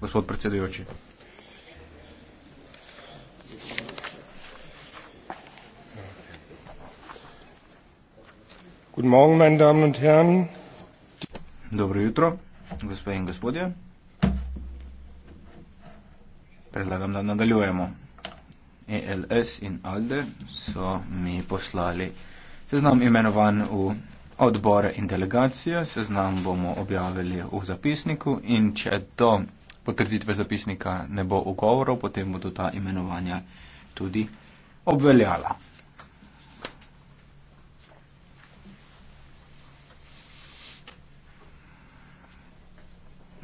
Gospod predsedujoči. Guten Morgen, meine Damen und Herren. Dobro jutro, gospe in gospodje. Predlagam, da nadaljujemo. ELS in ALDE so mi poslali seznam imenovan v odbore in delegacije. Seznam bomo objavili v zapisniku in če do potrditve zapisnika ne bo ugovorov, potem bodo ta imenovanja tudi obveljala.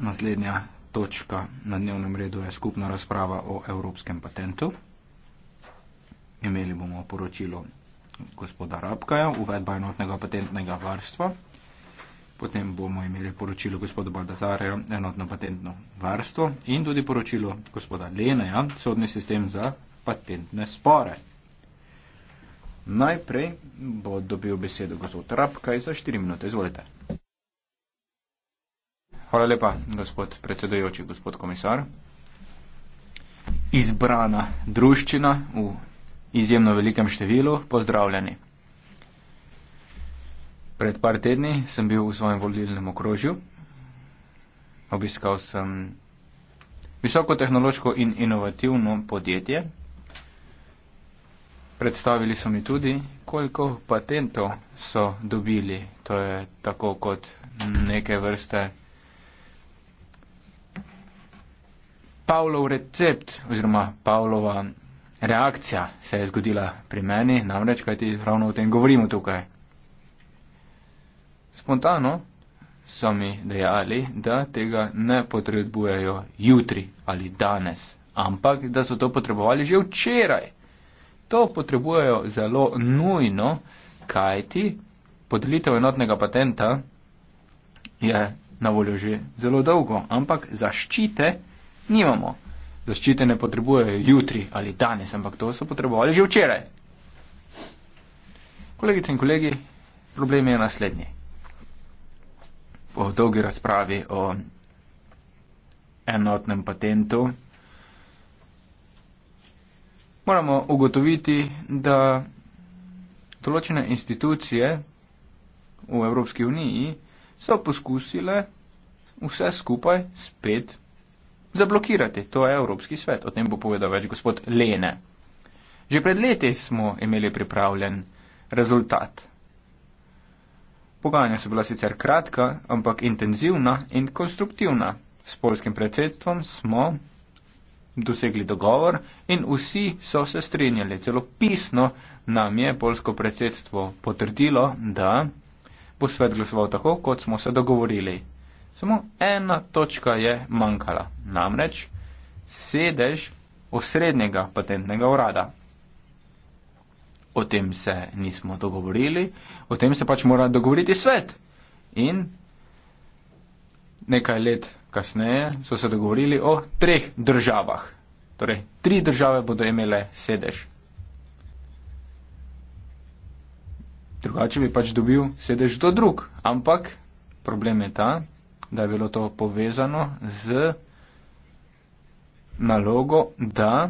Naslednja točka na dnevnem redu je skupna razprava o evropskem patentu. Imeli bomo poročilo gospoda Rabkaja, uvedba enotnega patentnega varstva. Potem bomo imeli poročilo gospoda Baldazareja, enotno patentno varstvo in tudi poročilo gospoda Leneja, sodni sistem za patentne spore. Najprej bo dobil besedo gospod Rabkaj za 4 minute. Izvolite. Hvala lepa, gospod predsedojoči, gospod komisar. Izbrana druščina v izjemno velikem številu, pozdravljeni. Pred par tedni sem bil v svojem volilnem okrožju. Obiskal sem visokotehnološko in inovativno podjetje. Predstavili so mi tudi, koliko patentov so dobili. To je tako kot neke vrste Pavlov recept oziroma Pavlova reakcija se je zgodila pri meni, namreč kaj ti ravno o tem govorimo tukaj. Spontano so mi dejali, da tega ne potrebujejo jutri ali danes, ampak da so to potrebovali že včeraj. To potrebujejo zelo nujno, kajti podelitev enotnega patenta je na voljo že zelo dolgo, ampak zaščite nimamo zaščite ne potrebujejo jutri ali danes, ampak to so potrebovali že včeraj. Kolegice in kolegi, problem je naslednji. Po dolgi razpravi o enotnem patentu moramo ugotoviti, da določene institucije v Evropski uniji so poskusile vse skupaj spet zablokirati. To je Evropski svet. O tem bo povedal več gospod Lene. Že pred leti smo imeli pripravljen rezultat. Pogajanja so bila sicer kratka, ampak intenzivna in konstruktivna. S polskim predsedstvom smo dosegli dogovor in vsi so se strinjali. Celo pisno nam je polsko predsedstvo potrdilo, da bo svet glasoval tako, kot smo se dogovorili. Samo ena točka je manjkala, namreč sedež osrednjega patentnega urada. O tem se nismo dogovorili, o tem se pač mora dogovoriti svet. In nekaj let kasneje so se dogovorili o treh državah. Torej, tri države bodo imele sedež. Drugače bi pač dobil sedež do drug, ampak problem je ta, da je bilo to povezano z nalogo, da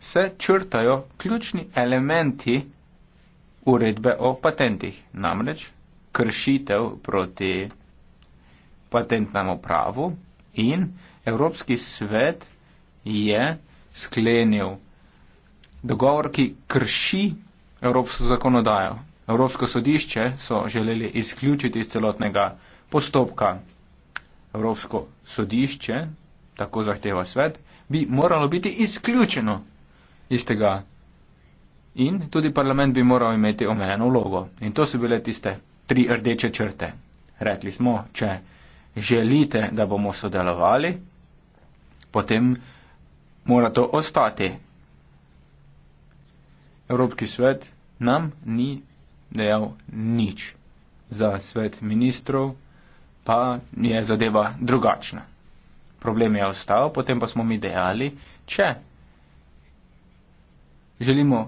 se črtajo ključni elementi uredbe o patentih. Namreč kršitev proti patentnemu pravu in Evropski svet je sklenil dogovor, ki krši evropsko zakonodajo. Evropsko sodišče so želeli izključiti iz celotnega postopka Evropsko sodišče, tako zahteva svet, bi moralo biti izključeno iz tega in tudi parlament bi moral imeti omejeno vlogo. In to so bile tiste tri rdeče črte. Rekli smo, če želite, da bomo sodelovali, potem mora to ostati. Evropski svet nam ni dejal nič. Za svet ministrov pa je zadeva drugačna. Problem je ostal, potem pa smo mi dejali, če želimo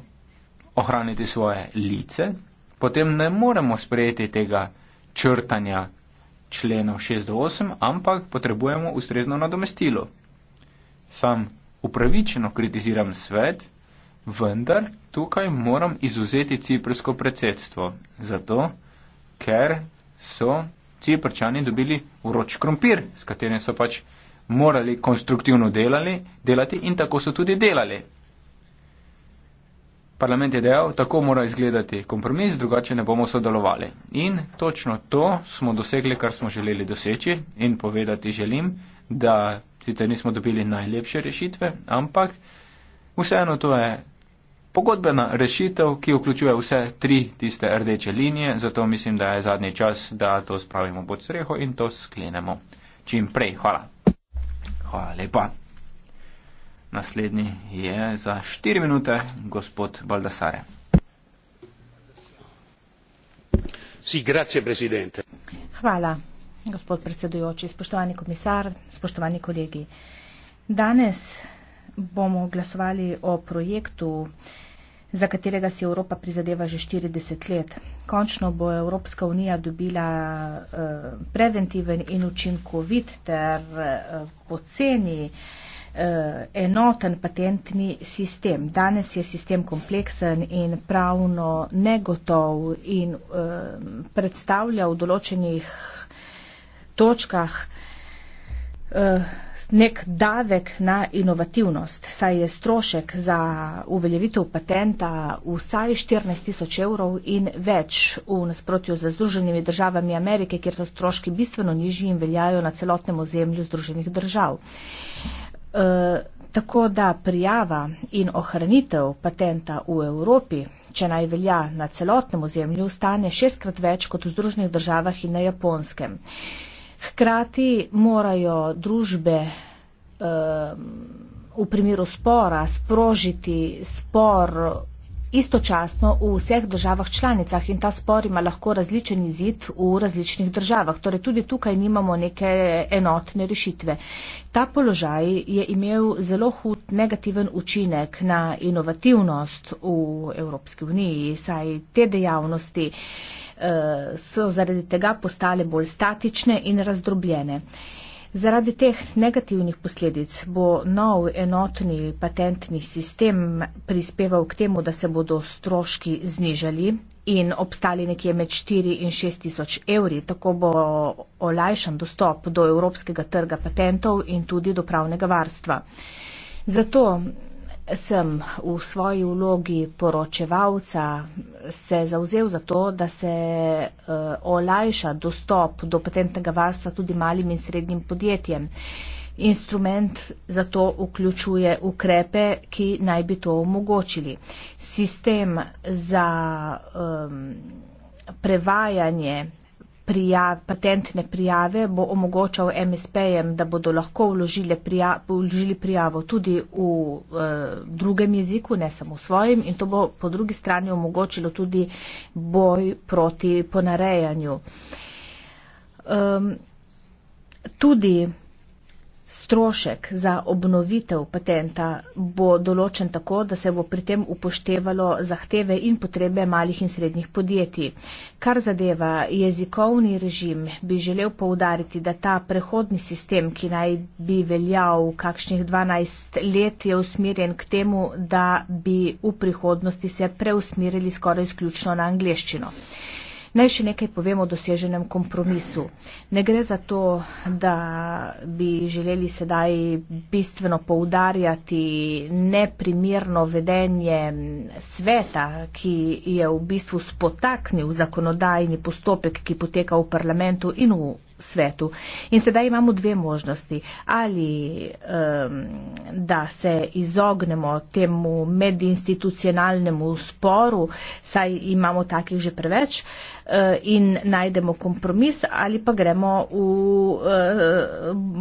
ohraniti svoje lice, potem ne moremo sprejeti tega črtanja členov 6 do 8, ampak potrebujemo ustrezno nadomestilo. Sam upravičeno kritiziram svet, vendar tukaj moram izuzeti ciprsko predsedstvo, zato ker so ciprčani dobili vroč krompir, s katerim so pač morali konstruktivno delali, delati in tako so tudi delali. Parlament je dejal, tako mora izgledati kompromis, drugače ne bomo sodelovali. In točno to smo dosegli, kar smo želeli doseči in povedati želim, da sicer nismo dobili najlepše rešitve, ampak vseeno to je pogodbena rešitev, ki vključuje vse tri tiste rdeče linije, zato mislim, da je zadnji čas, da to spravimo pod streho in to sklenemo čim prej. Hvala. Hvala lepa. Naslednji je za štiri minute gospod Baldasare. Si, grazie, presidente. Hvala, gospod predsedujoči, spoštovani komisar, spoštovani kolegi. Danes bomo glasovali o projektu eh, za katerega si Evropa prizadeva že 40 let. Končno bo Evropska unija dobila eh, preventiven in učinkovit ter eh, poceni eh, enoten patentni sistem. Danes je sistem kompleksen in pravno negotov in predstavlja v določenih točkah nek davek na inovativnost, saj je strošek za uveljavitev patenta vsaj 14 tisoč evrov in več v nasprotju z Združenimi državami Amerike, kjer so stroški bistveno nižji in veljajo na celotnem ozemlju Združenih držav. E, tako da prijava in ohranitev patenta v Evropi, če naj velja na celotnem ozemlju, stane šestkrat več kot v Združenih državah in na japonskem. Hkrati morajo družbe v primeru spora sprožiti spor istočasno v vseh državah članicah in ta spor ima lahko različen izid v različnih državah. Torej tudi tukaj nimamo neke enotne rešitve. Ta položaj je imel zelo hud negativen učinek na inovativnost v Evropski uniji, saj te dejavnosti so zaradi tega postale bolj statične in razdrobljene. Zaradi teh negativnih posledic bo nov enotni patentni sistem prispeval k temu, da se bodo stroški znižali in obstali nekje med 4 in 6 tisoč evri. Tako bo olajšan dostop do evropskega trga patentov in tudi do pravnega varstva. Zato sem v svoji vlogi poročevalca se zauzel za to, da se eh, olajša dostop do patentnega varstva tudi malim in srednjim podjetjem. Instrument za to vključuje ukrepe, ki naj bi to omogočili. Sistem za um, prevajanje prijav, patentne prijave bo omogočal MSP-jem, da bodo lahko vložili, prija, vložili prijavo tudi v eh, drugem jeziku, ne samo v svojem, in to bo po drugi strani omogočilo tudi boj proti ponarejanju. Um, tudi strošek za obnovitev patenta bo določen tako, da se bo pri tem upoštevalo zahteve in potrebe malih in srednjih podjetij. Kar zadeva jezikovni režim, bi želel poudariti, da ta prehodni sistem, ki naj bi veljal kakšnih 12 let, je usmerjen k temu, da bi v prihodnosti se preusmerili skoraj izključno na angliščino. Naj še nekaj povemo o doseženem kompromisu. Ne gre za to, da bi želeli sedaj bistveno poudarjati neprimerno vedenje sveta, ki je v bistvu spotaknil zakonodajni postopek, ki poteka v parlamentu in v svetu. In sedaj imamo dve možnosti. Ali um, da se izognemo temu medinstitucionalnemu sporu, saj imamo takih že preveč, uh, in najdemo kompromis, ali pa gremo v uh,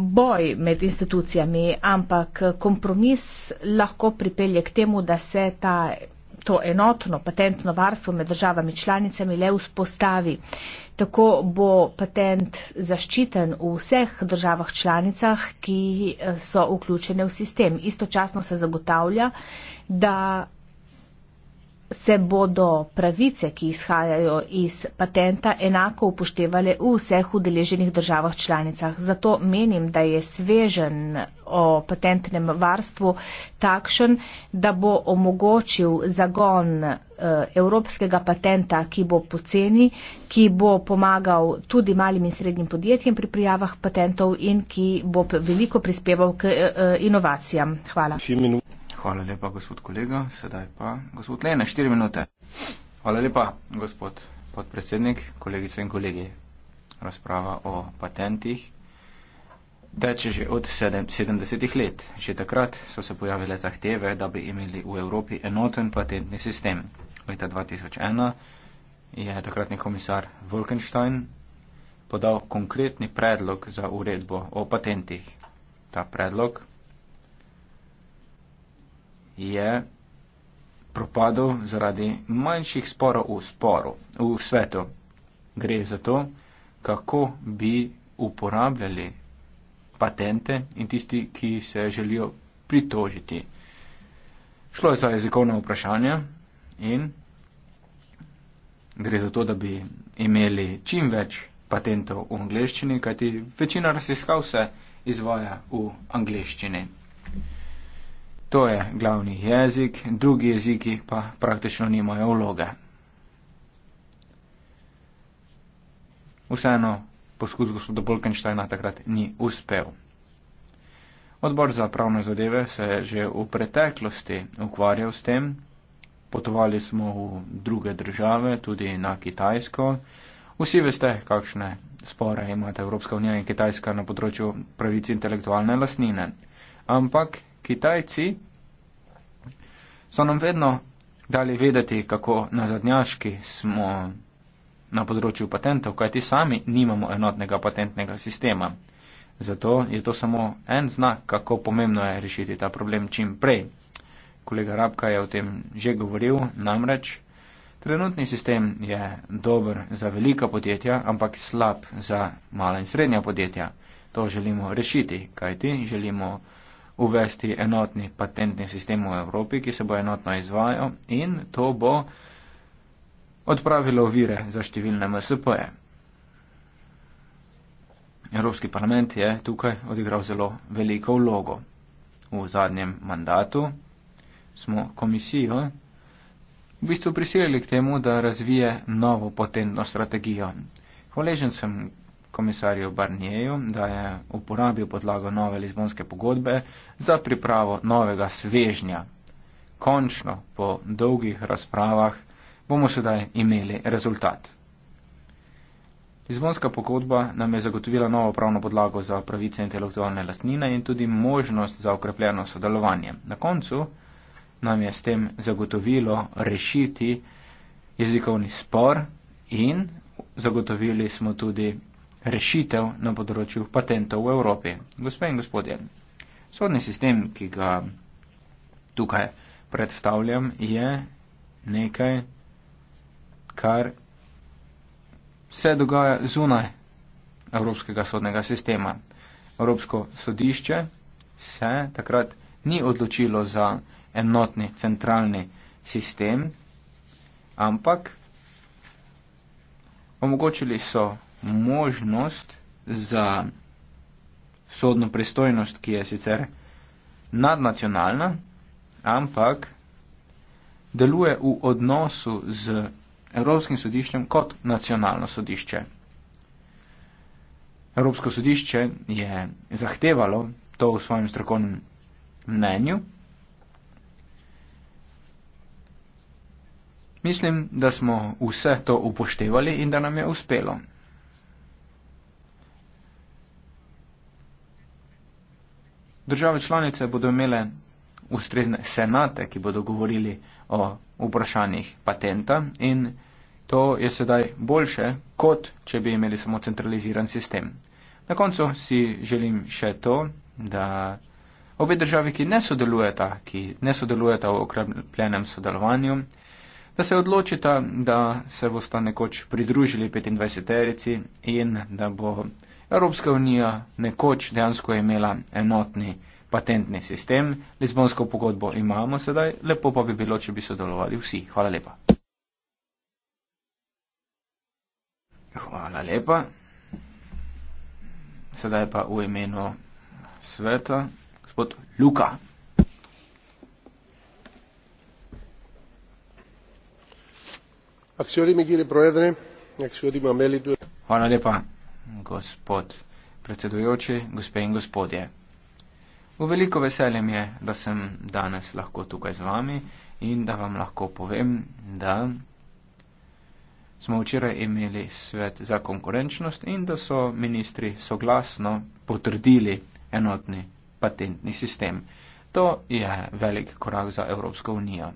boj med institucijami, ampak kompromis lahko pripelje k temu, da se ta to enotno patentno varstvo med državami članicami le vzpostavi. Tako bo patent zaščiten v vseh državah članicah, ki eh, so vključene v sistem. Istočasno se zagotavlja, da se bodo pravice, ki izhajajo iz patenta, enako upoštevale v vseh udeleženih državah članicah. Zato menim, da je svežen o patentnem varstvu takšen, da bo omogočil zagon Eh, evropskega patenta, ki bo poceni, ki bo pomagal tudi malim in srednjim podjetjem pri prijavah patentov in ki bo veliko prispeval k eh, eh, inovacijam. Hvala. Hvala lepa, gospod kolega. Sedaj pa gospod Lene, štiri minute. Hvala lepa, gospod podpredsednik, kolegice in kolegi. Razprava o patentih teče že od 70-ih let. Že takrat so se pojavile zahteve, da bi imeli v Evropi enoten patentni sistem leta 2001 je takratni komisar Wolkenstein podal konkretni predlog za uredbo o patentih. Ta predlog je propadel zaradi manjših sporov v sporu, v svetu. Gre za to, kako bi uporabljali patente in tisti, ki se želijo pritožiti. Šlo je za jezikovno vprašanje, in gre za to, da bi imeli čim več patentov v angleščini, kajti večina raziskav se izvaja v angleščini. To je glavni jezik, drugi jeziki pa praktično nimajo vloge. Vseeno poskus gospoda Bolkensteina takrat ni uspel. Odbor za pravne zadeve se je že v preteklosti ukvarjal s tem, potovali smo v druge države, tudi na Kitajsko. Vsi veste, kakšne spore imate Evropska unija in Kitajska na področju pravic intelektualne lasnine. Ampak Kitajci so nam vedno dali vedeti, kako nazadnjaški smo na področju patentov, kajti sami nimamo enotnega patentnega sistema. Zato je to samo en znak, kako pomembno je rešiti ta problem čim prej kolega Rabka je o tem že govoril, namreč trenutni sistem je dober za velika podjetja, ampak slab za mala in srednja podjetja. To želimo rešiti, kajti želimo uvesti enotni patentni sistem v Evropi, ki se bo enotno izvajal in to bo odpravilo vire za številne MSP-je. Evropski parlament je tukaj odigral zelo veliko vlogo. V zadnjem mandatu smo komisijo v bistvu prisilili k temu, da razvije novo potentno strategijo. Hvaležen sem komisarju Barnieju, da je uporabil podlago nove Lizbonske pogodbe za pripravo novega svežnja. Končno, po dolgih razpravah, bomo sedaj imeli rezultat. Lizbonska pogodba nam je zagotovila novo pravno podlago za pravice intelektualne lastnine in tudi možnost za okrepljeno sodelovanje. Na koncu nam je s tem zagotovilo rešiti jezikovni spor in zagotovili smo tudi rešitev na področju patentov v Evropi. Gospe in gospodje, sodni sistem, ki ga tukaj predstavljam, je nekaj, kar se dogaja zunaj Evropskega sodnega sistema. Evropsko sodišče se takrat ni odločilo za enotni centralni sistem, ampak omogočili so možnost za sodno pristojnost, ki je sicer nadnacionalna, ampak deluje v odnosu z Evropskim sodiščem kot nacionalno sodišče. Evropsko sodišče je zahtevalo to v svojem strokovnem mnenju, Mislim, da smo vse to upoštevali in da nam je uspelo. Države članice bodo imele ustrezne senate, ki bodo govorili o vprašanjih patenta in to je sedaj boljše, kot če bi imeli samo centraliziran sistem. Na koncu si želim še to, da obe državi, ki ne sodelujeta, ki ne sodelujeta v okrepljenem sodelovanju, da se odločita, da se bosta nekoč pridružili 25-terici in da bo Evropska unija nekoč dejansko imela enotni patentni sistem. Lizbonsko pogodbo imamo sedaj, lepo pa bi bilo, če bi sodelovali vsi. Hvala lepa. Hvala lepa. Sedaj pa v imenu sveta, gospod Luka. Hvala lepa, gospod predsedujoči, gospe in gospodje. V veliko veseljem je, da sem danes lahko tukaj z vami in da vam lahko povem, da smo včeraj imeli svet za konkurenčnost in da so ministri soglasno potrdili enotni patentni sistem. To je velik korak za Evropsko unijo.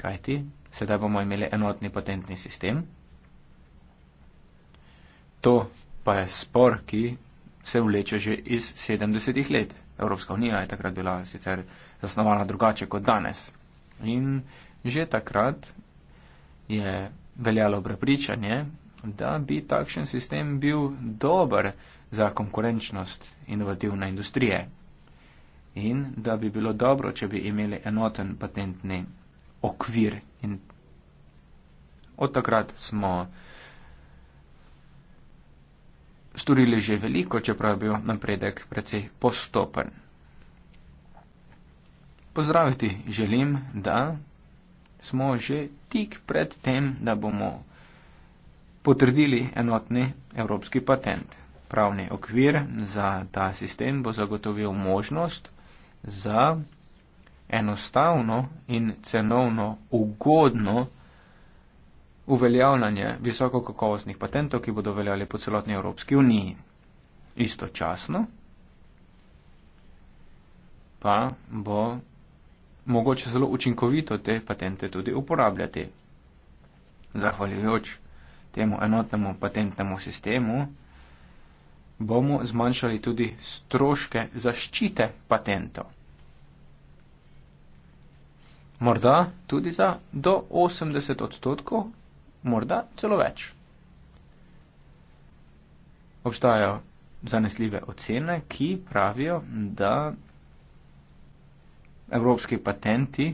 Kajti, sedaj bomo imeli enotni patentni sistem. To pa je spor, ki se vleče že iz 70-ih let. Evropska unija je takrat bila sicer zasnovana drugače kot danes. In že takrat je veljalo prepričanje, da bi takšen sistem bil dober za konkurenčnost inovativne industrije. In da bi bilo dobro, če bi imeli enoten patentni okvir. In od takrat smo storili že veliko, čeprav je bil napredek precej postopen. Pozdraviti želim, da smo že tik pred tem, da bomo potrdili enotni evropski patent. Pravni okvir za ta sistem bo zagotovil možnost za enostavno in cenovno ugodno uveljavljanje visokokakovostnih patentov, ki bodo veljali po celotni Evropski uniji. Istočasno pa bo mogoče zelo učinkovito te patente tudi uporabljati. Zahvaljujoč temu enotnemu patentnemu sistemu bomo zmanjšali tudi stroške zaščite patentov morda tudi za do 80 odstotkov, morda celo več. Obstajajo zanesljive ocene, ki pravijo, da evropski patenti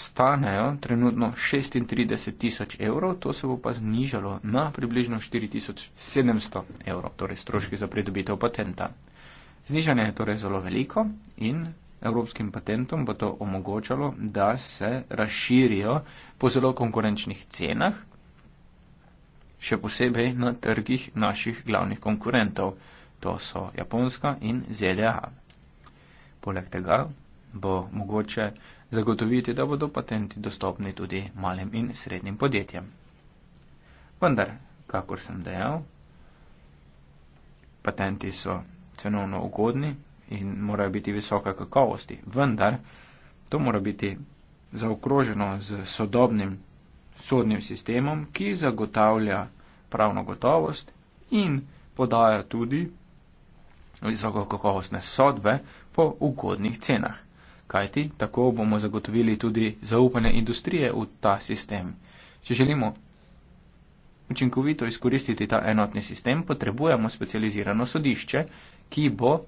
stanejo trenutno 36 tisoč evrov, to se bo pa znižalo na približno 4700 evrov, torej stroški za pridobitev patenta. Znižanje je torej zelo veliko in evropskim patentom bo to omogočalo, da se razširijo po zelo konkurenčnih cenah, še posebej na trgih naših glavnih konkurentov. To so Japonska in ZDA. Poleg tega bo mogoče zagotoviti, da bodo patenti dostopni tudi malim in srednjim podjetjem. Vendar, kakor sem dejal, patenti so cenovno ugodni, in morajo biti visoka kakovosti. Vendar to mora biti zaokroženo z sodobnim sodnim sistemom, ki zagotavlja pravno gotovost in podaja tudi visoko kakovostne sodbe po ugodnih cenah. Kajti tako bomo zagotovili tudi zaupanje industrije v ta sistem. Če želimo učinkovito izkoristiti ta enotni sistem, potrebujemo specializirano sodišče, ki bo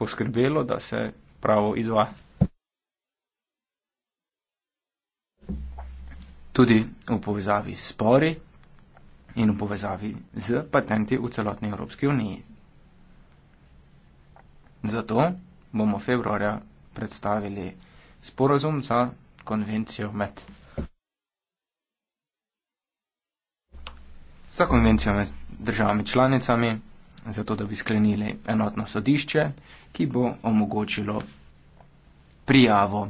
poskrbelo, da se pravo izvaja. Tudi v povezavi s spori in v povezavi z patenti v celotni Evropski uniji. Zato bomo februarja predstavili sporozum za konvencijo med. Za konvencijo med državami članicami zato da bi sklenili enotno sodišče, ki bo omogočilo prijavo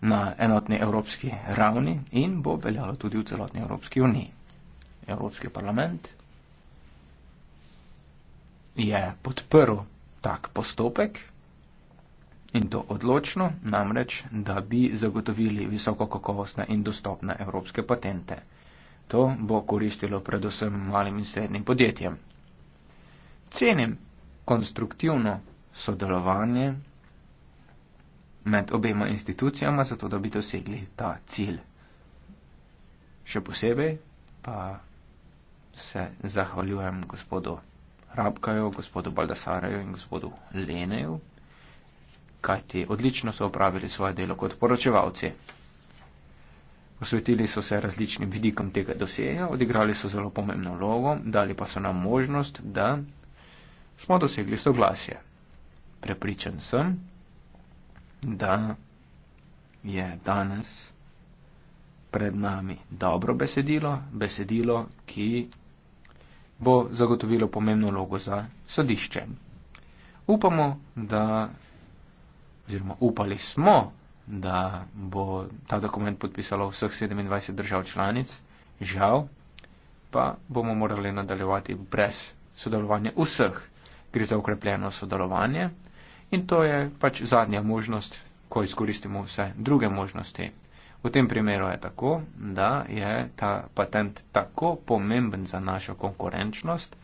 na enotni evropski ravni in bo veljalo tudi v celotni Evropski uniji. Evropski parlament je podprl tak postopek in to odločno, namreč, da bi zagotovili visoko kakovostne in dostopne evropske patente. To bo koristilo predvsem malim in srednjim podjetjem, cenim konstruktivno sodelovanje med obema institucijama, zato da bi dosegli ta cilj. Še posebej pa se zahvaljujem gospodu Rabkaju, gospodu Baldasareju in gospodu Leneju, kajti odlično so opravili svoje delo kot poročevalci. Posvetili so se različnim vidikom tega doseja, odigrali so zelo pomembno vlogo, dali pa so nam možnost, da smo dosegli soglasje. Prepričan sem, da je danes pred nami dobro besedilo, besedilo, ki bo zagotovilo pomembno logo za sodišče. Upamo, da, oziroma upali smo, da bo ta dokument podpisalo vseh 27 držav članic, žal pa bomo morali nadaljevati brez sodelovanja vseh gre za ukrepljeno sodelovanje in to je pač zadnja možnost, ko izkoristimo vse druge možnosti. V tem primeru je tako, da je ta patent tako pomemben za našo konkurenčnost,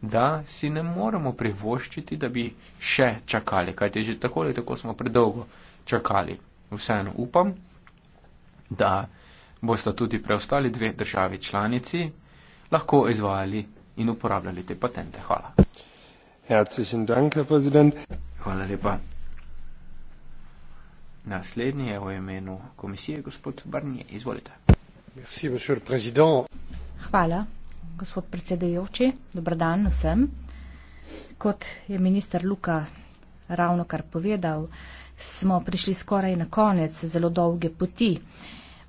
da si ne moremo privoščiti, da bi še čakali, kajte že tako ali tako smo predolgo čakali. Vseeno upam, da boste tudi preostali dve državi članici lahko izvajali in uporabljali te patente. Hvala. Herzlichen Dank, Herr Präsident. Hvala lepa. Naslednji je v imenu komisije gospod Barnije. Izvolite. Merci, monsieur le président. Hvala, gospod predsedujoči. Dobar dan vsem. Kot je minister Luka ravno kar povedal, smo prišli skoraj na konec zelo dolge poti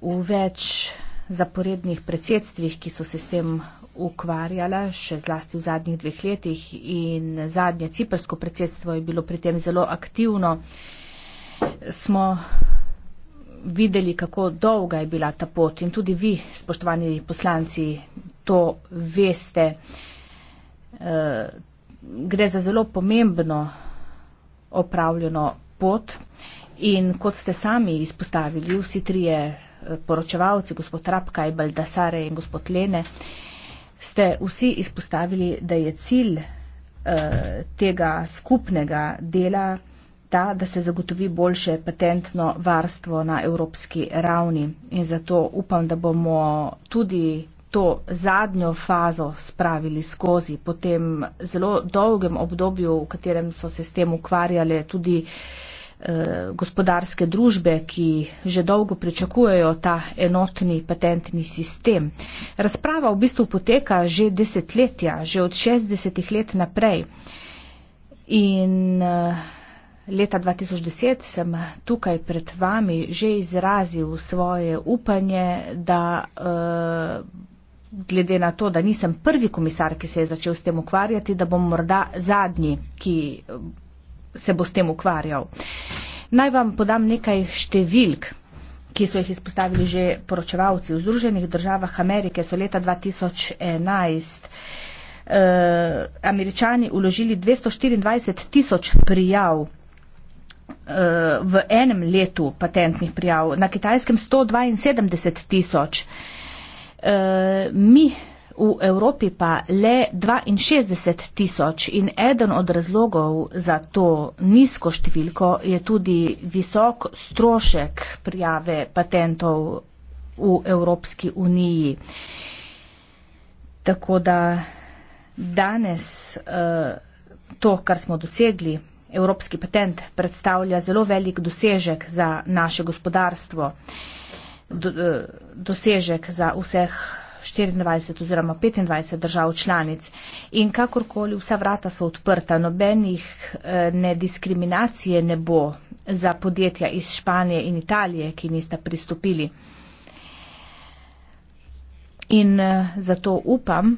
v več zaporednih predsedstvih, ki so se s tem ukvarjala, še zlasti v zadnjih dveh letih in zadnje ciprsko predsedstvo je bilo pri tem zelo aktivno, smo videli, kako dolga je bila ta pot in tudi vi, spoštovani poslanci, to veste. Eh, gre za zelo pomembno opravljeno pot in kot ste sami izpostavili, vsi trije eh, poročevalci, gospod Rapkaj, Baldasare in gospod Lene, ste vsi izpostavili, da je cilj eh, tega skupnega dela ta, da se zagotovi boljše patentno varstvo na evropski ravni. In zato upam, da bomo tudi to zadnjo fazo spravili skozi po tem zelo dolgem obdobju, v katerem so se s tem ukvarjale tudi uh, Eh, gospodarske družbe, ki že dolgo pričakujejo ta enotni patentni sistem. Razprava v bistvu poteka že desetletja, že od 60 let naprej. In eh, leta 2010 sem tukaj pred vami že izrazil svoje upanje, da eh, glede na to, da nisem prvi komisar, ki se je začel s tem ukvarjati, da bom morda zadnji, ki se bo s tem ukvarjal. Naj vam podam nekaj številk ki so jih izpostavili že poročevalci. V Združenih državah Amerike so leta 2011 eh, američani uložili 224 tisoč prijav eh, v enem letu patentnih prijav, na kitajskem 172 tisoč. Eh, mi v Evropi pa le 62 tisoč in eden od razlogov za to nizko številko je tudi visok strošek prijave patentov v Evropski uniji. Tako da danes eh, to, kar smo dosegli, Evropski patent predstavlja zelo velik dosežek za naše gospodarstvo, eh, dosežek za vseh 24 oziroma 25 držav članic in kakorkoli vsa vrata so odprta, nobenih eh, ne diskriminacije ne bo za podjetja iz Španije in Italije, ki nista pristopili. In eh, zato upam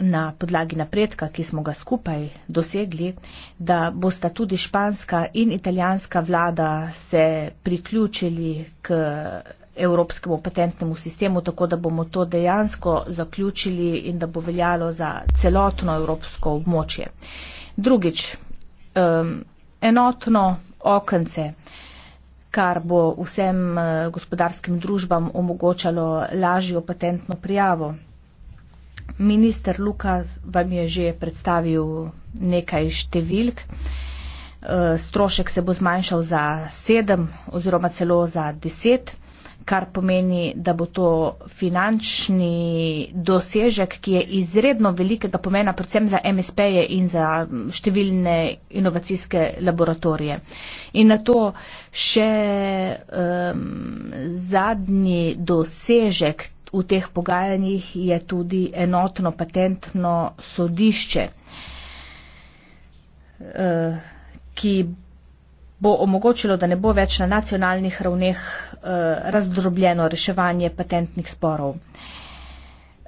na podlagi napredka, ki smo ga skupaj dosegli, da bosta tudi španska in italijanska vlada se priključili k evropskemu patentnemu sistemu, tako da bomo to dejansko zaključili in da bo veljalo za celotno evropsko območje. Drugič, enotno okence, kar bo vsem eh, gospodarskim družbam omogočalo lažjo patentno prijavo. Minister Luka vam je že predstavil nekaj številk. Eh, strošek se bo zmanjšal za sedem oziroma celo za deset kar pomeni, da bo to finančni dosežek, ki je izredno velikega pomena, predvsem za MSP-je in za številne inovacijske laboratorije. In na to še um, zadnji dosežek v teh pogajanjih je tudi enotno patentno sodišče, uh, ki bo bo omogočilo, da ne bo več na nacionalnih ravneh eh, razdrobljeno reševanje patentnih sporov.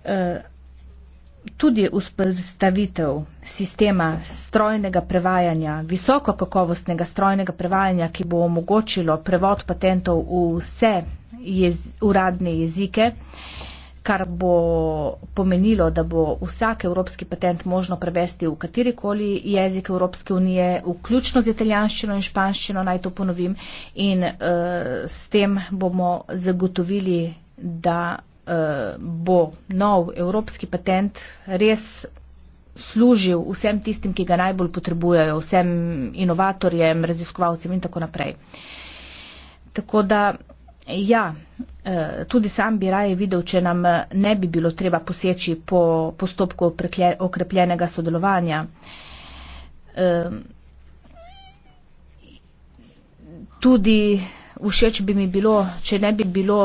Eh, tudi vzpostavitev sistema strojnega prevajanja, visoko kakovostnega strojnega prevajanja, ki bo omogočilo prevod patentov v vse jez, uradne jezike, eh, kar bo pomenilo, da bo vsak evropski patent možno prevesti v katerikoli jezik Evropske unije, vključno z italijanščino in španščino, naj to ponovim, in uh, s tem bomo zagotovili, da uh, bo nov evropski patent res služil vsem tistim, ki ga najbolj potrebujejo, vsem inovatorjem, raziskovalcem in tako naprej. Tako da Ja, eh, tudi sam bi raje videl, če nam eh, ne bi bilo treba poseči po postopku okrepljenega sodelovanja. Ehm, tudi Všeč bi mi bilo, če ne bi bilo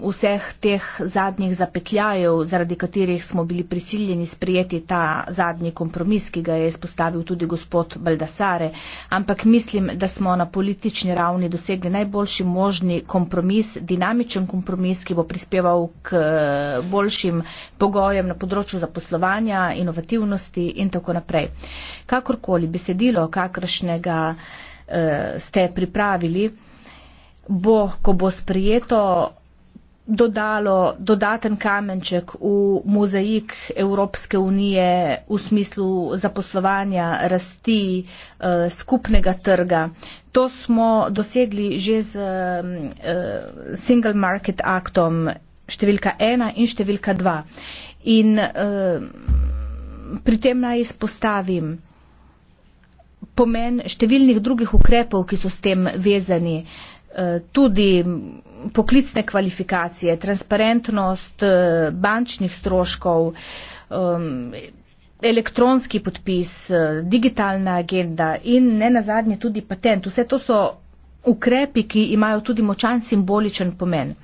vseh teh zadnjih zapetljajev, zaradi katerih smo bili prisiljeni sprejeti ta zadnji kompromis, ki ga je izpostavil tudi gospod Baldassare. Ampak mislim, da smo na politični ravni dosegli najboljši možni kompromis, dinamičen kompromis, ki bo prispeval k eh, boljšim pogojem na področju zaposlovanja, inovativnosti in tako naprej. Kakorkoli besedilo, kakršnega eh, ste pripravili, bo, ko bo sprejeto, dodalo dodaten kamenček v mozaik Evropske unije v smislu zaposlovanja, rasti, eh, skupnega trga. To smo dosegli že z eh, Single Market Actom številka ena in številka dva. In eh, pri tem naj izpostavim pomen številnih drugih ukrepov, ki so s tem vezani. Eh, tudi poklicne kvalifikacije, transparentnost eh, bančnih stroškov, elektronski podpis, eh, digitalna agenda in ne nazadnje tudi patent. Vse to so ukrepi, ki imajo tudi močan simboličen pomen.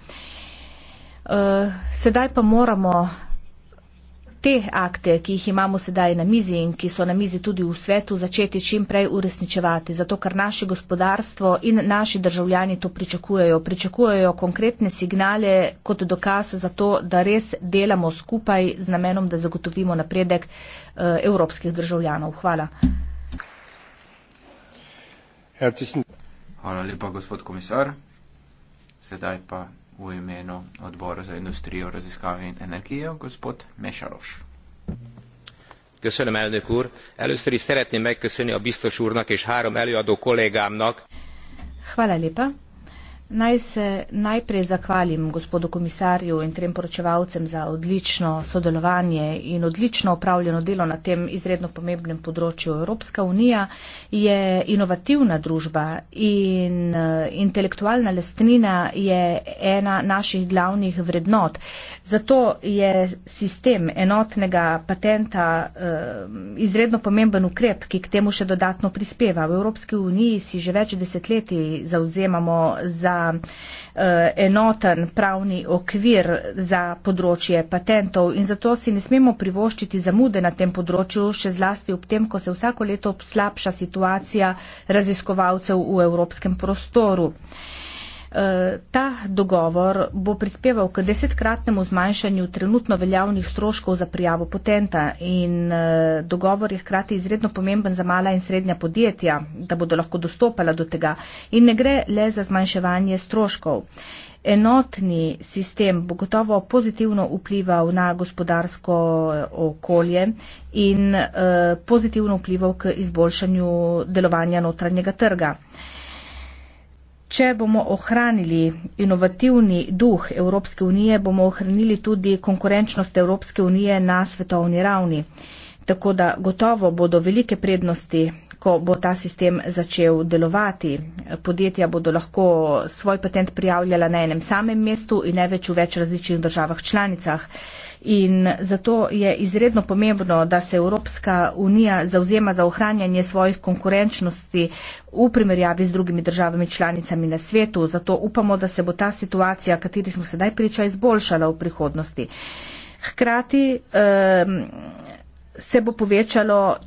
Sedaj pa moramo te akte, ki jih imamo sedaj na mizi in ki so na mizi tudi v svetu, začeti čim prej uresničevati, zato ker naše gospodarstvo in naši državljani to pričakujejo. Pričakujejo konkretne signale kot dokaz za to, da res delamo skupaj z namenom, da zagotovimo napredek eh, evropskih državljanov. Hvala. Hvala lepa, gospod komisar. Sedaj pa v imenu odbora za industrijo, raziskave in energijo, gospod Mešaroš. Köszönöm, elnök úr! Először is szeretném megköszönni a biztos úrnak és három előadó kollégámnak. Hvala lépa. Naj se najprej zahvalim gospodu komisarju in trem poročevalcem za odlično sodelovanje in odlično upravljeno delo na tem izredno pomembnem področju. Evropska unija je inovativna družba in eh, intelektualna lastnina je ena naših glavnih vrednot. Zato je sistem enotnega patenta eh, izredno pomemben ukrep, ki k temu še dodatno prispeva. V Evropski uniji si že več desetletij zauzemamo za eh, enoten pravni okvir za področje patentov in zato si ne smemo privoščiti zamude na tem področju, še zlasti ob tem, ko se vsako leto slabša situacija raziskovalcev v evropskem prostoru. Eh, Eh, ta dogovor bo prispeval k desetkratnemu zmanjšanju trenutno veljavnih stroškov za prijavo patenta in eh, dogovor je hkrati izredno pomemben za mala in srednja podjetja, da bodo lahko dostopala do tega in ne gre le za zmanjševanje stroškov. Enotni sistem bo gotovo pozitivno vplival na gospodarsko eh, okolje in pozitivno vplival k izboljšanju delovanja notranjega trga. Če bomo ohranili inovativni duh Evropske unije, bomo ohranili tudi konkurenčnost Evropske unije na svetovni ravni. Tako da gotovo bodo velike prednosti, ko bo ta sistem začel delovati. Podjetja bodo lahko svoj patent prijavljala na enem samem mestu in ne več v več različnih državah članicah. In zato je izredno pomembno, da se Evropska unija zauzema za ohranjanje svojih konkurenčnosti v primerjavi z drugimi državami članicami na svetu. Zato upamo, da se bo ta situacija, kateri smo sedaj priča, izboljšala v prihodnosti. Hkrati. Um, se bo,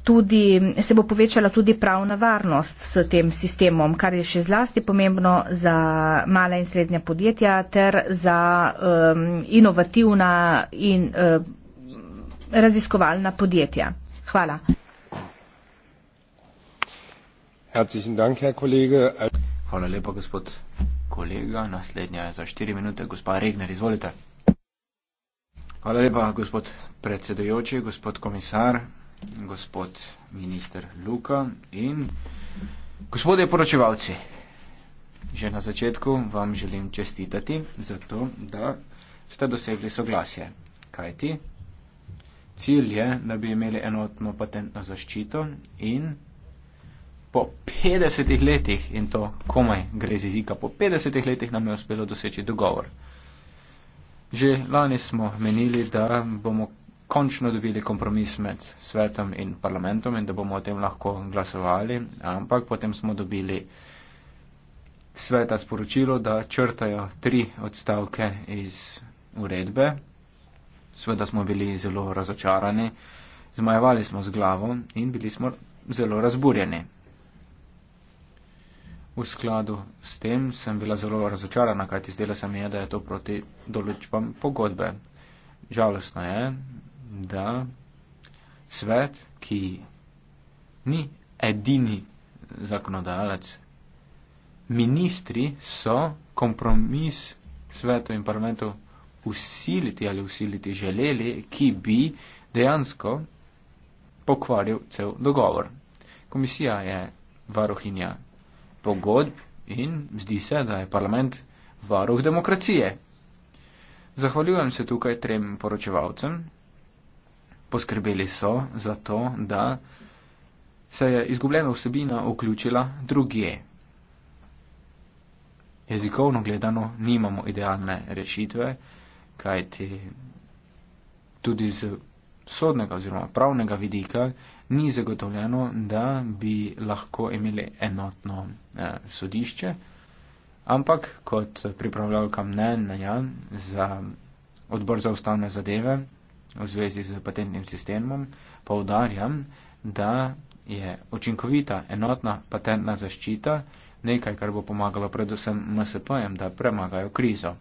tudi, se bo povečala tudi pravna varnost s tem sistemom, kar je še zlasti pomembno za male in srednje podjetja ter za um, inovativna in um, raziskovalna podjetja. Hvala. Hvala lepa, gospod kolega. Naslednja je za štiri minute. Gospa Regner, izvolite. Hvala lepa, gospod predsedujoči, gospod komisar, gospod minister Luka in gospodje poročevalci. Že na začetku vam želim čestitati za to, da ste dosegli soglasje. Kaj ti? Cilj je, da bi imeli enotno patentno zaščito in po 50 letih, in to komaj gre z jezika, po 50 letih nam je uspelo doseči dogovor. Že lani smo menili, da bomo končno dobili kompromis med svetom in parlamentom in da bomo o tem lahko glasovali, ampak potem smo dobili sveta sporočilo, da črtajo tri odstavke iz uredbe. Sveda smo bili zelo razočarani, zmajevali smo z glavo in bili smo zelo razburjeni. V skladu s tem sem bila zelo razočarana, kajti zdela se mi je, da je to proti določbam pogodbe. Žalostno je, da svet, ki ni edini zakonodajalec, ministri so kompromis svetu in parlamentu usiliti ali usiliti želeli, ki bi dejansko pokvaril cel dogovor. Komisija je varohinja pogodb in zdi se, da je parlament varoh demokracije. Zahvaljujem se tukaj trem poročevalcem poskrbeli so za to, da se je izgubljena vsebina vključila drugje. Jezikovno gledano nimamo idealne rešitve, kajti tudi z sodnega oziroma pravnega vidika ni zagotovljeno, da bi lahko imeli enotno eh, sodišče, ampak kot pripravljalka mnenja za odbor za ustavne zadeve v zvezi z patentnim sistemom, povdarjam, da je učinkovita enotna patentna zaščita nekaj, kar bo pomagalo predvsem MSP-jem, da premagajo krizo.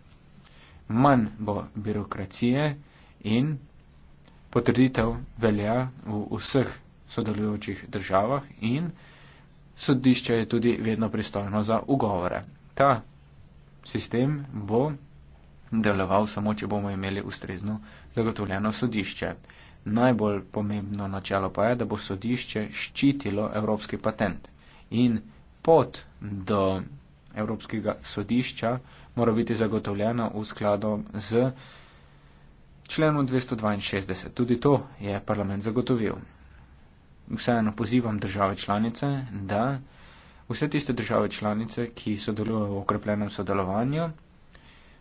Manj bo birokracije in potrditev velja v vseh sodelujočih državah in sodišče je tudi vedno pristojno za ugovore. Ta sistem bo deloval samo, če bomo imeli ustrezno zagotovljeno sodišče. Najbolj pomembno načelo pa je, da bo sodišče ščitilo evropski patent. In pot do evropskega sodišča mora biti zagotovljena v skladu z členom 262. Tudi to je parlament zagotovil. Vseeno pozivam države članice, da vse tiste države članice, ki sodelujejo v okrepljenem sodelovanju,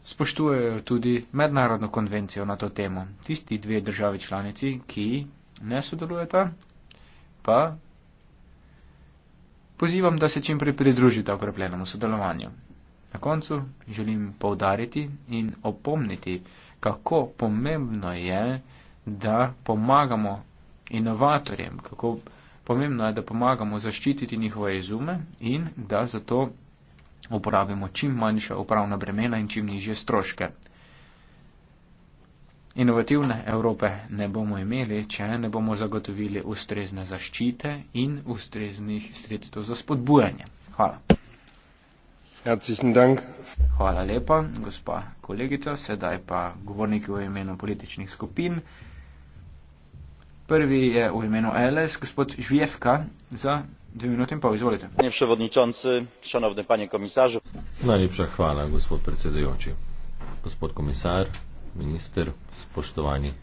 spoštujejo tudi mednarodno konvencijo na to temo. Tisti dve države članici, ki ne sodelujeta, pa pozivam, da se čimprej pridružite okrepljenemu sodelovanju. Na koncu želim povdariti in opomniti, kako pomembno je, da pomagamo inovatorjem, kako pomembno je, da pomagamo zaščititi njihove izume in da zato uporabimo čim manjša upravna bremena in čim nižje stroške. Inovativne Evrope ne bomo imeli, če ne bomo zagotovili ustrezne zaščite in ustreznih sredstev za spodbujanje. Hvala. Hvala lepa, gospa kolegica. Sedaj pa govorniki v imenu političnih skupin. Prvi je v imenu LS, gospod Žvjevka, za gospodine predsedujoči gospod komisar minister spoštovane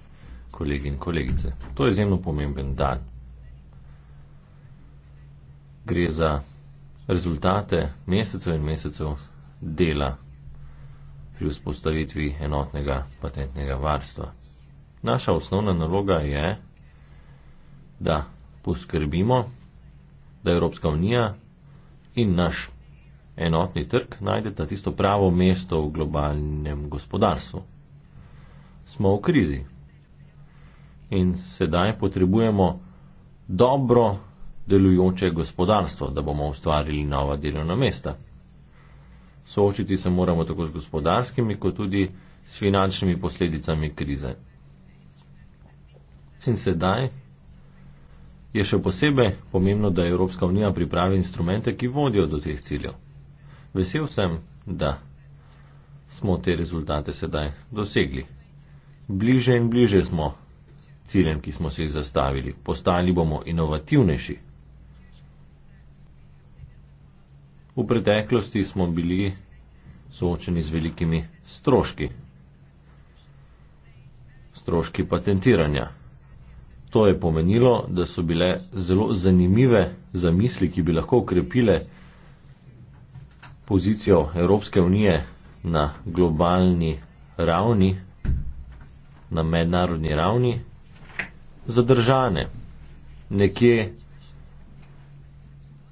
kolegice in kolegi to je izjemno pomemben dan ker bo s tem zakonom in resolucijo o varstvu okolja in podnebja gre za rezultate mesecev in mesecev dela pri vzpostavitvi enotnega patentnega varstva. Naša osnovna naloga je, da poskrbimo, da Evropska unija in naš enotni trg najdeta tisto pravo mesto v globalnem gospodarstvu. Smo v krizi in sedaj potrebujemo dobro delujoče gospodarstvo, da bomo ustvarili nova delovna mesta. Soočiti se moramo tako z gospodarskimi, kot tudi s finančnimi posledicami krize. In sedaj je še posebej pomembno, da Evropska unija pripravi instrumente, ki vodijo do teh ciljev. Vesel sem, da smo te rezultate sedaj dosegli. Bliže in bliže smo ciljem, ki smo si jih zastavili. Postali bomo inovativnejši. V preteklosti smo bili soočeni z velikimi stroški. Stroški patentiranja. To je pomenilo, da so bile zelo zanimive zamisli, ki bi lahko ukrepile pozicijo Evropske unije na globalni ravni, na mednarodni ravni, zadržane. Nekje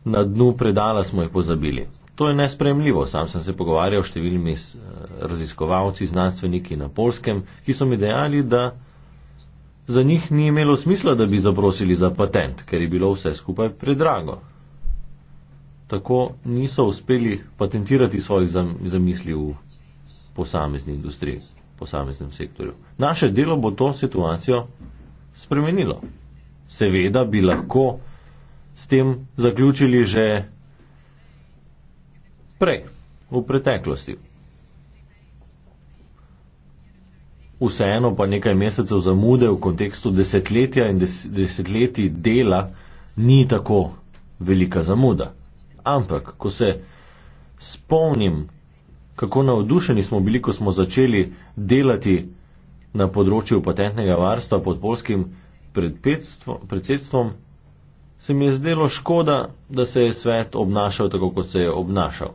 na dnu predala smo jih pozabili. To je nespremljivo. Sam sem se pogovarjal s številnimi eh, raziskovalci, znanstveniki na polskem, ki so mi dejali, da za njih ni imelo smisla, da bi zaprosili za patent, ker je bilo vse skupaj predrago. Tako niso uspeli patentirati svojih zam, zamisli v posamezni industriji, v posameznem sektorju. Naše delo bo to situacijo spremenilo. Seveda bi lahko s tem zaključili že prej, v preteklosti. vseeno pa nekaj mesecev zamude v kontekstu desetletja in des, desetletij dela ni tako velika zamuda. Ampak, ko se spomnim, kako navdušeni smo bili, ko smo začeli delati na področju patentnega varstva pod polskim predsedstvom, se mi je zdelo škoda, da se je svet obnašal tako, kot se je obnašal.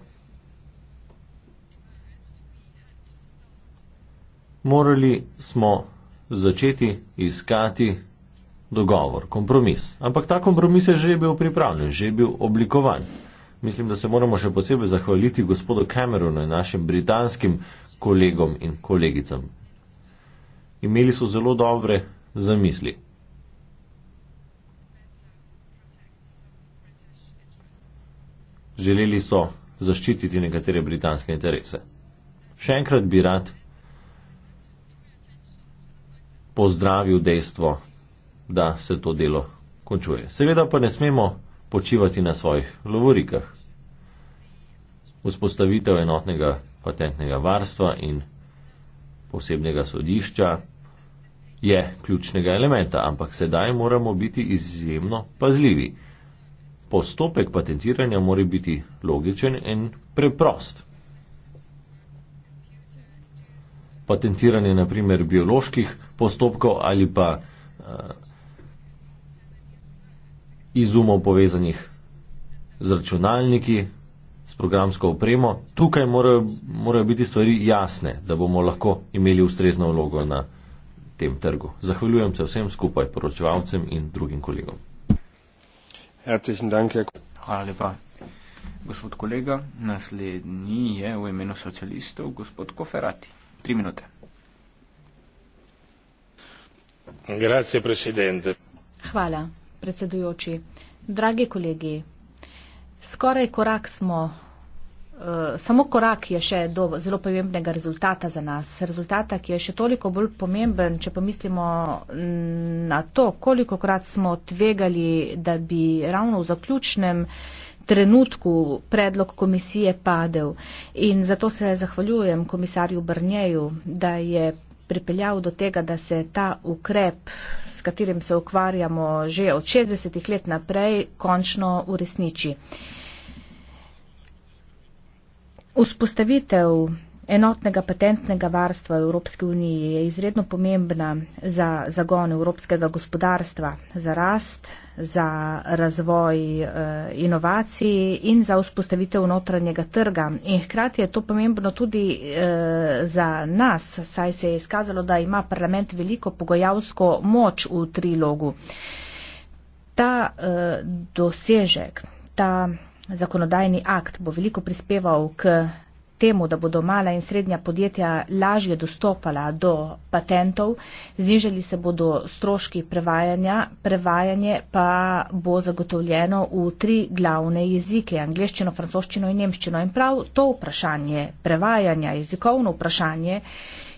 morali smo začeti iskati dogovor, kompromis. Ampak ta kompromis je že bil pripravljen, že bil oblikovan. Mislim, da se moramo še posebej zahvaliti gospodu Cameronu in našim britanskim kolegom in kolegicam. Imeli so zelo dobre zamisli. Želeli so zaščititi nekatere britanske interese. Še enkrat bi rad pozdravil dejstvo, da se to delo končuje. Seveda pa ne smemo počivati na svojih lovorikah. Vzpostavitev enotnega patentnega varstva in posebnega sodišča je ključnega elementa, ampak sedaj moramo biti izjemno pazljivi. Postopek patentiranja mora biti logičen in preprost. patentiranje naprimer bioloških postopkov ali pa uh, izumov povezanih z računalniki, s programsko opremo. Tukaj morajo, morajo biti stvari jasne, da bomo lahko imeli ustrezno vlogo na tem trgu. Zahvaljujem se vsem skupaj, poročevalcem in drugim kolegom. Hvala lepa. Gospod kolega, naslednji je v imenu socialistov gospod Koferati. Hvala, predsedujoči. Dragi kolegi, skoraj korak smo, uh, samo korak je še do zelo pomembnega rezultata za nas. Rezultata, ki je še toliko bolj pomemben, če pomislimo mm, na to, koliko krat smo tvegali, da bi ravno v zaključnem uh, trenutku predlog komisije padel in zato se zahvaljujem komisarju Brnjeju, da je pripeljal do tega, da se ta ukrep, s katerim se ukvarjamo že od 60 let naprej, končno uresniči. Vzpostavitev enotnega patentnega varstva v Evropski uniji je izredno pomembna za zagon evropskega gospodarstva, za rast, za razvoj eh, inovacij in za vzpostavitev notranjega trga. In hkrati je to pomembno tudi eh, za nas, saj se je izkazalo, da ima parlament veliko pogojavsko moč v trilogu. Ta eh, dosežek, ta zakonodajni akt bo veliko prispeval k temu, da bodo mala in srednja podjetja lažje dostopala do patentov, znižali se bodo stroški prevajanja, prevajanje pa bo zagotovljeno v tri glavne jezike - angliščino, francoščino in nemščino. In prav to vprašanje prevajanja, jezikovno vprašanje,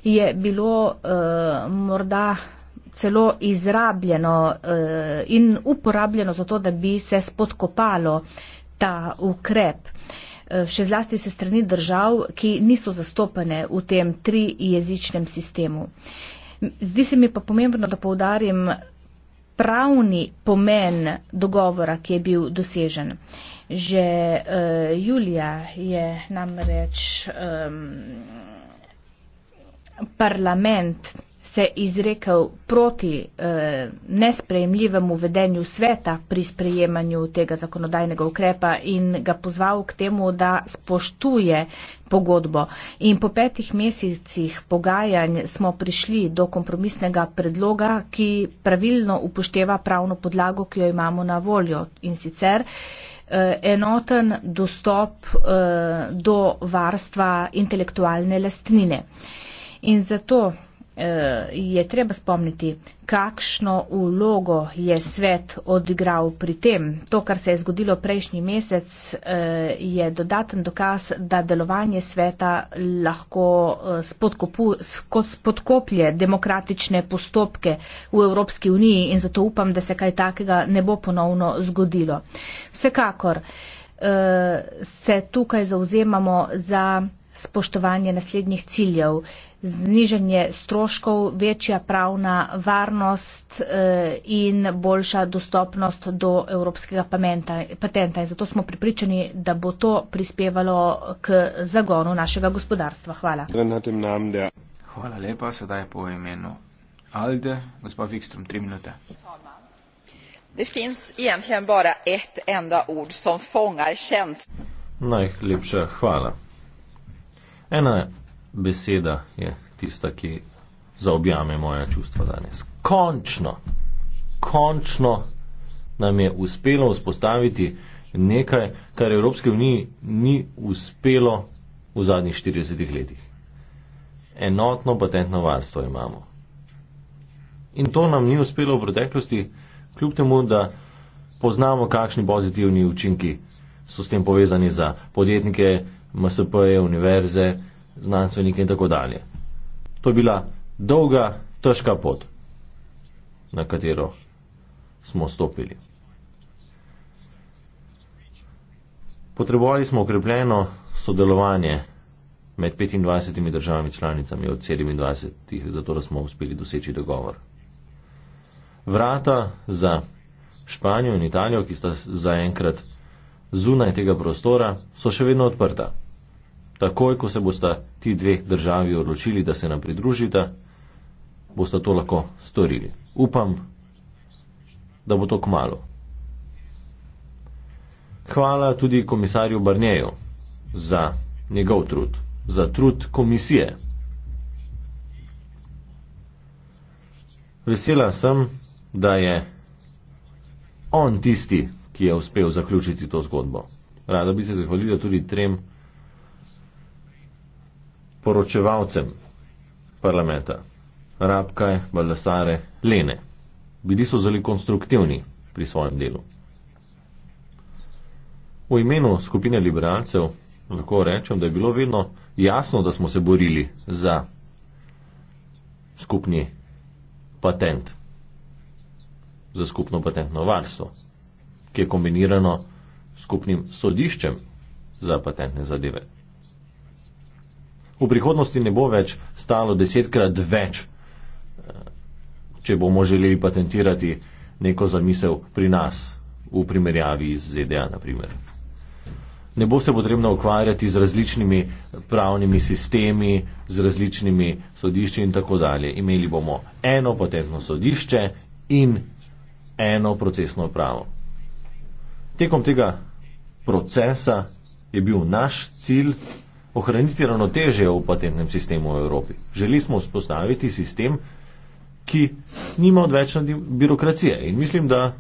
je bilo uh, morda celo izrabljeno uh, in uporabljeno zato, da bi se spodkopalo ta ukrep. Eh, še zlasti se strani držav, ki niso zastopene v tem trijezičnem sistemu. Zdi se mi pa pomembno, da poudarim pravni pomen dogovora, ki je bil dosežen. Že uh, julija je namreč um, parlament se izrekel proti eh, nesprejemljivemu vedenju sveta pri sprejemanju tega zakonodajnega ukrepa in ga pozval k temu, da spoštuje pogodbo. In po petih mesecih pogajanj smo prišli do kompromisnega predloga, ki pravilno upošteva pravno podlago, ki jo imamo na voljo in sicer eh, enoten dostop eh, do varstva intelektualne lastnine. In zato Eh, je treba spomniti, kakšno ulogo je svet odigral pri tem. To, kar se je zgodilo prejšnji mesec, eh, je dodaten dokaz, da delovanje sveta lahko eh, spodkoplje demokratične postopke v Evropski uniji in zato upam, da se kaj takega ne bo ponovno zgodilo. Vsekakor se tukaj zauzemamo za spoštovanje naslednjih ciljev. Znižanje stroškov, večja pravna varnost eh, in boljša dostopnost do evropskega patenta. In zato smo pripričani, da bo to prispevalo k zagonu našega gospodarstva. Hvala. Hvala lepa, sedaj po imenu Alde, gospod Vikstrom, tri minute. Det finns egentligen bara ett enda ord som fångar känslan. Nej, lipsa, hvala. Ena beseda je tista, ki zaobjame moja čustva danes. Končno, končno nam je uspelo vzpostaviti nekaj, kar Evropske unije ni uspelo v zadnjih 40 letih. Enotno patentno varstvo imamo. In to nam ni uspelo v preteklosti, kljub temu, da poznamo, kakšni pozitivni učinki so s tem povezani za podjetnike, MSP, univerze, znanstvenike in tako dalje. To je bila dolga, težka pot, na katero smo stopili. Potrebovali smo okrepljeno sodelovanje med 25 državami članicami od 27, zato da smo uspeli doseči dogovor. Vrata za Španijo in Italijo, ki sta zaenkrat zunaj tega prostora, so še vedno odprta takoj, ko se bosta ti dve državi odločili, da se nam pridružita, bosta to lahko storili. Upam, da bo to k malu. Hvala tudi komisarju Barnjeju za njegov trud, za trud komisije. Vesela sem, da je on tisti, ki je uspel zaključiti to zgodbo. Rada bi se zahvalila tudi trem poročevalcem parlamenta, Rabkaj, Baldasare, Lene. Bili so zelo konstruktivni pri svojem delu. V imenu skupine liberalcev lahko rečem, da je bilo vedno jasno, da smo se borili za skupni patent, za skupno patentno varstvo, ki je kombinirano s skupnim sodiščem za patentne zadeve v prihodnosti ne bo več stalo desetkrat več, eh, če bomo želeli patentirati neko zamisel pri nas v primerjavi z ZDA, naprimer. Ne bo se potrebno ukvarjati z različnimi pravnimi sistemi, z različnimi sodišči in tako dalje. Imeli bomo eno patentno sodišče in eno procesno pravo. Tekom tega procesa je bil naš cilj, ohraniti ravnotežje v patentnem sistemu v Evropi. Želi smo vzpostaviti sistem, ki nima odvečne birokracije in mislim, da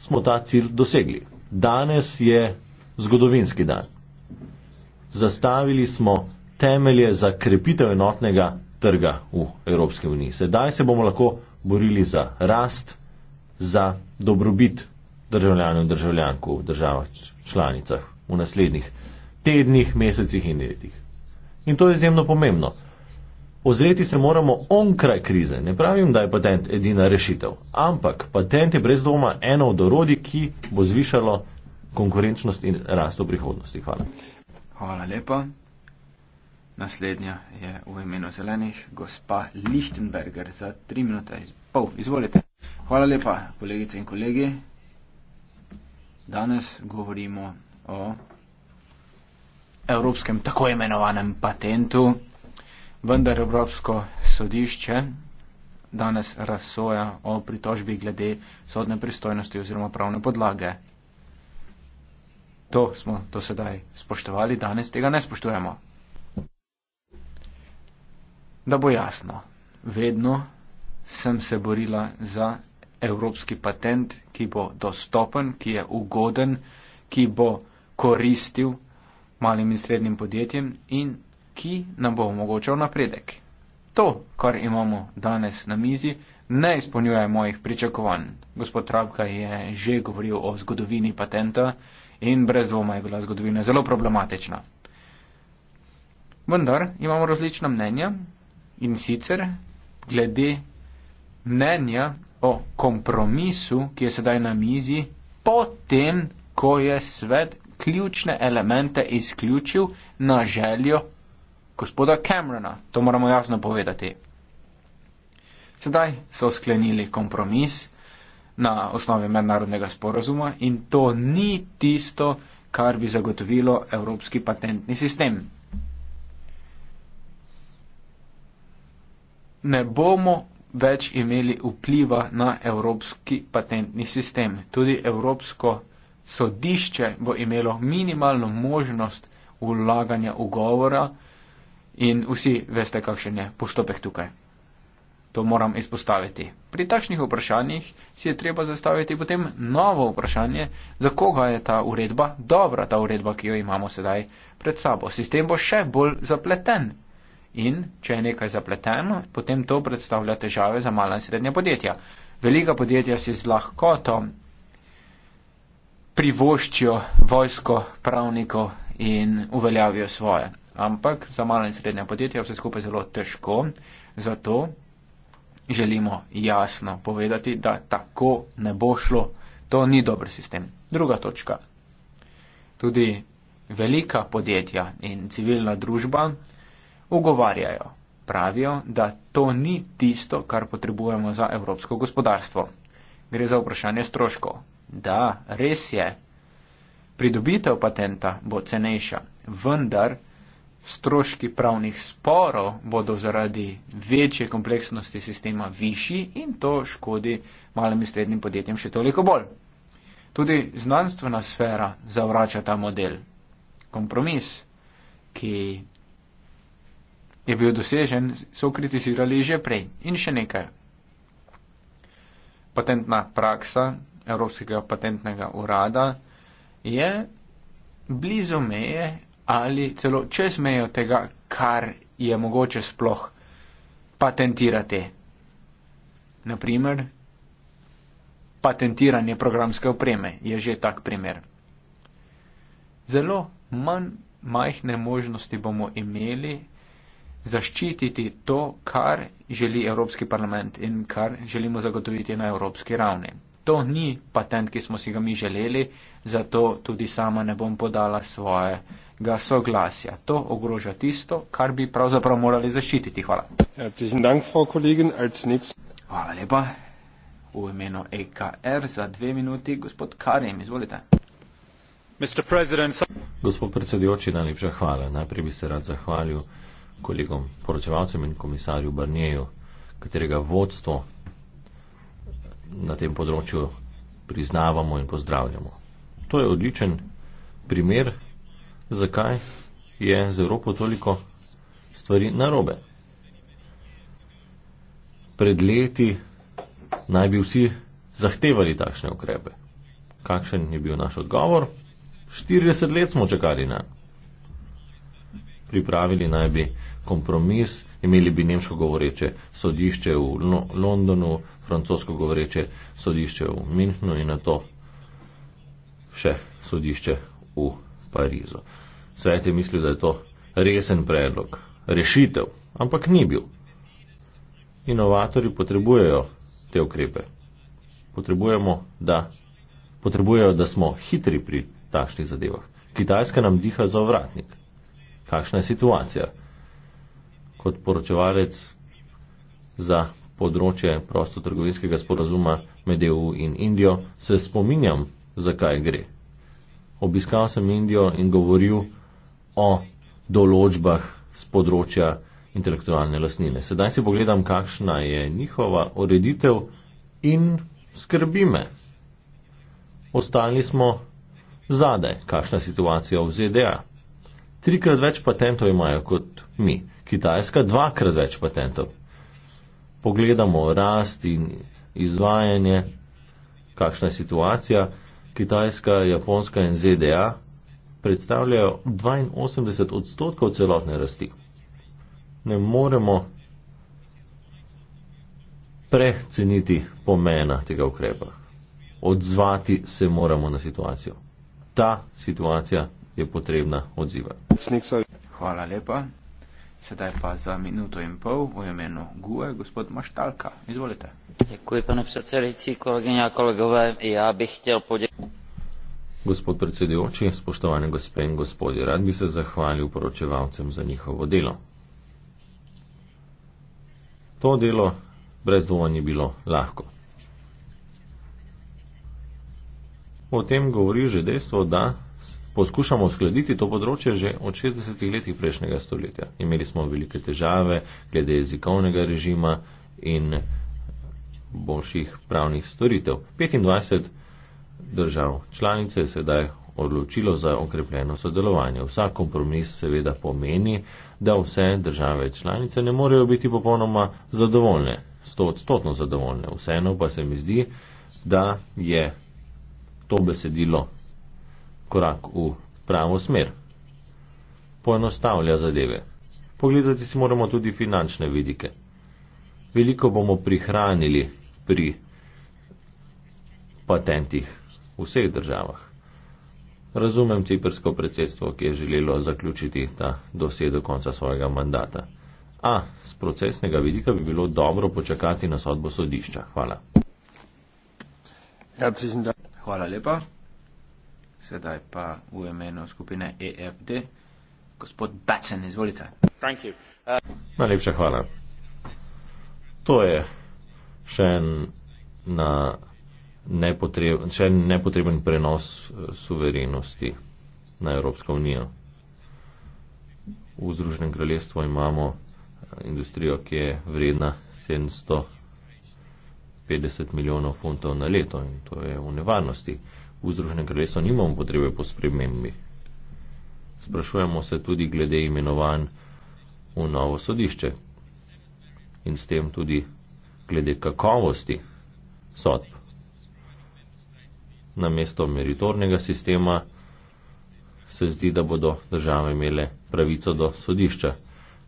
smo ta cilj dosegli. Danes je zgodovinski dan. Zastavili smo temelje za krepitev enotnega trga v Evropski uniji. Sedaj se bomo lahko borili za rast, za dobrobit državljanov in državljank v državah članicah v naslednjih tednih, mesecih in letih. In to je izjemno pomembno. Ozreti se moramo onkraj krize. Ne pravim, da je patent edina rešitev, ampak patent je brez dvoma eno od orodi, ki bo zvišalo konkurenčnost in rast v prihodnosti. Hvala. Hvala lepa. Naslednja je v imenu zelenih gospa Lichtenberger za tri minute in pol. Izvolite. Hvala lepa, kolegice in kolegi. Danes govorimo o evropskem tako imenovanem patentu, vendar Evropsko sodišče danes razsoja o pritožbi glede sodne pristojnosti oziroma pravne podlage. To smo do sedaj spoštovali, danes tega ne spoštujemo. Da bo jasno, vedno sem se borila za evropski patent, ki bo dostopen, ki je ugoden, ki bo koristil malim in srednjim podjetjem in ki nam bo omogočal napredek. To, kar imamo danes na mizi, ne izpolnjuje mojih pričakovanj. Gospod Trabka je že govoril o zgodovini patenta in brez dvoma je bila zgodovina zelo problematična. Vendar imamo različna mnenja in sicer glede mnenja o kompromisu, ki je sedaj na mizi, potem, ko je svet ključne elemente izključil na željo gospoda Camerona. To moramo jasno povedati. Sedaj so sklenili kompromis na osnovi mednarodnega sporazuma in to ni tisto, kar bi zagotovilo evropski patentni sistem. Ne bomo več imeli vpliva na evropski patentni sistem. Tudi evropsko sodišče bo imelo minimalno možnost ulaganja ugovora in vsi veste, kakšen je postopek tukaj. To moram izpostaviti. Pri takšnih vprašanjih si je treba zastaviti potem novo vprašanje, za koga je ta uredba dobra, ta uredba, ki jo imamo sedaj pred sabo. Sistem bo še bolj zapleten. In če je nekaj zapleteno, potem to predstavlja težave za mala in srednja podjetja. Velika podjetja si z lahkoto privoščijo vojsko pravnikov in uveljavijo svoje. Ampak za mala in srednja podjetja vse skupaj zelo težko, zato želimo jasno povedati, da tako ne bo šlo. To ni dober sistem. Druga točka. Tudi velika podjetja in civilna družba ugovarjajo, pravijo, da to ni tisto, kar potrebujemo za evropsko gospodarstvo. Gre za vprašanje stroškov. Da, res je. Pridobitev patenta bo cenejša, vendar stroški pravnih sporov bodo zaradi večje kompleksnosti sistema višji in to škodi malim in srednjim podjetjem še toliko bolj. Tudi znanstvena sfera zavrača ta model. Kompromis, ki je bil dosežen, so kritizirali že prej. In še nekaj. Patentna praksa Evropskega patentnega urada, je blizu meje ali celo čez mejo tega, kar je mogoče sploh patentirati. Naprimer, patentiranje programske opreme je že tak primer. Zelo manj majhne možnosti bomo imeli zaščititi to, kar želi Evropski parlament in kar želimo zagotoviti na evropski ravni to ni patent, ki smo si ga mi želeli, zato tudi sama ne bom podala svojega soglasja. To ogroža tisto, kar bi pravzaprav morali zaščititi. Hvala. Hvala lepa. V imenu EKR za dve minuti, gospod Karim, izvolite. Gospod predsedujoči, najlepša hvala. Najprej bi se rad zahvalil kolegom poročevalcem in komisarju Barnieju, katerega vodstvo na tem področju priznavamo in pozdravljamo. To je odličen primer, zakaj je z Evropo toliko stvari narobe. Pred leti naj bi vsi zahtevali takšne ukrepe. Kakšen je bil naš odgovor? 40 let smo čakali na. Pripravili naj bi kompromis imeli bi nemško govoreče sodišče v Londonu, francosko govoreče sodišče v Münchnu in na to še sodišče v Parizu. Svet je mislil, da je to resen predlog, rešitev, ampak ni bil. Inovatori potrebujejo te ukrepe. Potrebujemo, da, potrebujejo, da smo hitri pri takšnih zadevah. Kitajska nam diha za vratnik. Kakšna je situacija? kot poročevalec za področje prostotrgovinskega sporazuma med EU in Indijo, se spominjam, zakaj gre. Obiskal sem Indijo in govoril o določbah z področja intelektualne lasnine. Sedaj si pogledam, kakšna je njihova ureditev in skrbi me. Ostali smo zadaj, kakšna situacija v ZDA. Trikrat več patentov imajo kot mi. Kitajska dvakrat več patentov. Pogledamo rast in izvajanje, kakšna je situacija. Kitajska, Japonska in ZDA predstavljajo 82 odstotkov celotne rasti. Ne moremo preceniti pomena tega ukrepa. Odzvati se moramo na situacijo. Ta situacija je potrebna odziva. Hvala lepa. Sedaj pa za minuto in pol v imenu GUE, gospod Maštalka. Izvolite. Děkuji, pane predsedající, kolegyně a kolegové. Já bych chtěl poděkovat. Gospod predsedujoči, spoštovane gospe in gospodje, rad bi se zahvalil poročevalcem za njihovo delo. To delo brez dvoma ni bilo lahko. O tem govori že dejstvo, da poskušamo uskladiti to področje že od 60-ih letih prejšnjega stoletja. Imeli smo velike težave glede jezikovnega režima in boljših pravnih storitev. 25 držav članice je sedaj odločilo za okrepljeno sodelovanje. Vsak kompromis seveda pomeni, da vse države članice ne morejo biti popolnoma zadovoljne, stotno zadovoljne. Vseeno pa se mi zdi, da je to besedilo korak v pravo smer. Poenostavlja zadeve. Pogledati si moramo tudi finančne vidike. Veliko bomo prihranili pri patentih v vseh državah. Razumem ciprsko predsedstvo, ki je želelo zaključiti ta dosed do konca svojega mandata. A, z procesnega vidika bi bilo dobro počakati na sodbo sodišča. Hvala. Hvala lepa. Sedaj pa v imenu skupine EFD. Gospod Batson, izvolite. Uh, Najlepša hvala. To je še en, na nepotreben, še en nepotreben prenos uh, suverenosti na Evropsko unijo. V Združenem kraljestvu imamo uh, industrijo, ki je vredna 750 milijonov funtov na leto in to je v nevarnosti v Združenem kraljestvu nimamo potrebe po spremembi. Sprašujemo se tudi glede imenovanj v novo sodišče in s tem tudi glede kakovosti sodb. Na mesto meritornega sistema se zdi, da bodo države imele pravico do sodišča.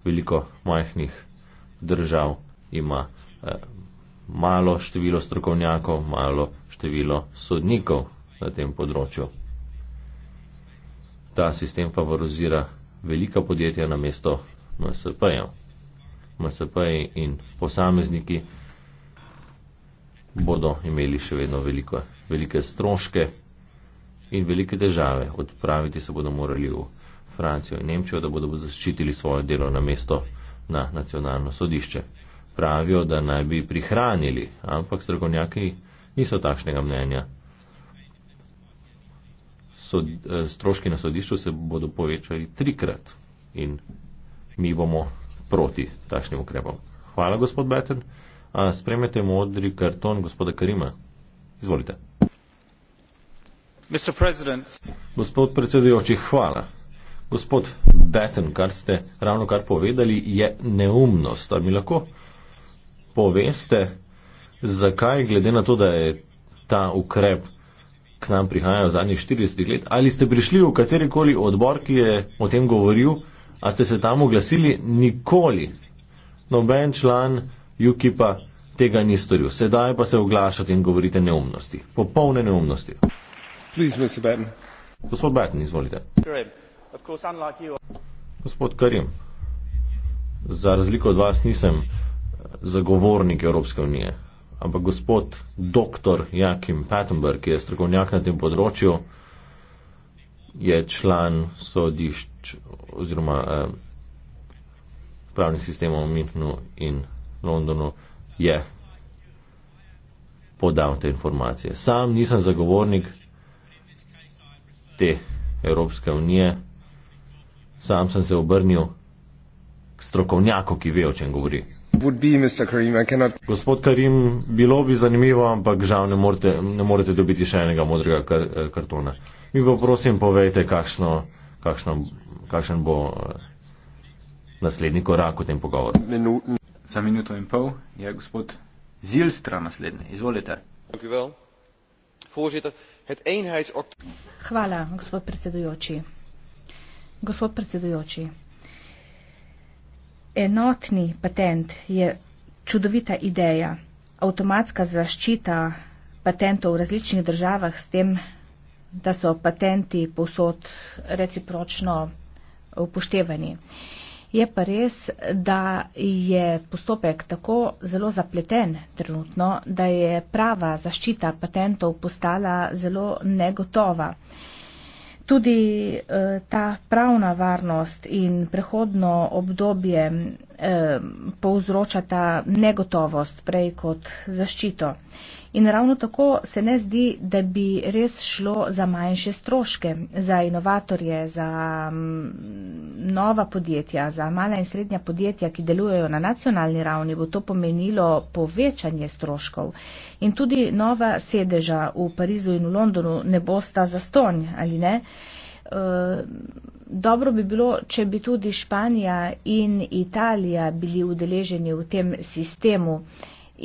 Veliko majhnih držav ima eh, malo število strokovnjakov, malo število sodnikov na tem področju. Ta sistem favorizira velika podjetja na mesto MSP-ja. MSP in posamezniki bodo imeli še vedno veliko, velike stroške in velike težave. Odpraviti se bodo morali v Francijo in Nemčijo, da bodo zaščitili svoje delo na mesto na nacionalno sodišče. Pravijo, da naj bi prihranili, ampak strokovnjaki niso takšnega mnenja sodi, eh, stroški na sodišču se bodo povečali trikrat in mi bomo proti takšnim ukrepom. Hvala, gospod Beten. Spremete modri karton gospoda Karima. Izvolite. Gospod predsedujoči, hvala. Gospod Beten, kar ste ravno kar povedali, je neumnost. Ali mi lahko poveste, zakaj glede na to, da je ta ukrep k nam prihajajo zadnjih 40 let. Ali ste prišli v katerikoli odbor, ki je o tem govoril, ali ste se tam oglasili? Nikoli. Noben član UKIP-a tega ni storil. Sedaj pa se oglašate in govorite neumnosti. Popolne neumnosti. Gospod Batten, izvolite. Gospod Karim, za razliko od vas nisem zagovornik Evropske unije ampak gospod dr. Jakim Pattenberg, ki je strokovnjak na tem področju, je član sodišč oziroma eh, pravnih sistemov v Münchenu in Londonu, je podal te informacije. Sam nisem zagovornik te Evropske unije, sam sem se obrnil k strokovnjaku, ki ve, o čem govori. Gospod Karim, bilo bi zanimivo, ampak žal ne morete, ne morete dobiti še enega modrega kar, eh, kartona. Mi pa prosim povejte, kakšno, kakšno, kakšen bo eh, naslednji korak v tem pogovoru. Minuten. Za minuto in pol je gospod Zilstra naslednji. Izvolite. Hvala, gospod predsedujoči. Gospod predsedujoči enotni patent je čudovita ideja. Avtomatska zaščita patentov v različnih državah s tem, da so patenti povsod recipročno upoštevani. Je pa res, da je postopek tako zelo zapleten trenutno, da je prava zaščita patentov postala zelo negotova. Uh, tudi eh, ta pravna varnost in prehodno obdobje eh, povzročata negotovost prej kot zaščito. In ravno tako se ne zdi, da bi res šlo za manjše stroške, za inovatorje, za mm, nova podjetja, za mala in srednja podjetja, ki delujejo na nacionalni ravni, bo to pomenilo povečanje stroškov. In tudi nova sedeža v Parizu in v Londonu ne bosta zastonj, ali ne? Eh, dobro bi bilo, če bi tudi Španija in Italija bili udeleženi v tem sistemu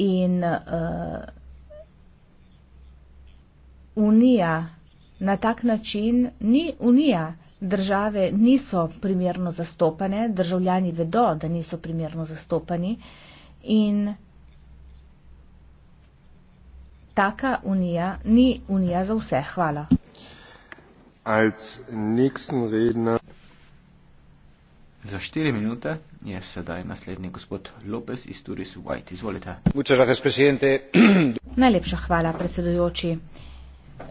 in uh, unija na tak način ni unija. Države niso primerno zastopane, državljani vedo, da niso primerno zastopani in taka unija ni unija za vse. Hvala. Als nächsten Redner. Za štiri minute je sedaj naslednji gospod Lopez iz Turis White. Izvolite. Najlepša hvala, predsedujoči. Uh,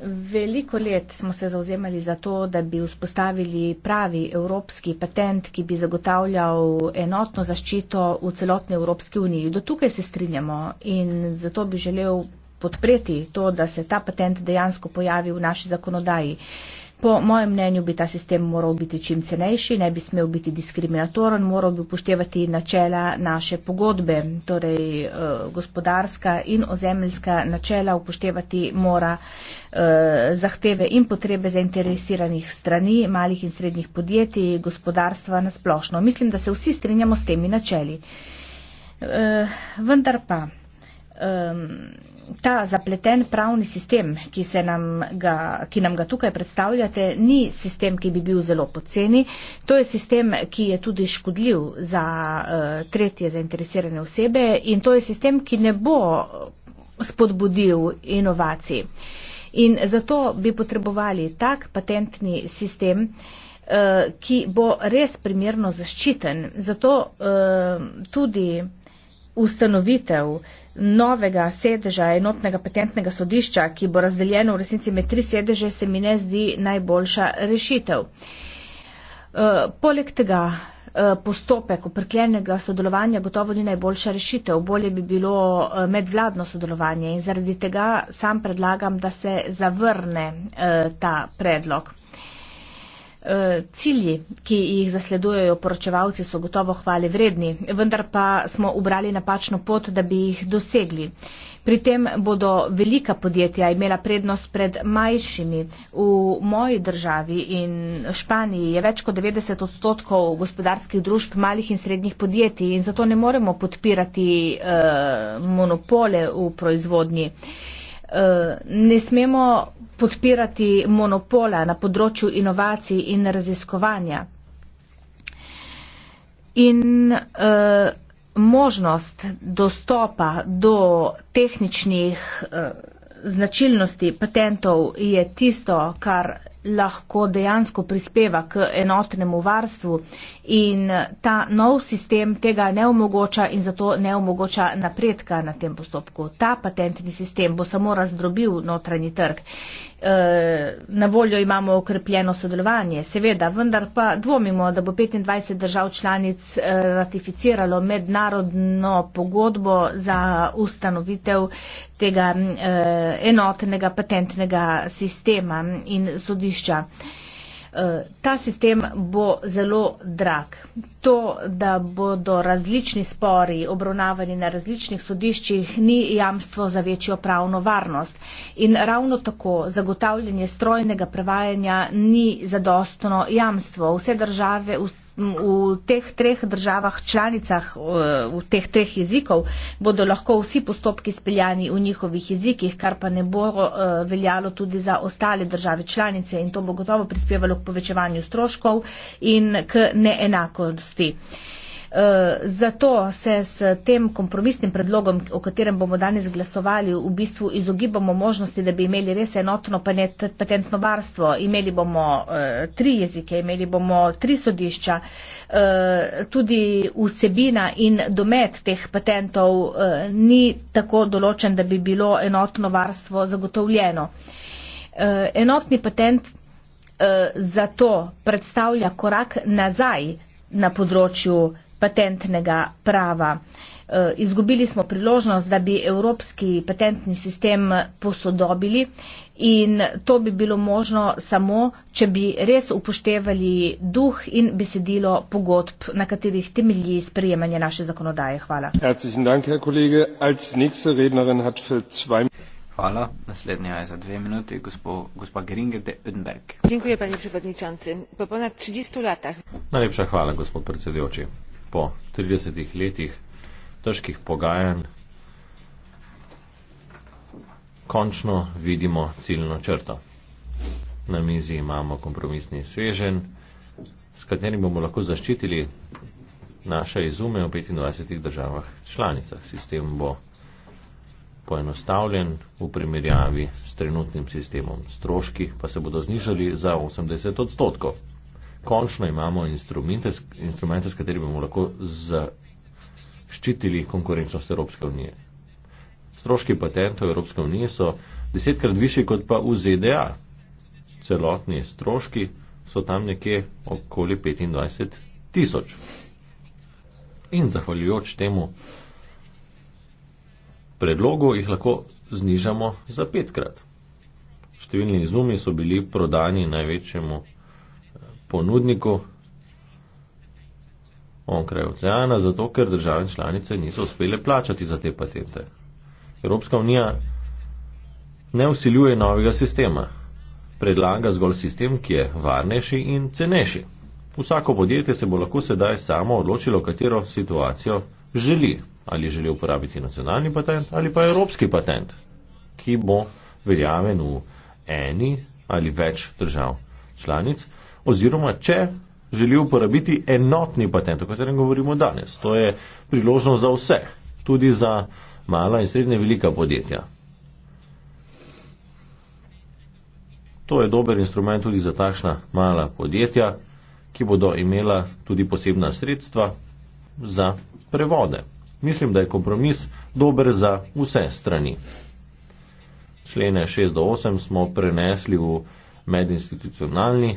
Veliko let smo se zauzemali za to, da bi vzpostavili pravi evropski patent, ki bi zagotavljal enotno zaščito v celotni Evropski uniji. Do tukaj se strinjamo in zato bi želel podpreti to, da se ta patent dejansko pojavi v naši zakonodaji. Po mojem mnenju bi ta sistem moral biti čim cenejši, ne bi smel biti diskriminatoren, moral bi upoštevati načela naše pogodbe, torej eh, gospodarska in ozemeljska načela upoštevati mora eh, zahteve in potrebe zainteresiranih strani, malih in srednjih podjetij, gospodarstva na splošno. Mislim, da se vsi strinjamo s temi načeli. Eh, vendar pa um, ta zapleten pravni sistem, ki, nam ga, ki nam ga tukaj predstavljate, ni sistem, ki bi bil zelo poceni. To je sistem, ki je tudi škodljiv za uh, tretje zainteresirane osebe in to je sistem, ki ne bo spodbudil inovacij. In zato bi potrebovali tak patentni sistem, uh, ki bo res primerno zaščiten. Zato uh, tudi ustanovitev novega sedeža enotnega patentnega sodišča, ki bo razdeljeno v resnici med tri sedeže, se mi ne zdi najboljša rešitev. Eh, poleg tega eh, postopek oprkljenega sodelovanja gotovo ni najboljša rešitev, bolje bi bilo eh, medvladno sodelovanje in zaradi tega sam predlagam, da se zavrne ta predlog. Eh, cilji, ki jih zasledujejo poročevalci, so gotovo hvale vredni, vendar pa smo ubrali napačno pot, da bi jih dosegli. Pri tem bodo velika podjetja imela prednost pred manjšimi. V moji državi in Španiji je več kot 90 odstotkov gospodarskih družb malih in srednjih podjetij in zato ne moremo podpirati eh, monopole v proizvodnji. Eh, ne smemo podpirati monopola na področju inovacij in raziskovanja. In e, možnost dostopa do tehničnih e, značilnosti patentov je tisto, kar lahko dejansko prispeva k enotnemu varstvu in eh, ta nov sistem tega ne omogoča in zato ne omogoča napredka na tem postopku. Ta patentni sistem bo samo razdrobil notranji trg. Eh, na voljo imamo okrepljeno sodelovanje, seveda, vendar pa dvomimo, da bo 25 držav članic eh, ratificiralo mednarodno pogodbo za ustanovitev tega enotnega patentnega sistema in sodišča ta sistem bo zelo drag. To, da bodo različni spori obravnavani na različnih sodiščih, ni jamstvo za večjo pravno varnost. In ravno tako zagotavljanje strojnega prevajanja ni zadostno jamstvo. Vse države, vse v teh treh državah članicah, eh, v teh treh jezikov, bodo lahko vsi postopki speljani v njihovih jezikih, kar pa ne bo eh, veljalo tudi za ostale države članice in to bo gotovo prispevalo k povečevanju stroškov in k neenakosti. Eh, zato se s tem kompromisnim predlogom, o katerem bomo danes glasovali, v bistvu izogibamo možnosti, da bi imeli res enotno patentno varstvo. Imeli bomo eh, tri jezike, imeli bomo tri sodišča. Eh, tudi vsebina in domet teh patentov ni tako določen, da bi bilo enotno varstvo zagotovljeno. Enotni patent zato predstavlja korak nazaj na področju patentnega prava. Eh, izgubili smo priložnost, da bi evropski patentni sistem posodobili in to bi bilo možno samo, če bi res upoštevali duh in besedilo pogodb, na katerih temelji sprejemanje naše zakonodaje. Hvala. Hvala. Naslednja je za dve minuti gospa Geringe de Udenberg. Najlepša hvala, gospod predsedujoči po 30 letih težkih pogajanj končno vidimo ciljno črto. Na mizi imamo kompromisni svežen, s katerim bomo lahko zaščitili naše izume v 25 državah članicah. Sistem bo poenostavljen v primerjavi s trenutnim sistemom. Stroški pa se bodo znižali za 80 odstotkov končno imamo instrumente, instrumente s katerimi bomo lahko zaščitili konkurenčnost Evropske unije. Stroški patentov Evropske unije so desetkrat višji kot pa v ZDA. Celotni stroški so tam nekje okoli 25 tisoč. In zahvaljujoč temu predlogu jih lahko znižamo za petkrat. Številni izumi so bili prodani največjemu ponudniku onkraj oceana, zato ker države članice niso uspele plačati za te patente. Evropska unija ne usiljuje novega sistema, predlaga zgolj sistem, ki je varnejši in cenejši. Vsako podjetje se bo lahko sedaj samo odločilo, katero situacijo želi. Ali želi uporabiti nacionalni patent ali pa evropski patent, ki bo veljaven v eni ali več držav članic oziroma če želi uporabiti enotni patent, o katerem govorimo danes. To je priložnost za vse, tudi za mala in srednje velika podjetja. To je dober instrument tudi za takšna mala podjetja, ki bodo imela tudi posebna sredstva za prevode. Mislim, da je kompromis dober za vse strani. Člene 6 do 8 smo prenesli v medinstitucionalni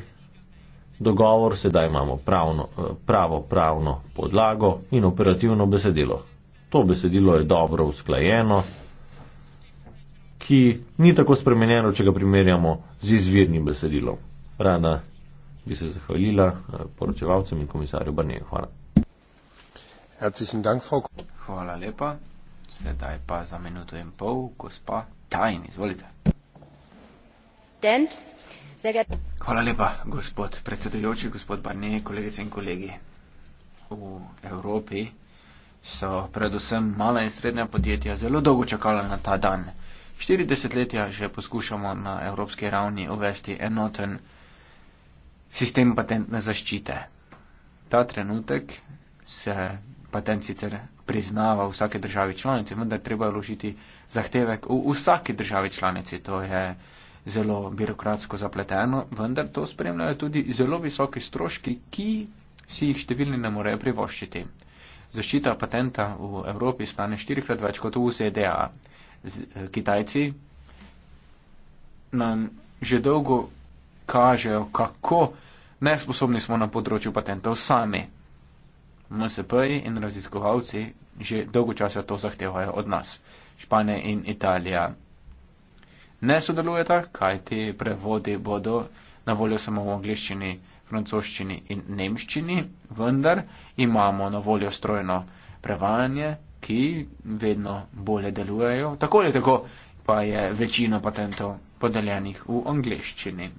dogovor, sedaj imamo pravno, eh, pravo pravno podlago in operativno besedilo. To besedilo je dobro usklajeno, ki ni tako spremenjeno, če ga primerjamo z izvirnim besedilom. Rada bi se zahvalila eh, poročevalcem in komisarju Brnjen. Hvala. Hvala lepa. Sedaj pa za minuto in pol, gospa Tajn, izvolite. Dent, vsega. Hvala lepa, gospod predsedujoči, gospod Barne, kolegice in kolegi. V Evropi so predvsem mala in srednja podjetja zelo dolgo čakala na ta dan. 40 letja že poskušamo na evropski ravni uvesti enoten sistem patentne zaščite. Ta trenutek se patent sicer priznava v vsake državi članici, vendar treba vložiti zahtevek v vsake državi članici. To je zelo birokratsko zapleteno, vendar to spremljajo tudi zelo visoki stroški, ki si jih številni ne morejo privoščiti. Zaščita patenta v Evropi stane štirikrat več kot v ZDA. Z, eh, Kitajci nam že dolgo kažejo, kako nesposobni smo na področju patentov sami. MSP-ji in raziskovalci že dolgo časa to zahtevajo od nas. Španija in Italija ne sodelujeta, kaj ti prevodi bodo na voljo samo v angliščini, francoščini in nemščini, vendar imamo na voljo strojno prevajanje, ki vedno bolje delujejo, tako ali tako pa je večina patentov podeljenih v angliščini.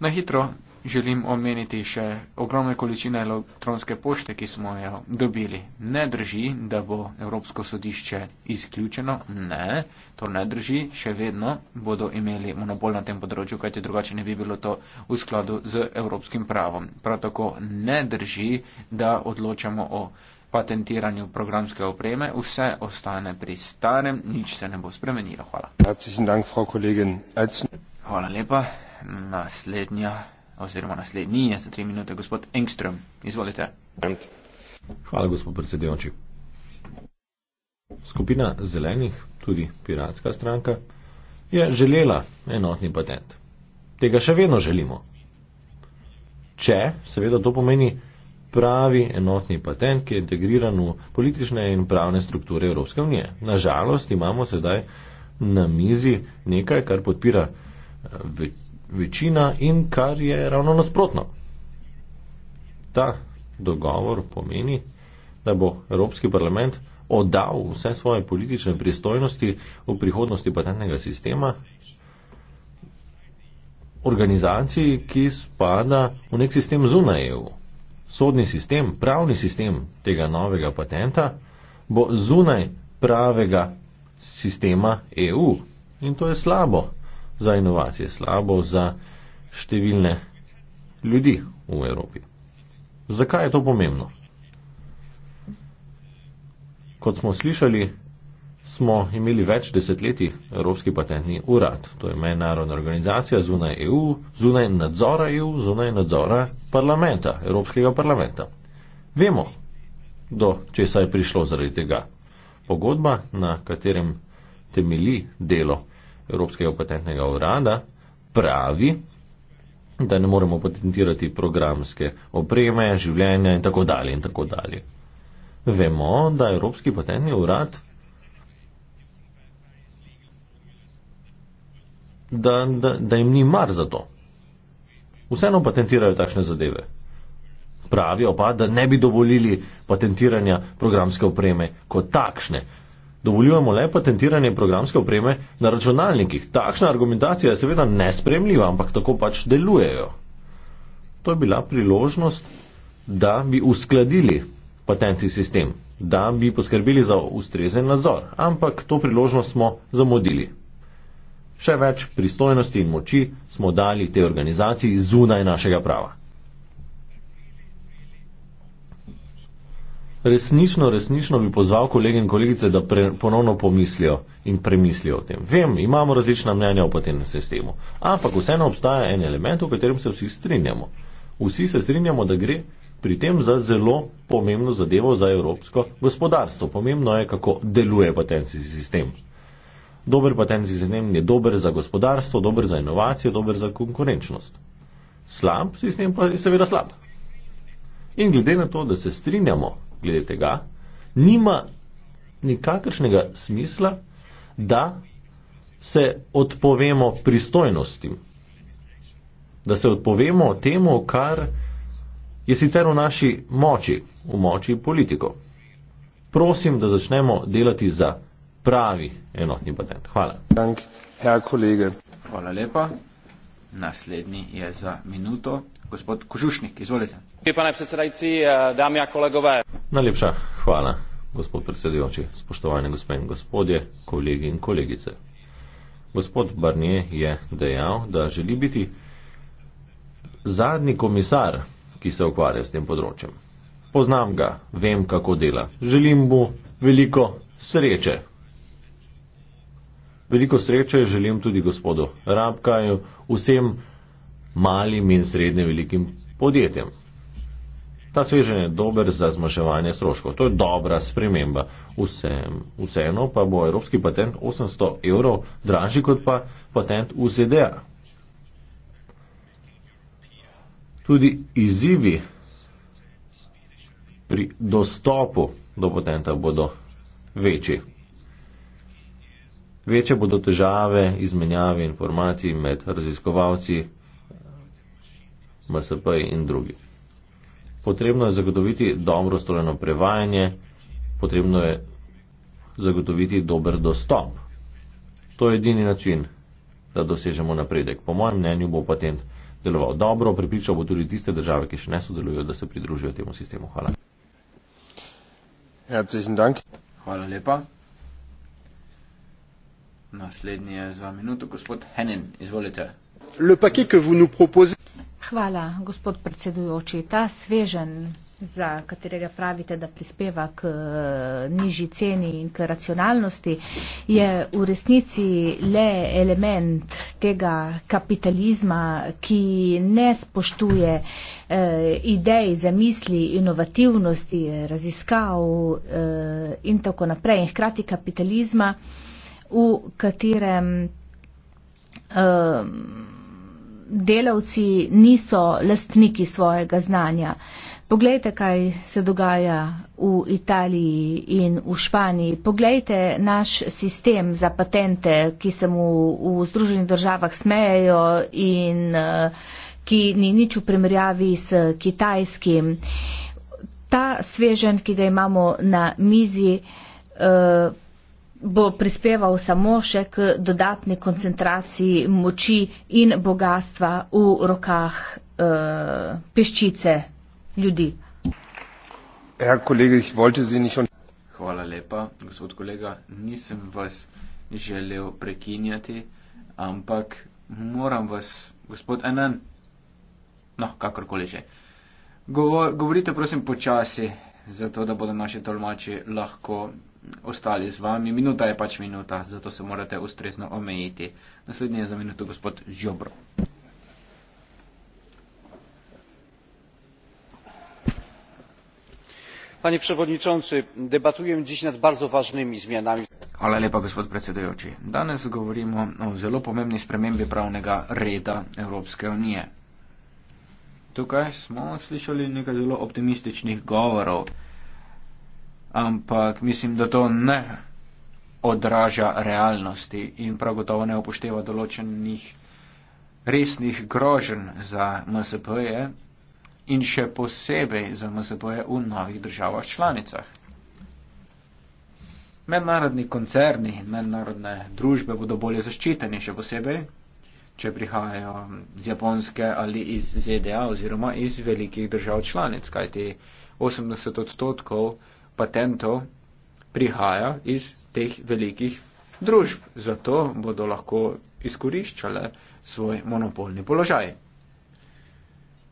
Na hitro želim omeniti še ogromne količine elektronske pošte, ki smo jo dobili. Ne drži, da bo Evropsko sodišče izključeno, ne, to ne drži, še vedno bodo imeli monopol na tem področju, kajti drugače ne bi bilo to v skladu z evropskim pravom. Prav tako ne drži, da odločamo o patentiranju programske opreme, vse ostane pri starem, nič se ne bo spremenilo. Hvala. Hvala lepa. Naslednja oziroma naslednji je za tri minute gospod Engström. Izvolite. Hvala, gospod predsedujoči. Skupina zelenih, tudi piratska stranka, je želela enotni patent. Tega še vedno želimo. Če, seveda, to pomeni pravi enotni patent, ki je integriran v politične in pravne strukture Evropske unije. Nažalost, imamo sedaj na mizi nekaj, kar podpira eh, večina in kar je ravno nasprotno. Ta dogovor pomeni, da bo Evropski parlament oddal vse svoje politične pristojnosti v prihodnosti patentnega sistema organizaciji, ki spada v nek sistem zunaj EU. Sodni sistem, pravni sistem tega novega patenta bo zunaj pravega sistema EU. In to je slabo za inovacije, slabo za številne ljudi v Evropi. Zakaj je to pomembno? Kot smo slišali, smo imeli več desetletij Evropski patentni urad, to je mednarodna organizacija zunaj EU, zunaj nadzora EU, zunaj nadzora parlamenta, Evropskega parlamenta. Vemo, do česa je prišlo zaradi tega. Pogodba, na katerem temelji delo Evropskega patentnega urada pravi, da ne moremo patentirati programske opreme, življenja in tako dalje. In tako dalje. Vemo, da Evropski patentni urad, da, da, da jim ni mar za to. Vseeno patentirajo takšne zadeve. Pravijo pa, da ne bi dovolili patentiranja programske opreme kot takšne, dovoljujemo le patentiranje programske opreme na računalnikih. Takšna argumentacija je seveda nespremljiva, ampak tako pač delujejo. To je bila priložnost, da bi uskladili patentni sistem, da bi poskrbeli za ustrezen nadzor, ampak to priložnost smo zamudili. Še več pristojnosti in moči smo dali tej organizaciji zunaj našega prava. Resnično, resnično bi pozval kolege in kolegice, da pre, ponovno pomislijo in premislijo o tem. Vem, imamo različna mnenja o patentnem sistemu, ampak vseeno obstaja en element, o katerem se vsi strinjamo. Vsi se strinjamo, da gre pri tem za zelo pomembno zadevo za evropsko gospodarstvo. Pomembno je, kako deluje patentni sistem. Dober patentni sistem je dober za gospodarstvo, dober za inovacijo, dober za konkurenčnost. Slab sistem pa je seveda slab. In glede na to, da se strinjamo, glede tega, nima nikakršnega smisla, da se odpovemo pristojnosti, da se odpovemo temu, kar je sicer v naši moči, v moči politiko. Prosim, da začnemo delati za pravi enotni patent. Hvala. Dank, herr kolege. Hvala lepa. Naslednji je za minuto gospod Kožušnik. Izvolite. Pane predsedajci, dámy a kolegové. Najlepša hvala, gospod predsedujoči, spoštovane gospe in gospodje, kolegi in kolegice. Gospod Barnier je dejal, da želi biti zadnji komisar, ki se ukvarja s tem področjem. Poznam ga, vem, kako dela. Želim mu veliko sreče. Veliko sreče želim tudi gospodu Rabkaju, vsem malim in srednje velikim podjetjem. Ta svežen je dober za zmaševanje stroškov. To je dobra sprememba. Vse, vseeno pa bo evropski patent 800 evrov dražji kot pa patent v ZDA. Tudi izzivi pri dostopu do patenta bodo večji. Večje bodo težave izmenjave informacij med raziskovalci, MSP in drugimi potrebno je zagotoviti dobro strojno prevajanje, potrebno je zagotoviti dober dostop. To je edini način, da dosežemo napredek. Po mojem mnenju bo patent deloval dobro, pripričal bo tudi tiste države, ki še ne sodelujejo, da se pridružijo temu sistemu. Hvala. Hvala lepa. Naslednji je za minuto, gospod Henin, izvolite. Le paket, ki ga vam nudimo. Hvala, gospod predsedujoči. Ta svežen, za katerega pravite, da prispeva k eh, nižji ceni in k racionalnosti, je v resnici le element tega kapitalizma, ki ne spoštuje eh, idej, zamisli, inovativnosti, raziskav eh, in tako naprej. In hkrati kapitalizma, v katerem. Eh, delavci niso lastniki svojega znanja. Poglejte, kaj se dogaja v Italiji in v Španiji. Poglejte naš sistem za patente, ki se mu v Združenih državah smejejo in eh, ki ni nič v primerjavi s kitajskim. Ta svežen, ki ga imamo na mizi, eh, bo prispeval samo še k dodatni koncentraciji moči in bogatstva v rokah e, peščice ljudi. Ja, kolega, Hvala lepa, gospod kolega. Nisem vas želel prekinjati, ampak moram vas, gospod Enan, no, kakorkoli že. Govor, govorite, prosim, počasi, zato da bodo naši tolmači lahko ostali z vami. Minuta je pač minuta, zato se morate ustrezno omejiti. Naslednji je za minuto gospod Žobro. Panie przewodniczący, debatujemy dziś nad bardzo ważnymi zmianami. Hvala lepa, gospod predsedujoči. Danes govorimo o zelo pomembni spremembi pravnega reda Evropske unije. Tukaj smo slišali nekaj zelo optimističnih govorov ampak mislim, da to ne odraža realnosti in prav gotovo ne upošteva določenih resnih grožen za MSP-je in še posebej za MSP-je v novih državah članicah. Mednarodni koncerni in mednarodne družbe bodo bolje zaščiteni, še posebej, če prihajajo z Japonske ali iz ZDA oziroma iz velikih držav članic, kajti 80 odstotkov patentov prihaja iz teh velikih družb. Zato bodo lahko izkoriščale svoj monopolni položaj.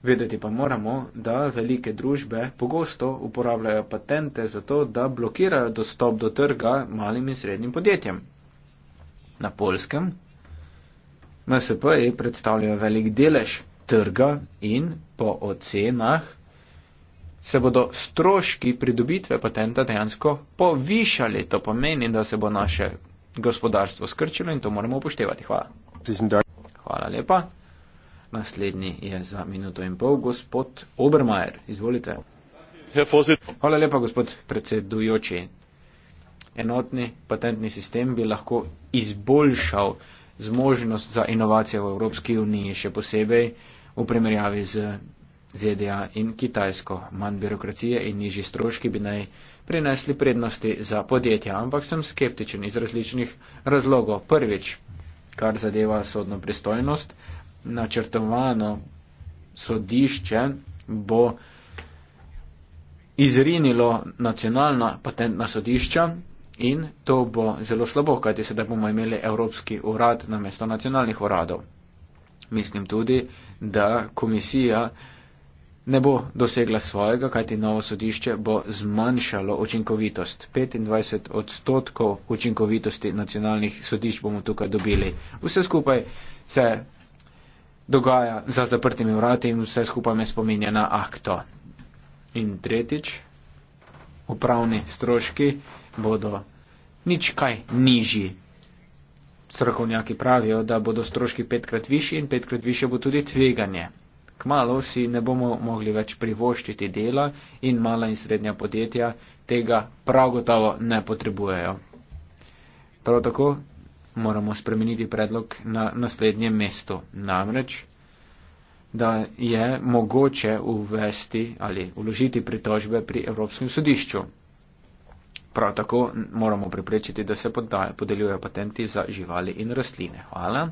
Vedeti pa moramo, da velike družbe pogosto uporabljajo patente zato, da blokirajo dostop do trga malim in srednjim podjetjem. Na polskem MSP-ji predstavljajo velik delež trga in po ocenah se bodo stroški pridobitve patenta dejansko povišali. To pomeni, da se bo naše gospodarstvo skrčilo in to moramo upoštevati. Hvala. Hvala lepa. Naslednji je za minuto in pol gospod Obermajer. Izvolite. Hvala lepa, gospod predsedujoči. Enotni patentni sistem bi lahko izboljšal zmožnost za inovacije v Evropski uniji, še posebej v primerjavi z ZDA in Kitajsko. Manj birokracije in nižji stroški bi naj prinesli prednosti za podjetja, ampak sem skeptičen iz različnih razlogov. Prvič, kar zadeva sodno pristojnost, načrtovano sodišče bo izrinilo nacionalna patentna sodišča in to bo zelo slabo, kajti sedaj bomo imeli Evropski urad namesto nacionalnih uradov. Mislim tudi, da komisija ne bo dosegla svojega, kajti novo sodišče bo zmanjšalo učinkovitost. 25 odstotkov učinkovitosti nacionalnih sodišč bomo tukaj dobili. Vse skupaj se dogaja za zaprtimi vrati in vse skupaj me spominja na akto. In tretjič, upravni stroški bodo nič kaj nižji. Strokovnjaki pravijo, da bodo stroški petkrat višji in petkrat više bo tudi tveganje kmalo si ne bomo mogli več privoščiti dela in mala in srednja podjetja tega prav gotovo ne potrebujejo. Prav tako moramo spremeniti predlog na naslednjem mestu, namreč, da je mogoče uvesti ali uložiti pritožbe pri Evropskem sodišču. Prav tako moramo preprečiti, da se podeljujejo patenti za živali in rastline. Hvala.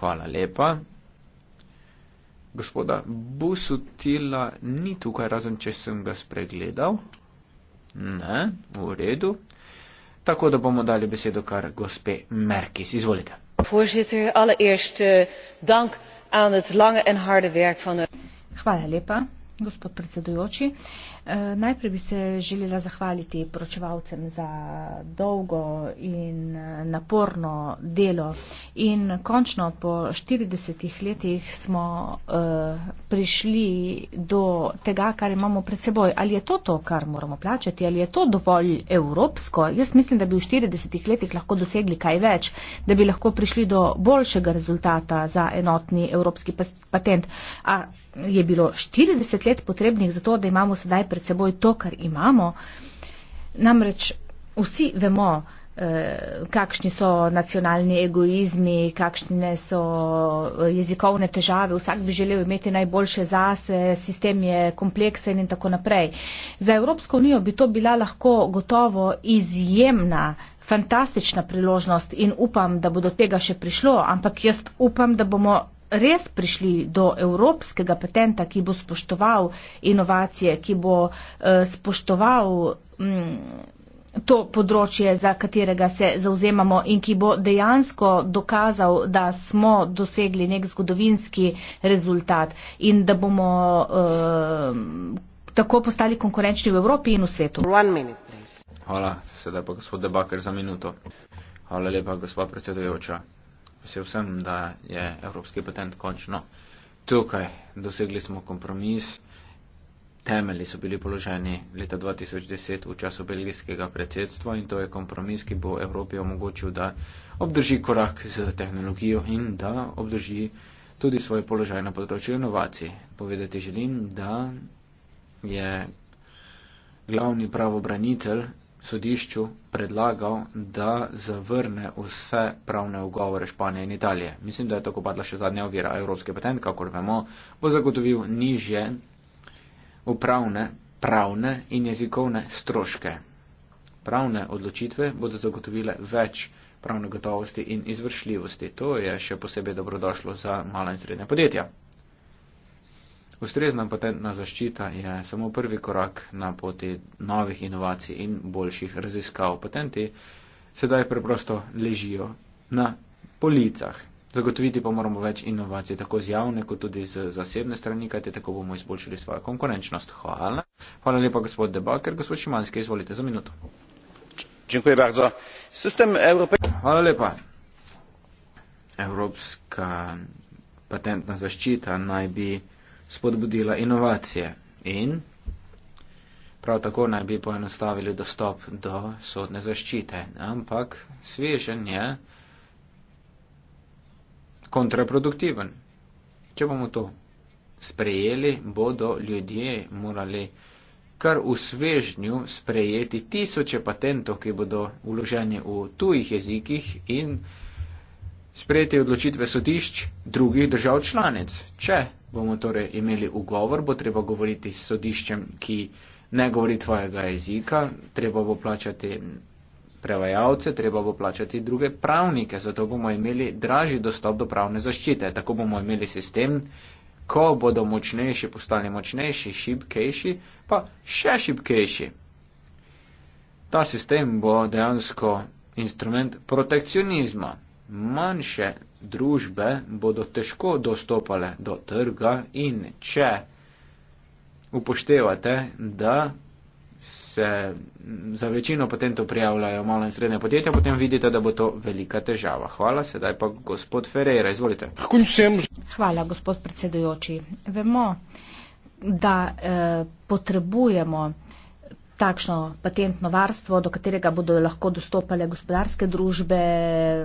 Hvala lepa gospoda Busutila ni tukaj, razen če sem ga spregledal. Ne, v redu. Tako da bomo dali besedo kar gospe Merkis. Izvolite. Eh, Hvala lepa, gospod predsedujoči. Uh, Eh, najprej bi se želela zahvaliti poročevalcem za dolgo in eh, naporno delo. In končno po 40 letih smo eh, prišli do tega, kar imamo pred seboj. Ali je to to, kar moramo plačati? Ali je to dovolj evropsko? Jaz mislim, da bi v 40 letih lahko dosegli kaj več, da bi lahko prišli do boljšega rezultata za enotni evropski patent. A je bilo 40 let potrebnih za to, da imamo sedaj pred seboj to, kar imamo. Namreč vsi vemo, eh, kakšni so nacionalni egoizmi, kakšne so jezikovne težave. Vsak bi želel imeti najboljše zase, sistem je kompleksen in tako naprej. Za Evropsko unijo bi to bila lahko gotovo izjemna, fantastična priložnost in upam, da bo do tega še prišlo, ampak jaz upam, da bomo res prišli do evropskega patenta, ki bo spoštoval inovacije, ki bo eh, spoštoval mm, to področje, za katerega se zauzemamo in ki bo dejansko dokazal, da smo dosegli nek zgodovinski rezultat in da bomo eh, tako postali konkurenčni v Evropi in v svetu. Minute, Hvala, sedaj pa gospod Debaker za minuto. Hvala lepa, gospod predsedujoča vesel sem, da je evropski patent končno tukaj. Dosegli smo kompromis. Temelji so bili položeni leta 2010 v času belgijskega predsedstva in to je kompromis, ki bo Evropi omogočil, da obdrži korak z tehnologijo in da obdrži tudi svoj položaj na področju inovacij. Povedati želim, da je glavni pravobranitelj sodišču predlagal, da zavrne vse pravne ugovore Španije in Italije. Mislim, da je tako padla še zadnja ovira. Evropski patent, kakor vemo, bo zagotovil nižje upravne, pravne in jezikovne stroške. Pravne odločitve bodo zagotovile več pravne gotovosti in izvršljivosti. To je še posebej dobrodošlo za mala in srednja podjetja. Ustrezna patentna zaščita je samo prvi korak na poti novih inovacij in boljših raziskav. Patenti sedaj preprosto ležijo na policah. Zagotoviti pa moramo več inovacij, tako z javne, kot tudi z zasebne strani, kajte tako bomo izboljšali svojo konkurenčnost. Hvala. Hvala lepa, gospod Debaker. Gospod Šimanski, izvolite za minuto. Hvala lepa. Evropska patentna zaščita naj bi spodbudila inovacije in prav tako naj bi poenostavili dostop do sodne zaščite. Ampak svežen je kontraproduktiven. Če bomo to sprejeli, bodo ljudje morali kar v svežnju sprejeti tisoče patentov, ki bodo uloženi v tujih jezikih in sprejeti odločitve sodišč drugih držav članic, če bomo torej imeli ugovor, bo treba govoriti s sodiščem, ki ne govori tvojega jezika, treba bo plačati prevajalce, treba bo plačati druge pravnike, zato bomo imeli dražji dostop do pravne zaščite. Tako bomo imeli sistem, ko bodo močnejši postali močnejši, šibkejši, pa še šibkejši. Ta sistem bo dejansko instrument protekcionizma. Manjše družbe bodo težko dostopale do trga in če upoštevate, da se za večino patentov prijavljajo malo in srednje podjetja, potem vidite, da bo to velika težava. Hvala, sedaj pa gospod Ferreira, izvolite. Hvala, gospod predsedujoči. Vemo, da eh, potrebujemo takšno patentno varstvo, do katerega bodo lahko dostopale gospodarske družbe,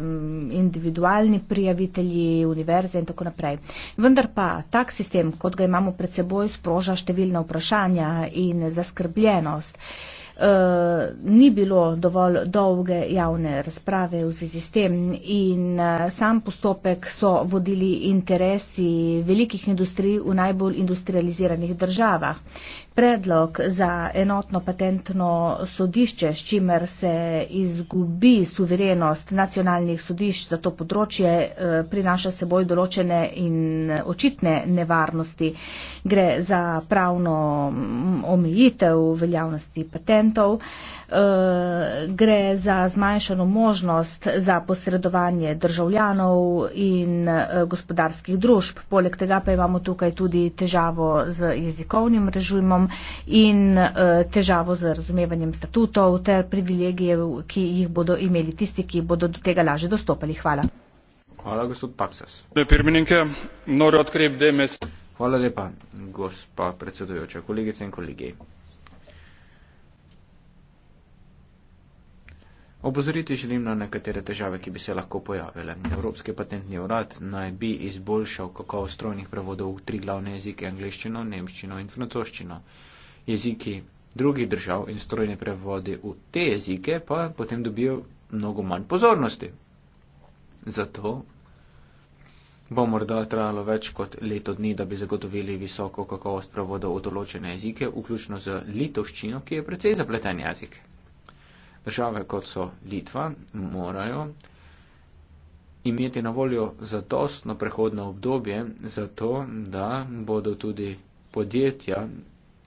mm, individualni prijavitelji, univerze in tako naprej. Vendar pa tak sistem, kot ga imamo pred seboj, sproža številna vprašanja in zaskrbljenost. Uh, ni bilo dovolj dolge javne razprave v zvezi s tem in uh, sam postopek so vodili interesi velikih industrij v najbolj industrializiranih državah. Predlog za enotno patentno sodišče, s čimer se izgubi suverenost nacionalnih sodišč za to področje, eh, prinaša seboj določene in očitne nevarnosti. Gre za pravno mm, omejitev veljavnosti patentov, eh, gre za zmanjšano možnost za posredovanje državljanov in eh, gospodarskih družb. Poleg tega pa imamo tukaj tudi težavo z jezikovnim režimom zakonom in eh, težavo z razumevanjem statutov ter privilegijev, ki jih bodo imeli tisti, ki bodo do tega laže dostopali. Hvala. Hvala, gospod Paksas. Hvala lepa, gospa predsedujoča, kolegice in kolegi. Opozoriti želim na nekatere težave, ki bi se lahko pojavile. Evropski patentni urad naj bi izboljšal kakovost strojnih prevodov v tri glavne jezike - angliščino, nemščino in francoščino. Jeziki drugih držav in strojne prevode v te jezike pa potem dobijo mnogo manj pozornosti. Zato bo morda trajalo več kot leto dni, da bi zagotovili visoko kakovost prevodov v določene jezike, vključno z litovščino, ki je precej zapleten jezik države, kot so Litva, morajo imeti na voljo zadostno prehodno obdobje, zato da bodo tudi podjetja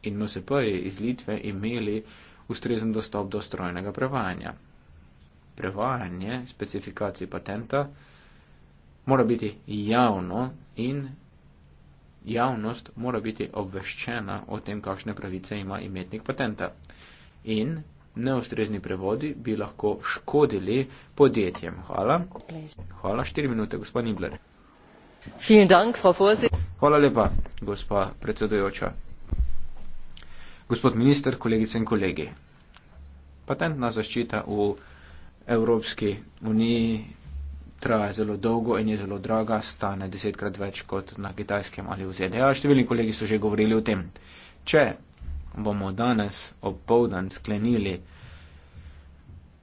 in MSP-ji iz Litve imeli ustrezen dostop do strojnega prevajanja. Prevajanje specifikacij patenta mora biti javno in javnost mora biti obveščena o tem, kakšne pravice ima imetnik patenta. In neustrezni prevodi bi lahko škodili podjetjem. Hvala. Hvala, štiri minute, gospod Nibler. Hvala lepa, gospa predsedojoča. Gospod minister, kolegice in kolegi. Patentna zaščita v Evropski uniji traja zelo dolgo in je zelo draga, stane desetkrat več kot na kitajskem ali v ZDA. Številni kolegi so že govorili o tem. Če bomo danes opoldan sklenili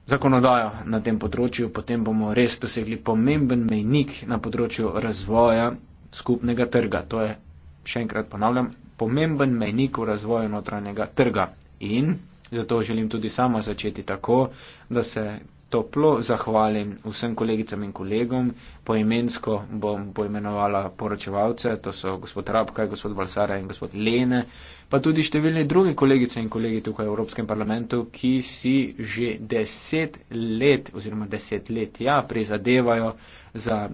zakonodajo na tem področju, potem bomo res dosegli pomemben mejnik na področju razvoja skupnega trga. To je, še enkrat ponavljam, pomemben mejnik v razvoju notranjega trga. In zato želim tudi sama začeti tako, da se toplo zahvalim vsem kolegicam in kolegom, poimensko bom poimenovala poročevalce, to so gospod Rabkaj, gospod Balsara in gospod Lene, pa tudi številni drugi kolegice in kolegi tukaj v Evropskem parlamentu, ki si že deset let oziroma deset let ja, prizadevajo za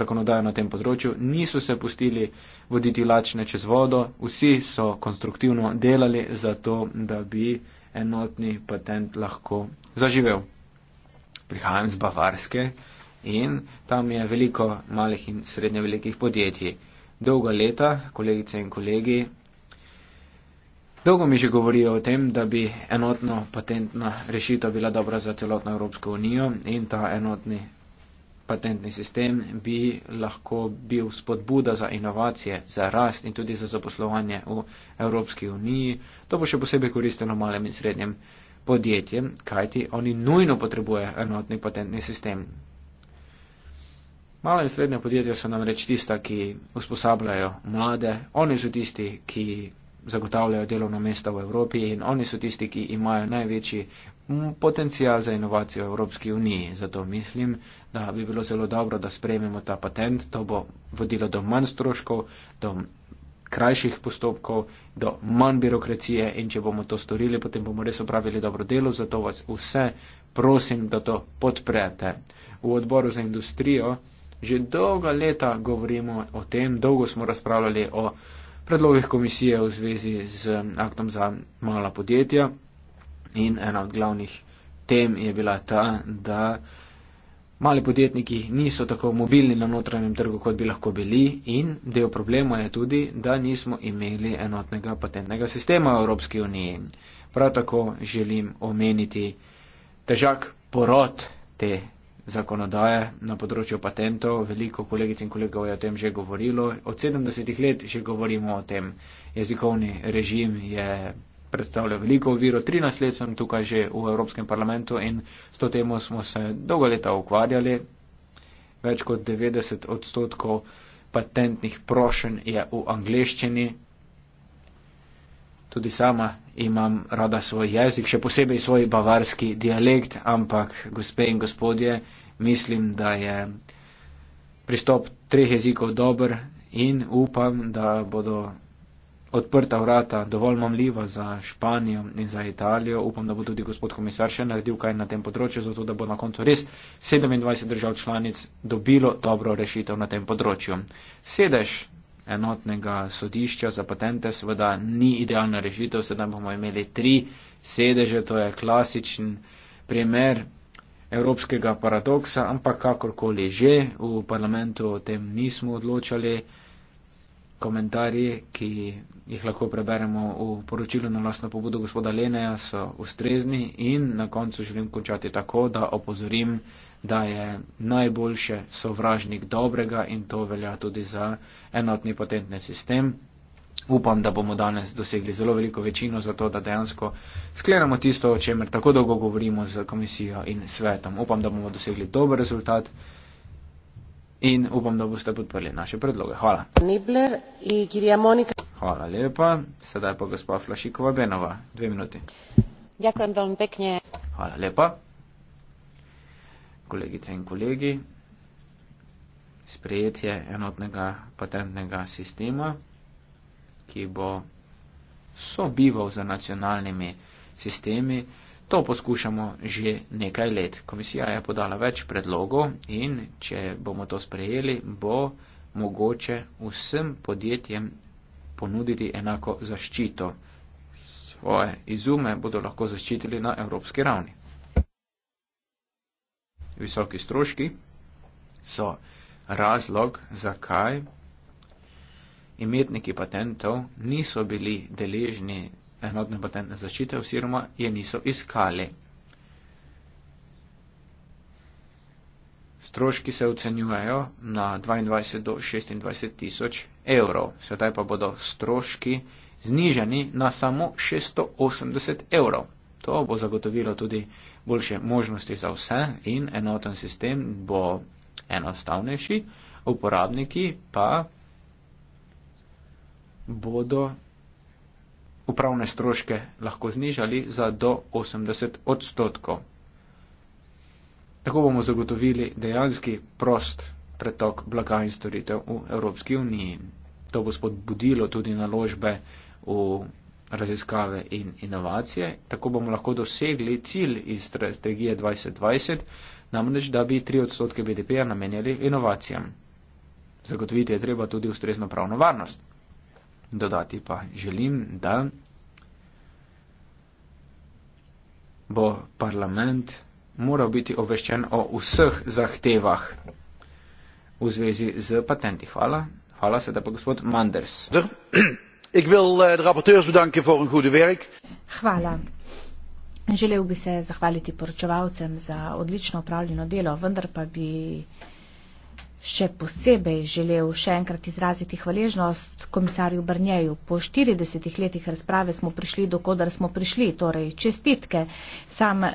zakonodajo na tem področju, niso se pustili voditi lačne čez vodo, vsi so konstruktivno delali za to, da bi enotni patent lahko zaživel prihajam iz Bavarske in tam je veliko malih in srednje velikih podjetij. Dolga leta, kolegice in kolegi, dolgo mi že govorijo o tem, da bi enotno patentna rešitev bila dobra za celotno Evropsko unijo in ta enotni patentni sistem bi lahko bil spodbuda za inovacije, za rast in tudi za zaposlovanje v Evropski uniji. To bo še posebej koristilo malim in srednjim podjetjem podjetjem, kajti oni nujno potrebujejo enotni patentni sistem. Mala in srednja podjetja so namreč tista, ki usposabljajo mlade, oni so tisti, ki zagotavljajo delovna mesta v Evropi in oni so tisti, ki imajo največji potencial za inovacijo v Evropski uniji. Zato mislim, da bi bilo zelo dobro, da sprejmemo ta patent. To bo vodilo do manj stroškov, do krajših postopkov, do manj birokracije in če bomo to storili, potem bomo res opravili dobro delo, zato vas vse prosim, da to podprete. V odboru za industrijo že dolga leta govorimo o tem, dolgo smo razpravljali o predlogih komisije v zvezi z aktom za mala podjetja in ena od glavnih tem je bila ta, da Mali podjetniki niso tako mobilni na notranjem trgu, kot bi lahko bili in del problema je tudi, da nismo imeli enotnega patentnega sistema v Evropski uniji. Prav tako želim omeniti težak porod te zakonodaje na področju patentov. Veliko kolegic in kolegov je o tem že govorilo. Od 70 let že govorimo o tem. Jezikovni režim je predstavlja veliko oviro. 13 let sem tukaj že v Evropskem parlamentu in s to temo smo se dolgo leta ukvarjali. Več kot 90 odstotkov patentnih prošen je v angleščini. Tudi sama imam rada svoj jezik, še posebej svoj bavarski dialekt, ampak, gospe in gospodje, mislim, da je pristop treh jezikov dober in upam, da bodo odprta vrata, dovolj mamljiva za Španijo in za Italijo. Upam, da bo tudi gospod komisar še naredil kaj na tem področju, zato da bo na koncu res 27 držav članic dobilo dobro rešitev na tem področju. Sedež enotnega sodišča za patente seveda ni idealna rešitev, sedaj bomo imeli tri sedeže, to je klasičen primer evropskega paradoksa, ampak kakorkoli že v parlamentu o tem nismo odločali. Komentarji, ki jih lahko preberemo v poročilu na lastno pobudo gospoda Leneja, so ustrezni in na koncu želim končati tako, da opozorim, da je najboljše sovražnik dobrega in to velja tudi za enotni patentni sistem. Upam, da bomo danes dosegli zelo veliko večino za to, da dejansko sklenemo tisto, o čemer tako dolgo govorimo z komisijo in svetom. Upam, da bomo dosegli dober rezultat in upam, da boste podprli naše predloge. Hvala. Nibler, Hvala lepa. Sedaj pa gospa Flašikova Benova. Dve minuti. Ďakujem veľmi pekne. Hvala lepa. Kolegice in kolegi, sprejetje enotnega patentnega sistema, ki bo sobival za nacionalnimi sistemi, to poskušamo že nekaj let. Komisija je podala več predlogov in če bomo to sprejeli, bo mogoče vsem podjetjem ponuditi enako zaščito. Svoje izume bodo lahko zaščitili na evropski ravni. Visoki stroški so razlog, zakaj imetniki patentov niso bili deležni enotne patentne zaščite, oziroma je niso iskali. Stroški se ocenjujejo na 22 do 26 tisoč evrov, sedaj pa bodo stroški znižani na samo 680 evrov. To bo zagotovilo tudi boljše možnosti za vse in enoten sistem bo enostavnejši, uporabniki pa bodo upravne stroške lahko znižali za do 80 odstotkov. Tako bomo zagotovili dejanski prost pretok blaga in storitev v Evropski uniji. To bo spodbudilo tudi naložbe v raziskave in inovacije. Tako bomo lahko dosegli cilj iz strategije 2020, namreč, da bi 3 odstotke BDP-ja namenjali inovacijam. Zagotoviti je treba tudi ustrezno pravno varnost. Dodati pa želim, da bo parlament moral biti obveščen o vseh zahtevah v zvezi z patenti. Hvala. Hvala se, da pa gospod Manders. Ik wil eh, de rapporteurs bedanken voor hun goede werk. Hvala. Želel bi se zahvaliti poročevalcem za odlično upravljeno delo, vendar pa bi še posebej želel še enkrat izraziti hvaležnost komisarju Brnjeju. Po 40 letih razprave smo prišli, dokodar smo prišli, torej čestitke. Sam eh,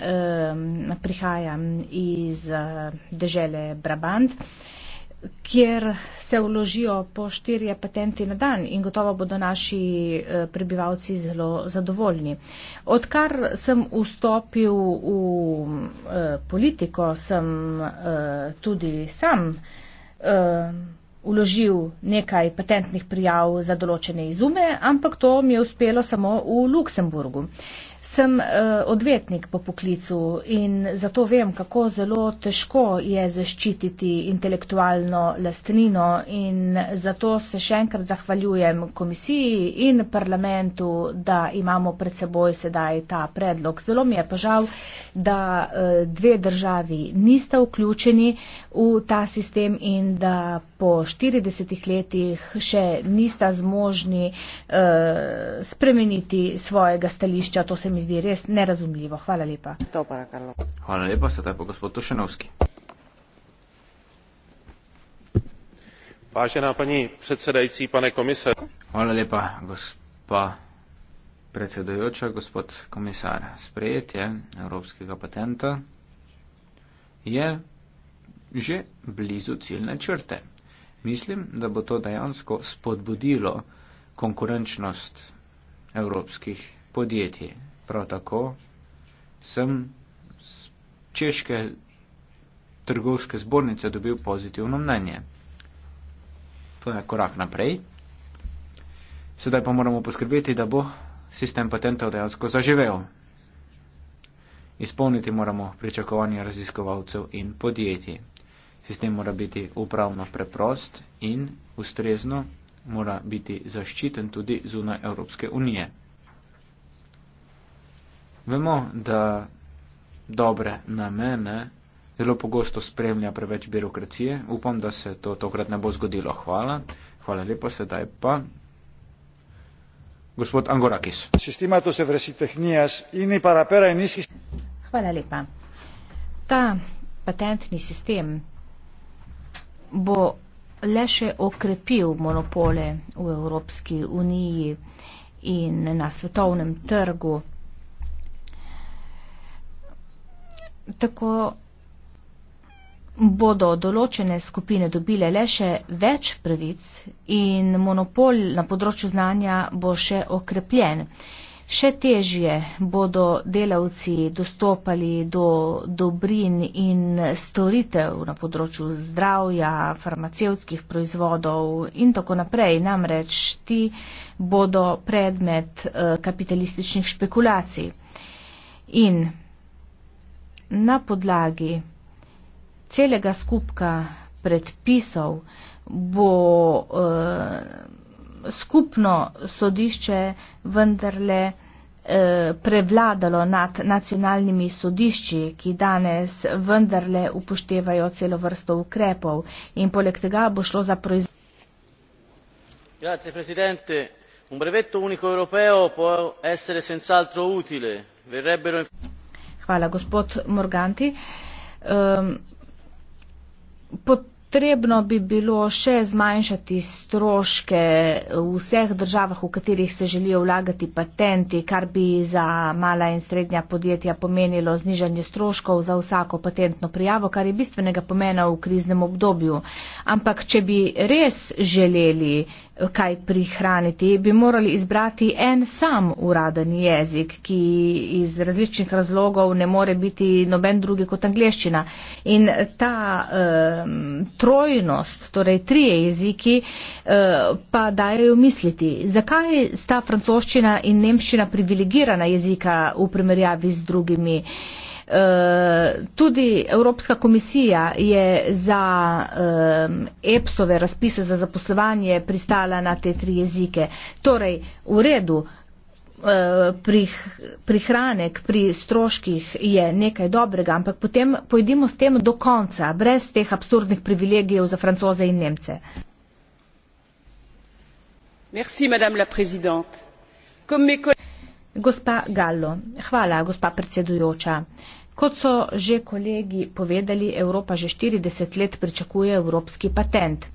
prihajam iz eh, dežele Brabant kjer se vložijo po štirje patenti na dan in gotovo bodo naši eh, prebivalci zelo zadovoljni. Odkar sem vstopil v eh, politiko, sem eh, tudi sam vložil um, nekaj patentnih prijav za določene izume, ampak to mi je uspelo samo v Luksemburgu sem uh, odvetnik po poklicu in zato vem, kako zelo težko je zaščititi intelektualno lastnino in zato se še enkrat zahvaljujem komisiji in parlamentu, da imamo pred seboj sedaj ta predlog. Zelo mi je požal, da uh, dve državi nista vključeni v ta sistem in da po 40 letih še nista zmožni uh, spremeniti svojega stališča. To se mi zdi res nerazumljivo. Hvala lepa. To pa je karlo. Hvala lepa, sedaj pa gospod Tošenovski. Vážená paní předsedající, pane komise. Hvala lepa, gospa predsedujoča, gospod komisar. Sprejetje evropskega patenta je že blizu ciljne črte. Mislim, da bo to dejansko spodbudilo konkurenčnost evropskih podjetij prav tako sem z češke trgovske zbornice dobil pozitivno mnenje. To je korak naprej. Sedaj pa moramo poskrbeti, da bo sistem patentov dejansko zaživel. Izpolniti moramo pričakovanje raziskovalcev in podjetij. Sistem mora biti upravno preprost in ustrezno mora biti zaščiten tudi zunaj Evropske unije. Vemo, da dobre namene zelo pogosto spremlja preveč birokracije. Upam, da se to tokrat ne bo zgodilo. Hvala. Hvala lepo, sedaj pa. Gospod Angorakis. Hvala lepa. Ta patentni sistem bo le še okrepil monopole v Evropski uniji in na svetovnem trgu. tako bodo določene skupine dobile le še več pravic in monopol na področju znanja bo še okrepljen. Še težje bodo delavci dostopali do dobrin in storitev na področju zdravja, farmacevskih proizvodov in tako naprej. Namreč ti bodo predmet eh, kapitalističnih špekulacij. In na podlagi celega skupka predpisov bo eh, skupno sodišče vendarle eh, prevladalo nad nacionalnimi sodišči, ki danes vendarle upoštevajo celo vrsto ukrepov in poleg tega bo šlo za proizvodnjo. Hvala, gospod Morganti. Um, potrebno bi bilo še zmanjšati stroške v vseh državah, v katerih se želijo vlagati patenti, kar bi za mala in srednja podjetja pomenilo znižanje stroškov za vsako patentno prijavo, kar je bistvenega pomena v kriznem obdobju. Ampak, če bi res želeli kaj prihraniti. Bi morali izbrati en sam uraden jezik, ki iz različnih razlogov ne more biti noben drugi kot angliščina. In ta um, trojnost, torej trije jeziki, uh, pa dajajo misliti, zakaj sta francoščina in nemščina privilegirana jezika v primerjavi z drugimi. Uh, Eh, tudi Evropska komisija je za EPSOVE razpise za zaposlovanje pristala na te tri jezike. Torej, v redu, eh, prihranek pri, pri stroških je nekaj dobrega, ampak potem pojdimo s tem do konca, brez teh absurdnih privilegijev za francoze in nemce. Merci, Gospa Gallo, hvala, gospa predsedujoča. Kot so že kolegi povedali, Evropa že 40 let pričakuje evropski patent.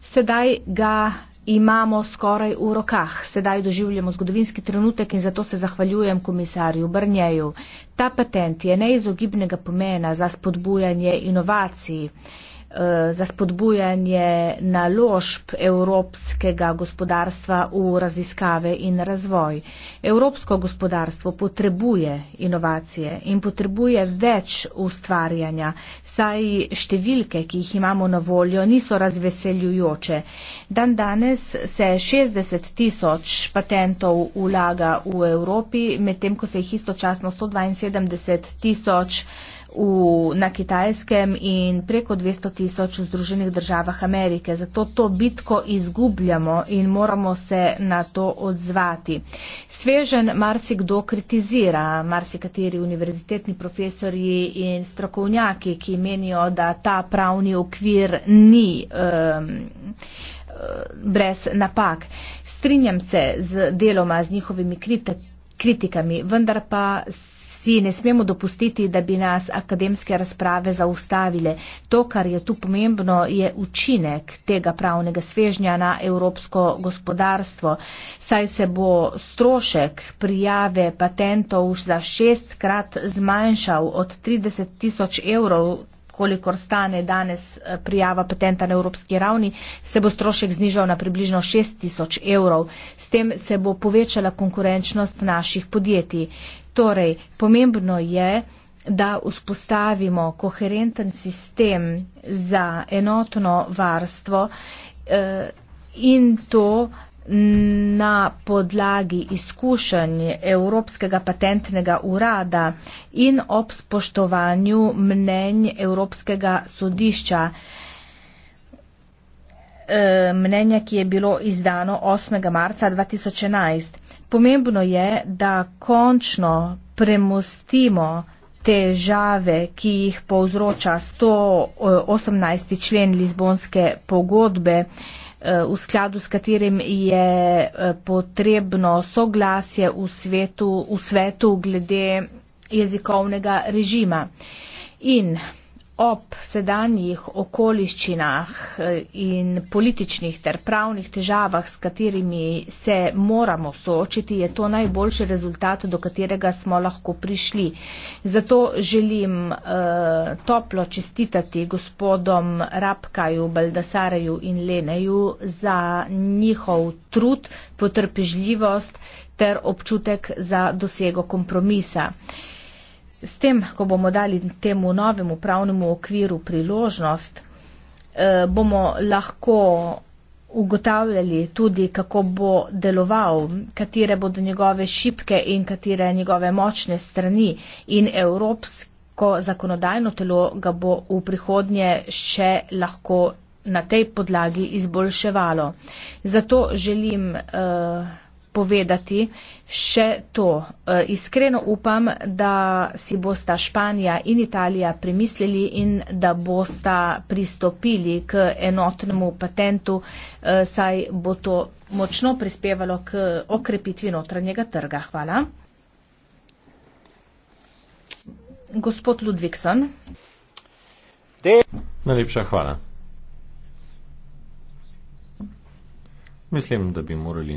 Sedaj ga imamo skoraj v rokah, sedaj doživljamo zgodovinski trenutek in zato se zahvaljujem komisarju Brnjeju. Ta patent je neizogibnega pomena za spodbujanje inovacij. Eh, za spodbujanje naložb evropskega gospodarstva v raziskave in razvoj. Evropsko gospodarstvo potrebuje inovacije in potrebuje več ustvarjanja, saj številke, ki jih imamo na voljo, niso razveseljujoče. Dan danes se 60 tisoč patentov vlaga v Evropi, medtem ko se jih istočasno 172 tisoč v, na Kitajskem in preko 200 tisoč v Združenih državah Amerike. Zato to bitko izgubljamo in moramo se na to odzvati. Svežen marsikdo kritizira, marsikateri univerzitetni profesori in strokovnjaki, ki menijo, da ta pravni okvir ni. Um, brez napak. Strinjam se z deloma z njihovimi kritikami, vendar pa si ne smemo dopustiti, da bi nas akademske razprave zaustavile. To, kar je tu pomembno, je učinek tega pravnega svežnja na evropsko gospodarstvo. Saj se bo strošek prijave patentov za šestkrat zmanjšal od 30 tisoč evrov kolikor stane danes eh, prijava patenta na evropski ravni, se bo strošek znižal na približno 6 tisoč evrov. S tem se bo povečala konkurenčnost naših podjetij. Torej, pomembno je, da vzpostavimo koherenten sistem za enotno varstvo eh, in to na podlagi izkušenj Evropskega patentnega urada in ob spoštovanju mnenj Evropskega sodišča. Eh, mnenja, ki je bilo izdano 8. marca 2011. Pomembno je, da končno premostimo težave, ki jih povzroča 118. člen Lizbonske pogodbe, eh, v skladu s katerim je eh, potrebno soglasje v, svetu, v svetu glede jezikovnega režima. In ob sedanjih okoliščinah eh, in političnih ter pravnih težavah, s katerimi se moramo soočiti, je to najboljši rezultat, do katerega smo lahko prišli. Zato želim uh, toplo čestitati gospodom Rapkaju, Baldasareju in Leneju za njihov trud, potrpežljivost ter občutek za dosego kompromisa. Uh, s tem, ko bomo dali temu novemu pravnemu okviru priložnost, eh, bomo lahko ugotavljali tudi, kako bo deloval, katere bodo njegove šipke in katere njegove močne strani in evropsko zakonodajno telo ga bo v prihodnje še lahko na tej podlagi izboljševalo. Zato želim. Uh, povedati še to. E, iskreno upam, da si bosta Španija in Italija premislili in da bosta pristopili k enotnemu patentu, e, saj bo to močno prispevalo k okrepitvi notranjega trga. Hvala. Gospod Ludvikson. Najlepša hvala. Mislim, da bi morali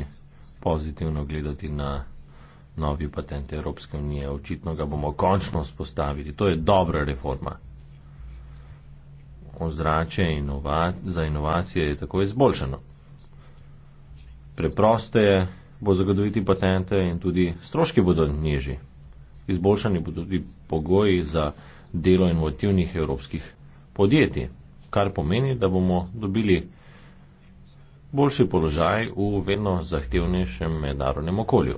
pozitivno gledati na novi patent Evropske unije. Očitno ga bomo končno spostavili. To je dobra reforma. Ozračje inova za inovacije je tako izboljšano. Preproste je bo zagotoviti patente in tudi stroški bodo nižji. Izboljšani bodo tudi pogoji za delo inovativnih evropskih podjetij, kar pomeni, da bomo dobili boljši položaj v vedno zahtevnejšem mednarodnem okolju.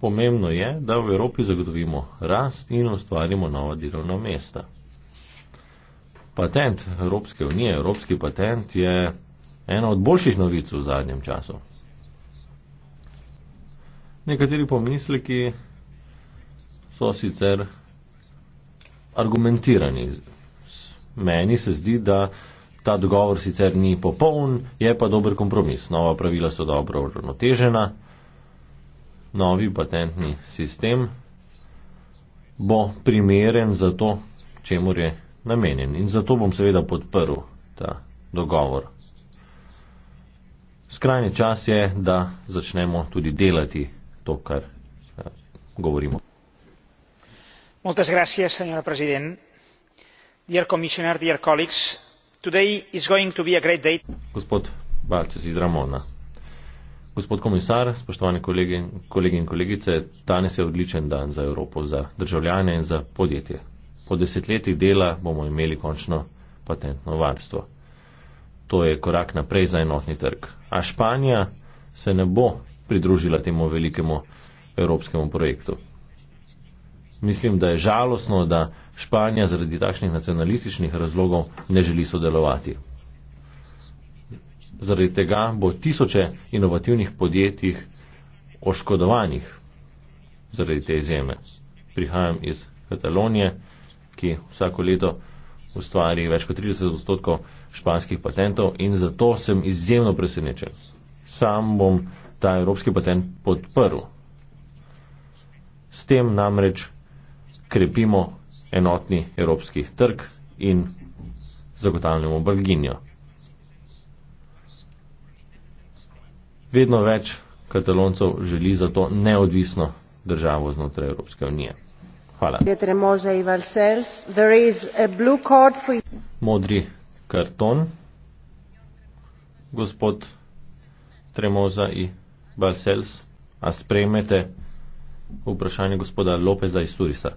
Pomembno je, da v Evropi zagotovimo rast in ustvarimo nova delovna mesta. Patent Evropske unije, Evropski patent je ena od boljših novic v zadnjem času. Nekateri pomisleki so sicer argumentirani. Meni se zdi, da Ta dogovor sicer ni popoln, je pa dober kompromis. Nova pravila so dobro uravnotežena, novi patentni sistem bo primeren za to, čemu je namenjen. In zato bom seveda podprl ta dogovor. Skrajni čas je, da začnemo tudi delati to, kar eh, govorimo. Moltes gracias, señora president. Dear commissioner, dear colleagues, Gospod Balces iz Ramona. Gospod komisar, spoštovane kolegi, kolegi in kolegice, danes je odličen dan za Evropo, za državljane in za podjetje. Po desetletjih dela bomo imeli končno patentno varstvo. To je korak naprej za enotni trg. A Španija se ne bo pridružila temu velikemu evropskemu projektu mislim, da je žalostno, da Španija zaradi takšnih nacionalističnih razlogov ne želi sodelovati. Zaradi tega bo tisoče inovativnih podjetij oškodovanih zaradi te izjeme. Prihajam iz Katalonije, ki vsako leto ustvari več kot 30 odstotkov španskih patentov in zato sem izjemno presenečen. Sam bom ta evropski patent podprl. S tem namreč krepimo enotni evropski trg in zagotavljamo blaginjo. Vedno več kataloncev želi zato neodvisno državo znotraj Evropske unije. Hvala. Modri karton. Gospod Tremoza in Balsels, a spremete vprašanje gospoda Lopeza iz Turisa?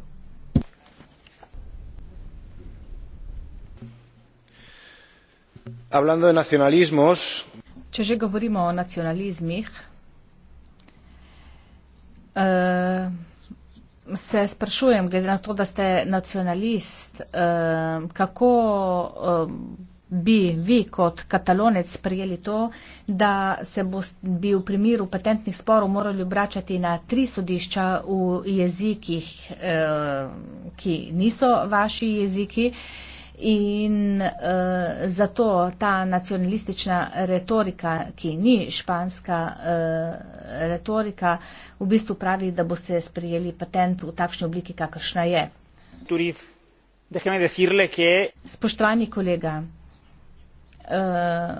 Hablando de nacionalismos. Če že govorimo o nacionalizmih, eh, se sprašujem, glede na to, da ste nacionalist, eh, kako eh, bi vi kot katalonec sprejeli to, da se bi v primeru patentnih sporov morali obračati na tri sodišča v jezikih, ki niso vaši jeziki. In uh, zato ta nacionalistična retorika, ki ni španska uh, retorika, v bistvu pravi, da boste sprejeli patent v takšni obliki, kakršna je. Spoštovani kolega, uh,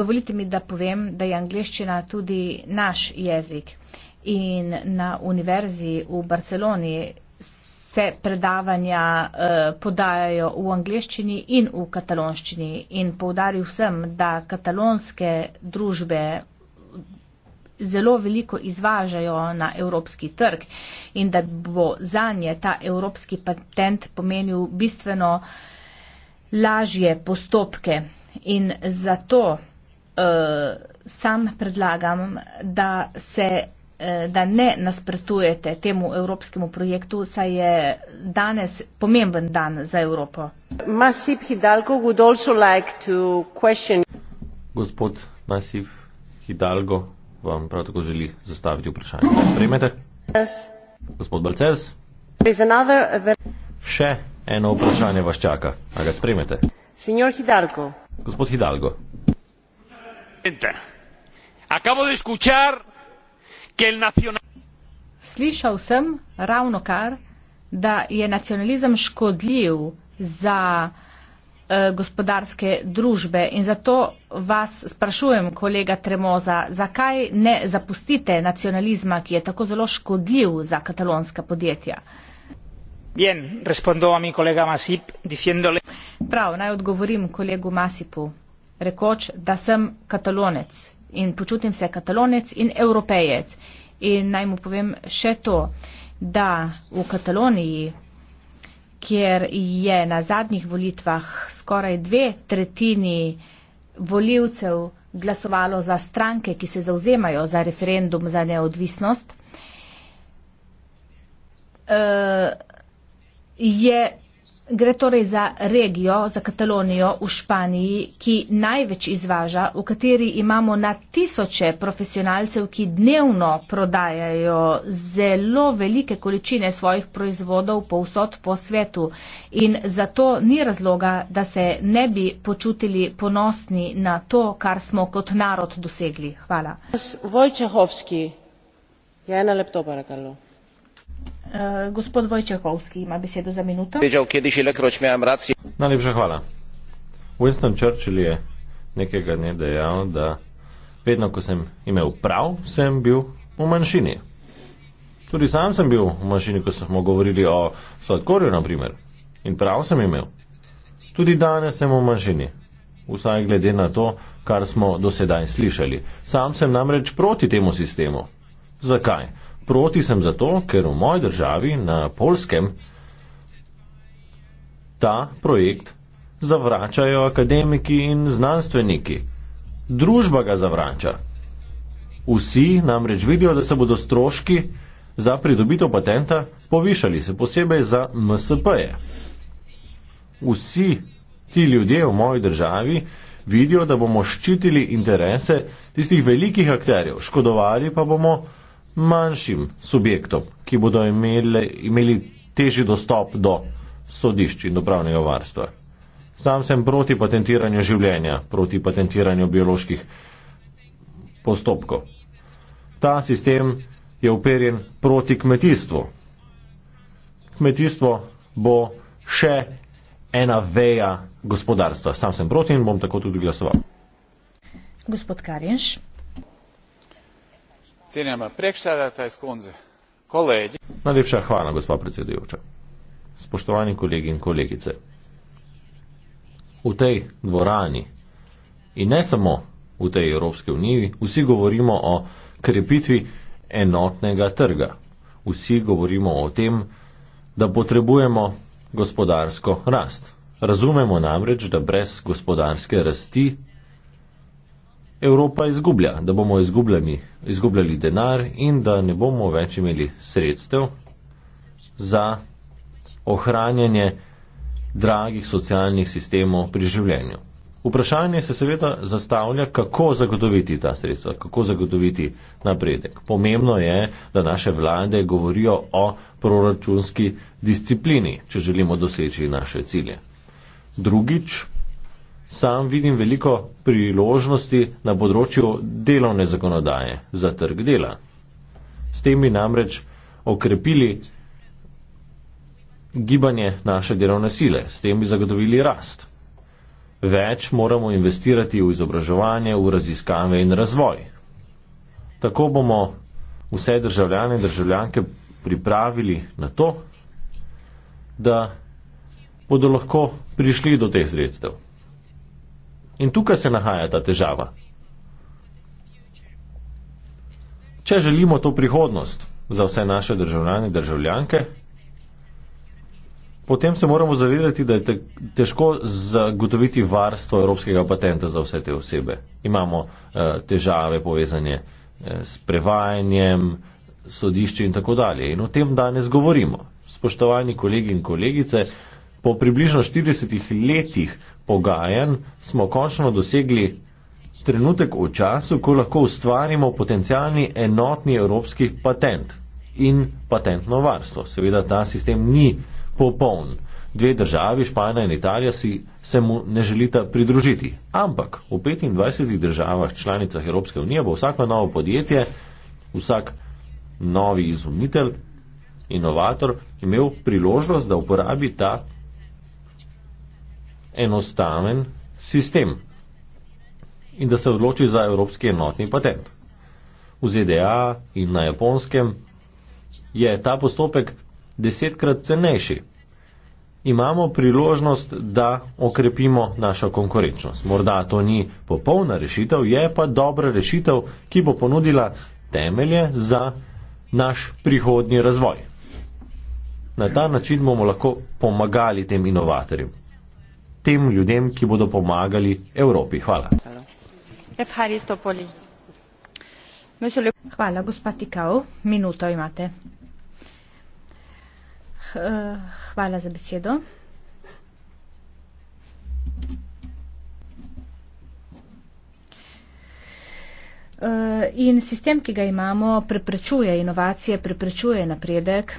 dovolite mi, da povem, da je angliščina tudi naš jezik. In na univerzi v Barceloni se predavanja eh, podajajo v angleščini in v katalonščini. In povdaril sem, da katalonske družbe zelo veliko izvažajo na evropski trg in da bo za nje ta evropski patent pomenil bistveno lažje postopke. In zato uh, sam predlagam, da se Eh, da ne nasprotujete temu evropskemu projektu, saj je danes pomemben dan za Evropo. Masip Hidalgo would also like to question. Gospod Masip Hidalgo vam prav tako želi zastaviti vprašanje. Sprejmete? Yes. Gospod Balces? Uh, Še eno vprašanje vas čaka. A ga sprejmete? Signor Hidalgo. Gospod Hidalgo. Acabo de escuchar que el nacional... Slišal sem ravno kar, da je nacionalizem škodljiv za eh, gospodarske družbe in zato vas sprašujem, kolega Tremoza, zakaj ne zapustite nacionalizma, ki je tako zelo škodljiv za katalonska podjetja? Bien, respondo a mi kolega Masip, diciendole... Prav, naj odgovorim kolegu Masipu, rekoč, da sem katalonec in počutim se katalonec in evropejec. In naj mu povem še to, da v Kataloniji, kjer je na zadnjih volitvah skoraj dve tretjini voljivcev glasovalo za stranke, ki se zauzemajo za referendum za neodvisnost, eh, je Gre torej za regijo, za Katalonijo v Španiji, ki največ izvaža, v kateri imamo na tisoče profesionalcev, ki dnevno prodajajo zelo velike količine svojih proizvodov povsod po svetu. In zato ni razloga, da se ne bi počutili ponosni na to, kar smo kot narod dosegli. Hvala. Vojčehovski. Jena ja, lep dobar galo. Eh, gospod Wojciechowski ma besedo za minuto. Wiedział kiedyś, ilekroć miałem rację. No ale przechwala. Winston Churchill je nekega dne dejal, da vedno, ko sem imel prav, sem bil v manjšini. Tudi sam sem bil v manjšini, ko smo govorili o sladkorju, na primer. In prav sem imel. Tudi danes sem v manjšini. Vsaj glede na to, kar smo do sedaj slišali. Sam sem namreč proti temu sistemu. Zakaj? Proti sem zato, ker v moji državi na polskem ta projekt zavračajo akademiki in znanstveniki. Družba ga zavrača. Vsi namreč vidijo, da se bodo stroški za pridobitev patenta povišali, se posebej za MSP-je. Vsi ti ljudje v moji državi vidijo, da bomo ščitili interese tistih velikih akterjev, škodovali pa bomo manjšim subjektom, ki bodo imeli, imeli težji dostop do sodišč in do pravnega varstva. Sam sem proti patentiranju življenja, proti patentiranju bioloških postopkov. Ta sistem je uperjen proti kmetijstvu. Kmetijstvo bo še ena veja gospodarstva. Sam sem proti in bom tako tudi glasoval. Gospod Karinš cijenjena prekšarata iz konze kolegi. Najlepša hvala, gospa predsedujoča. Spoštovani kolegi in kolegice. V tej dvorani in ne samo v tej Evropske uniji, vsi govorimo o krepitvi enotnega trga. Vsi govorimo o tem, da potrebujemo gospodarsko rast. Razumemo namreč, da brez gospodarske rasti Evropa izgublja, da bomo izgubljali denar in da ne bomo več imeli sredstev za ohranjanje dragih socialnih sistemov pri življenju. Vprašanje se seveda zastavlja, kako zagotoviti ta sredstva, kako zagotoviti napredek. Pomembno je, da naše vlade govorijo o proračunski disciplini, če želimo doseči naše cilje. Drugič, sam vidim veliko priložnosti na področju delovne zakonodaje za trg dela. S tem bi namreč okrepili gibanje naše delovne sile, s tem bi zagotovili rast. Več moramo investirati v izobraževanje, v raziskave in razvoj. Tako bomo vse državljane in državljanke pripravili na to, da bodo lahko prišli do teh sredstev. In tukaj se nahaja ta težava. Če želimo to prihodnost za vse naše državljane in državljanke, potem se moramo zavedati, da je težko zagotoviti varstvo evropskega patenta za vse te osebe. Imamo eh, težave povezanje eh, s prevajanjem, sodišči in tako dalje. In o tem danes govorimo. Spoštovani kolegi in kolegice, po približno 40 letih pogajanj smo končno dosegli trenutek v času, ko lahko ustvarimo potencialni enotni evropski patent in patentno varstvo. Seveda ta sistem ni popoln. Dve državi, Španija in Italija, si se mu ne želita pridružiti. Ampak v 25 državah članicah Evropske unije bo vsako novo podjetje, vsak novi izumitelj, inovator imel priložnost, da uporabi ta enostaven sistem in da se odloči za evropski enotni patent. V ZDA in na japonskem je ta postopek desetkrat cenejši. Imamo priložnost, da okrepimo našo konkurenčnost. Morda to ni popolna rešitev, je pa dobra rešitev, ki bo ponudila temelje za naš prihodnji razvoj. Na ta način bomo lahko pomagali tem inovatorjem tem ljudem, ki bodo pomagali Evropi. Hvala. Hvala, gospa Tikao. Minuto imate. Hvala za besedo. E, in sistem, ki ga imamo, preprečuje inovacije, preprečuje napredek.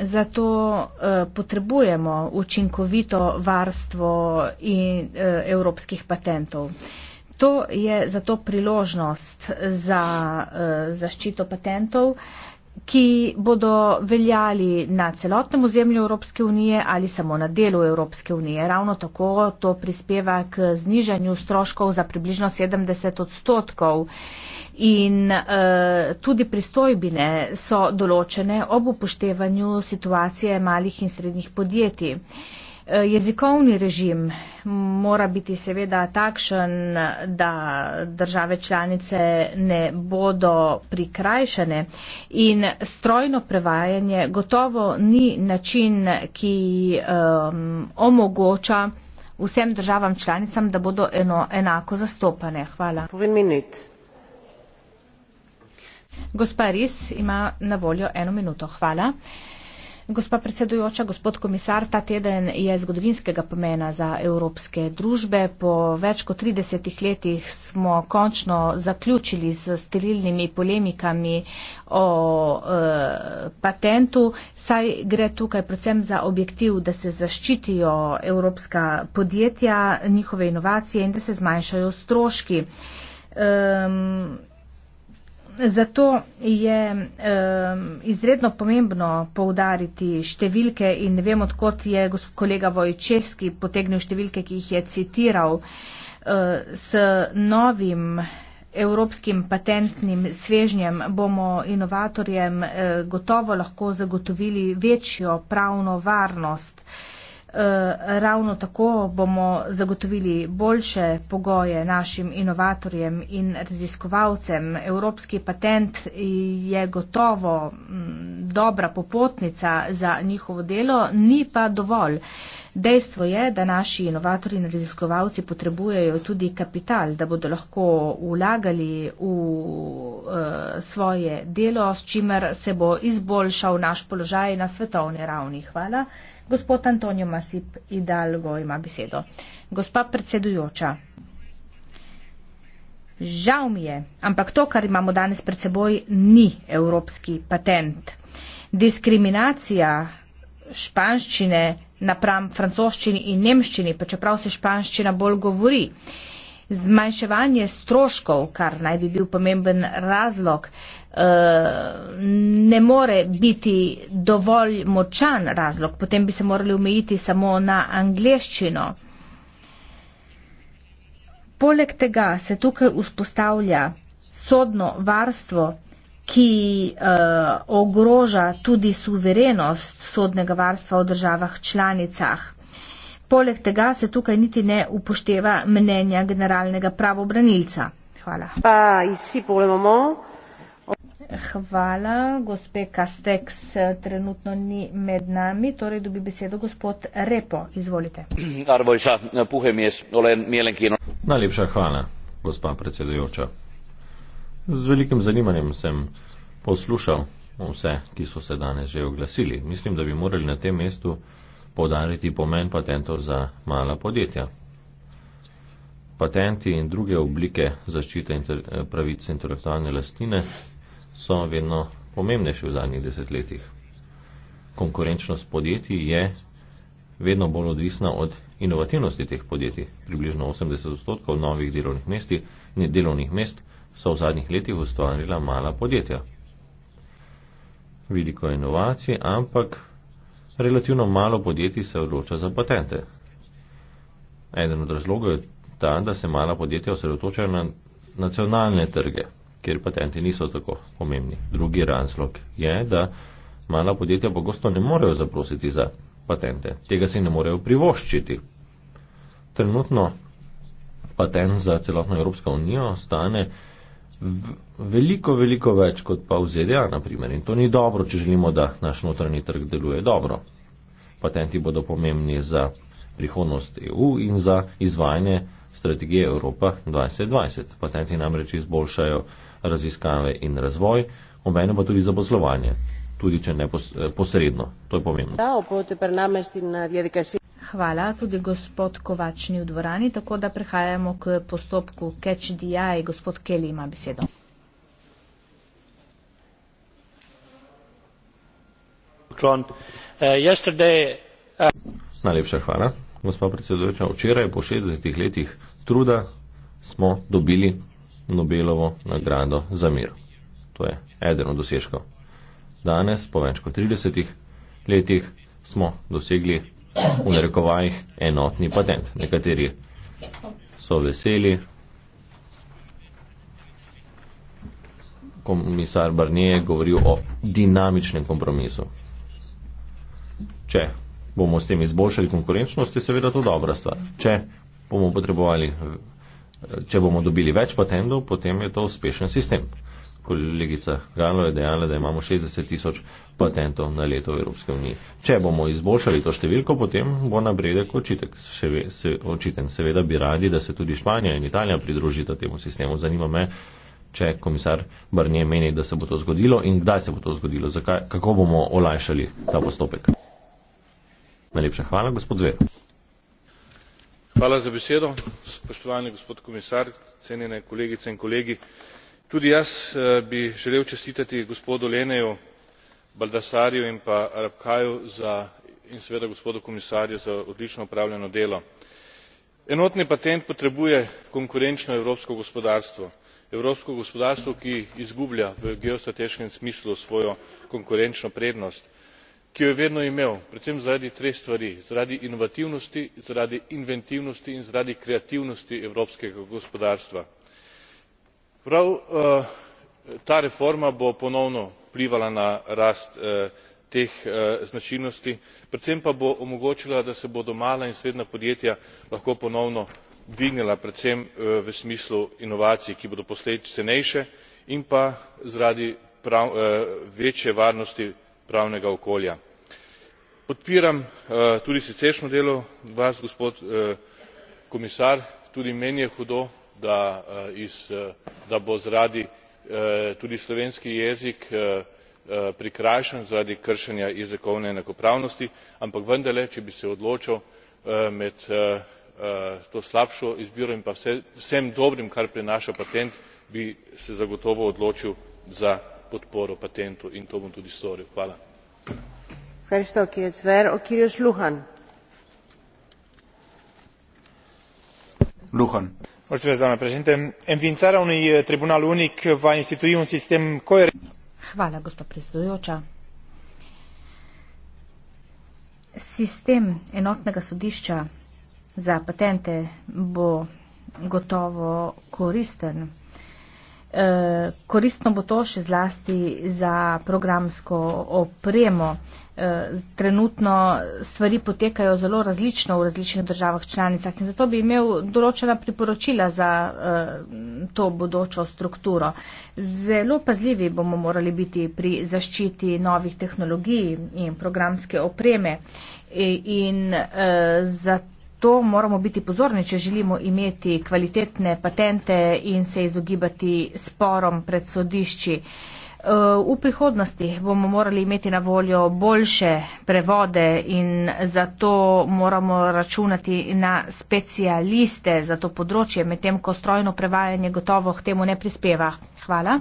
Zato eh, potrebujemo učinkovito varstvo in, eh, evropskih patentov. To je zato priložnost za eh, zaščito patentov. Eh, ki bodo veljali na celotnem ozemlju Evropske unije ali samo na delu Evropske unije. Ravno tako to prispeva k znižanju stroškov za približno 70 odstotkov in e, tudi pristojbine so določene ob upoštevanju situacije malih in srednjih podjetij. Eh, jezikovni režim mora biti seveda takšen, da države članice ne bodo prikrajšane in strojno prevajanje gotovo ni način, ki um, omogoča vsem državam članicam, da bodo eno, enako zastopane. Hvala. Gospa Ris ima na voljo eno minuto. Hvala. Uh, Gospa predsedujoča, gospod komisar, ta teden je zgodovinskega pomena za evropske družbe. Po več kot 30 letih smo končno zaključili s sterilnimi polemikami o e, patentu. Saj gre tukaj predvsem za objektiv, da se zaščitijo evropska podjetja, njihove inovacije in da se zmanjšajo stroški. E, Zato je um, izredno pomembno poudariti številke in ne vem, odkot je kolega Vojčevski potegnil številke, ki jih je citiral uh, s novim evropskim patentnim svežnjem bomo inovatorjem e, gotovo lahko zagotovili večjo pravno varnost uh, Eh, ravno tako bomo zagotovili boljše pogoje našim inovatorjem in raziskovalcem. Evropski patent je gotovo mm, dobra popotnica za njihovo delo, ni pa dovolj. Dejstvo je, da naši inovatori in raziskovalci potrebujejo tudi kapital, da bodo lahko vlagali v eh, svoje delo, s čimer se bo izboljšal naš položaj na svetovni ravni. Hvala. Gospod Antonijo Masip Hidalgo ima besedo. Gospa predsedujoča, žal mi je, ampak to, kar imamo danes pred seboj, ni evropski patent. Diskriminacija španščine napram francoščini in nemščini, pa čeprav se španščina bolj govori. Zmanjševanje stroškov, kar naj bi bil pomemben razlog, Eh, ne more biti dovolj močan razlog, potem bi se morali omejiti samo na angleščino. Poleg tega se tukaj vzpostavlja sodno varstvo, ki uh, ogroža tudi suverenost sodnega varstva v državah članicah. Poleg tega se tukaj niti ne upošteva mnenja generalnega pravobranilca. Hvala. Uh, Hvala, gospe Kasteks, trenutno ni med nami, torej dobi besedo gospod Repo, izvolite. Arvojša, puhem jaz, olen mielenkino. Najlepša hvala, gospa predsedujoča. Z velikim zanimanjem sem poslušal vse, ki so se danes že oglasili. Mislim, da bi morali na tem mestu podariti pomen patentov za mala podjetja. Patenti in druge oblike zaščite inter pravice intelektualne lastnine so vedno pomembnejše v zadnjih desetletjih. Konkurenčnost podjetij je vedno bolj odvisna od inovativnosti teh podjetij. Približno 80 odstotkov novih delovnih, mesti, ne, delovnih mest so v zadnjih letih ustvarila mala podjetja. Veliko inovacij, ampak relativno malo podjetij se odloča za patente. Eden od razlogov je ta, da se mala podjetja osredotočajo na nacionalne trge kjer patenti niso tako pomembni. Drugi razlog je, da mala podjetja pogosto ne morejo zaprositi za patente. Tega si ne morejo privoščiti. Trenutno patent za celotno Evropsko unijo stane v, veliko, veliko več kot pa v ZDA, naprimer. In to ni dobro, če želimo, da naš notranji trg deluje dobro. Patenti bodo pomembni za prihodnost EU in za izvajanje strategije Evropa 2020. Patenti namreč izboljšajo raziskave in razvoj, obenem pa tudi za poslovanje, tudi če ne eh, posredno. To je pomembno. Hvala tudi gospod Kovačni v dvorani, tako da prehajamo k postopku CatchDI. Gospod Kelly ima besedo. Eh, eh, Najlepša hvala, gospod predsedujoča. Včeraj po 60 letih truda smo dobili Nobelovo nagrado za mir. To je eden od dosežkov. Danes, po več kot 30 letih, smo dosegli v narekovajih enotni patent. Nekateri so veseli. Komisar Barnier je govoril o dinamičnem kompromisu. Če bomo s tem izboljšali konkurenčnost, je seveda to dobra stvar. Če bomo potrebovali če bomo dobili več patentov, potem je to uspešen sistem. Kolegica Galo je dejala, da imamo 60 tisoč patentov na leto v Evropske unije. Če bomo izboljšali to številko, potem bo napredek se, očiten. Seveda bi radi, da se tudi Španija in Italija pridružita temu sistemu. Zanima me, če komisar Barnier meni, da se bo to zgodilo in kdaj se bo to zgodilo, zakaj, kako bomo olajšali ta postopek. Najlepša hvala, gospod Zver spoštovani gospod komisar cenjene kolegice in kolegi tudi jaz eh, bi želel čestitati gospodu lehnu baldassarriju in pa rapkayu in seveda gospodu komisarju za odlično opravljeno delo. enotni patent potrebuje konkurenčno evropsko gospodarstvo evropsko gospodarstvo ki izgublja v geostrateškem smislu svojo konkurenčno prednost ki jo je vedno imel predvsem zaradi treh stvari zaradi inovativnosti zaradi inventivnosti in zaradi kreativnosti evropskega gospodarstva. prav eh, ta reforma bo ponovno vplivala na rast eh, teh eh, značilnosti predvsem pa bo omogočila da se bodo mala in srednja podjetja lahko ponovno dvignila predvsem v smislu inovacij ki bodo posledično cenejše in pa zaradi večje varnosti pravnega okolja. podpiram eh, tudi siceršnje delo vas gospod eh, komisar tudi meni je hudo da eh, bo zaradi tudi slovenski jezik prikrajšan zaradi kršenja jezikovne enakopravnosti ampak vendarle če bi se odločal med to slabšo izbiro in pa vsem dobrim kar prinaša patent bi se zagotovo odločil za podporo patentu in to bom tudi storil. enființarea unui eh, tribunal unic va institui un sistem coerent. Hvala, gospod predsedujoča. Sistem enotnega sodišča za patente bo gotovo koristen Eh, koristno bo to še zlasti za programsko opremo. Eh, trenutno stvari potekajo zelo različno v različnih državah članicah in zato bi imel določena priporočila za eh, to bodočo strukturo. Zelo pazljivi bomo morali biti pri zaščiti novih tehnologij in programske opreme e, in zato to moramo biti pozorni, če želimo imeti kvalitetne patente in se izogibati sporom pred sodišči. Eh, v prihodnosti bomo morali imeti na voljo boljše prevode in zato moramo računati na specialiste za to področje, medtem ko strojno prevajanje gotovo k temu ne prispeva. Hvala.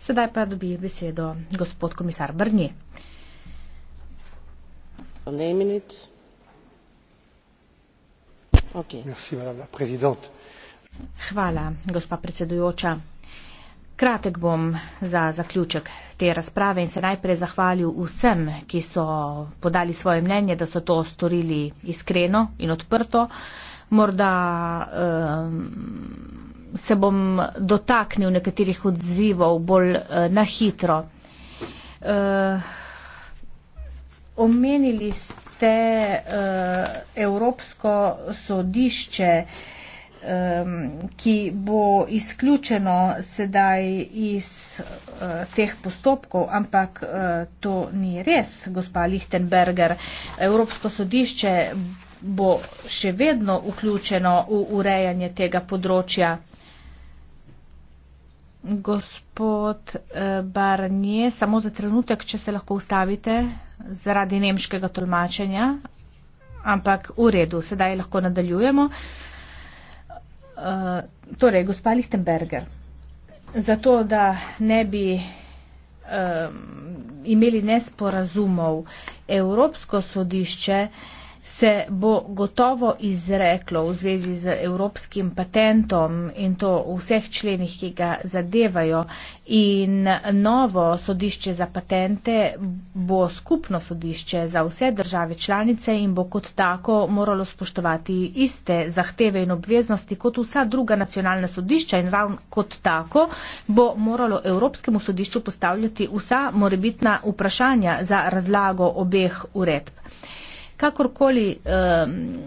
Sedaj pa dobi besedo gospod komisar Brni. Hvala, gospa predsedujoča. Kratek bom za zaključek te razprave in se najprej zahvalil vsem, ki so podali svoje mnenje, da so to storili iskreno in odprto. Morda eh, se bom dotaknil nekaterih odzivov bolj eh, na hitro. Eh, omenili ste te uh, Evropsko sodišče, um, ki bo izključeno sedaj iz uh, teh postopkov, ampak uh, to ni res, gospa Lichtenberger. Evropsko sodišče bo še vedno vključeno v urejanje tega področja. Gospod Barnje, samo za trenutek, če se lahko ustavite zaradi nemškega tolmačenja, ampak v redu, sedaj lahko nadaljujemo. Uh, torej, gospa Lichtenberger, zato da ne bi um, imeli nesporazumov, Evropsko sodišče uh, se bo gotovo izreklo v zvezi z evropskim patentom in to v vseh členih, ki ga zadevajo. In novo sodišče za patente bo skupno sodišče za vse države članice in bo kot tako moralo spoštovati iste zahteve in obveznosti kot vsa druga nacionalna sodišča in ravno kot tako bo moralo Evropskemu sodišču postavljati vsa morebitna vprašanja za razlago obeh uredb kakorkoli um,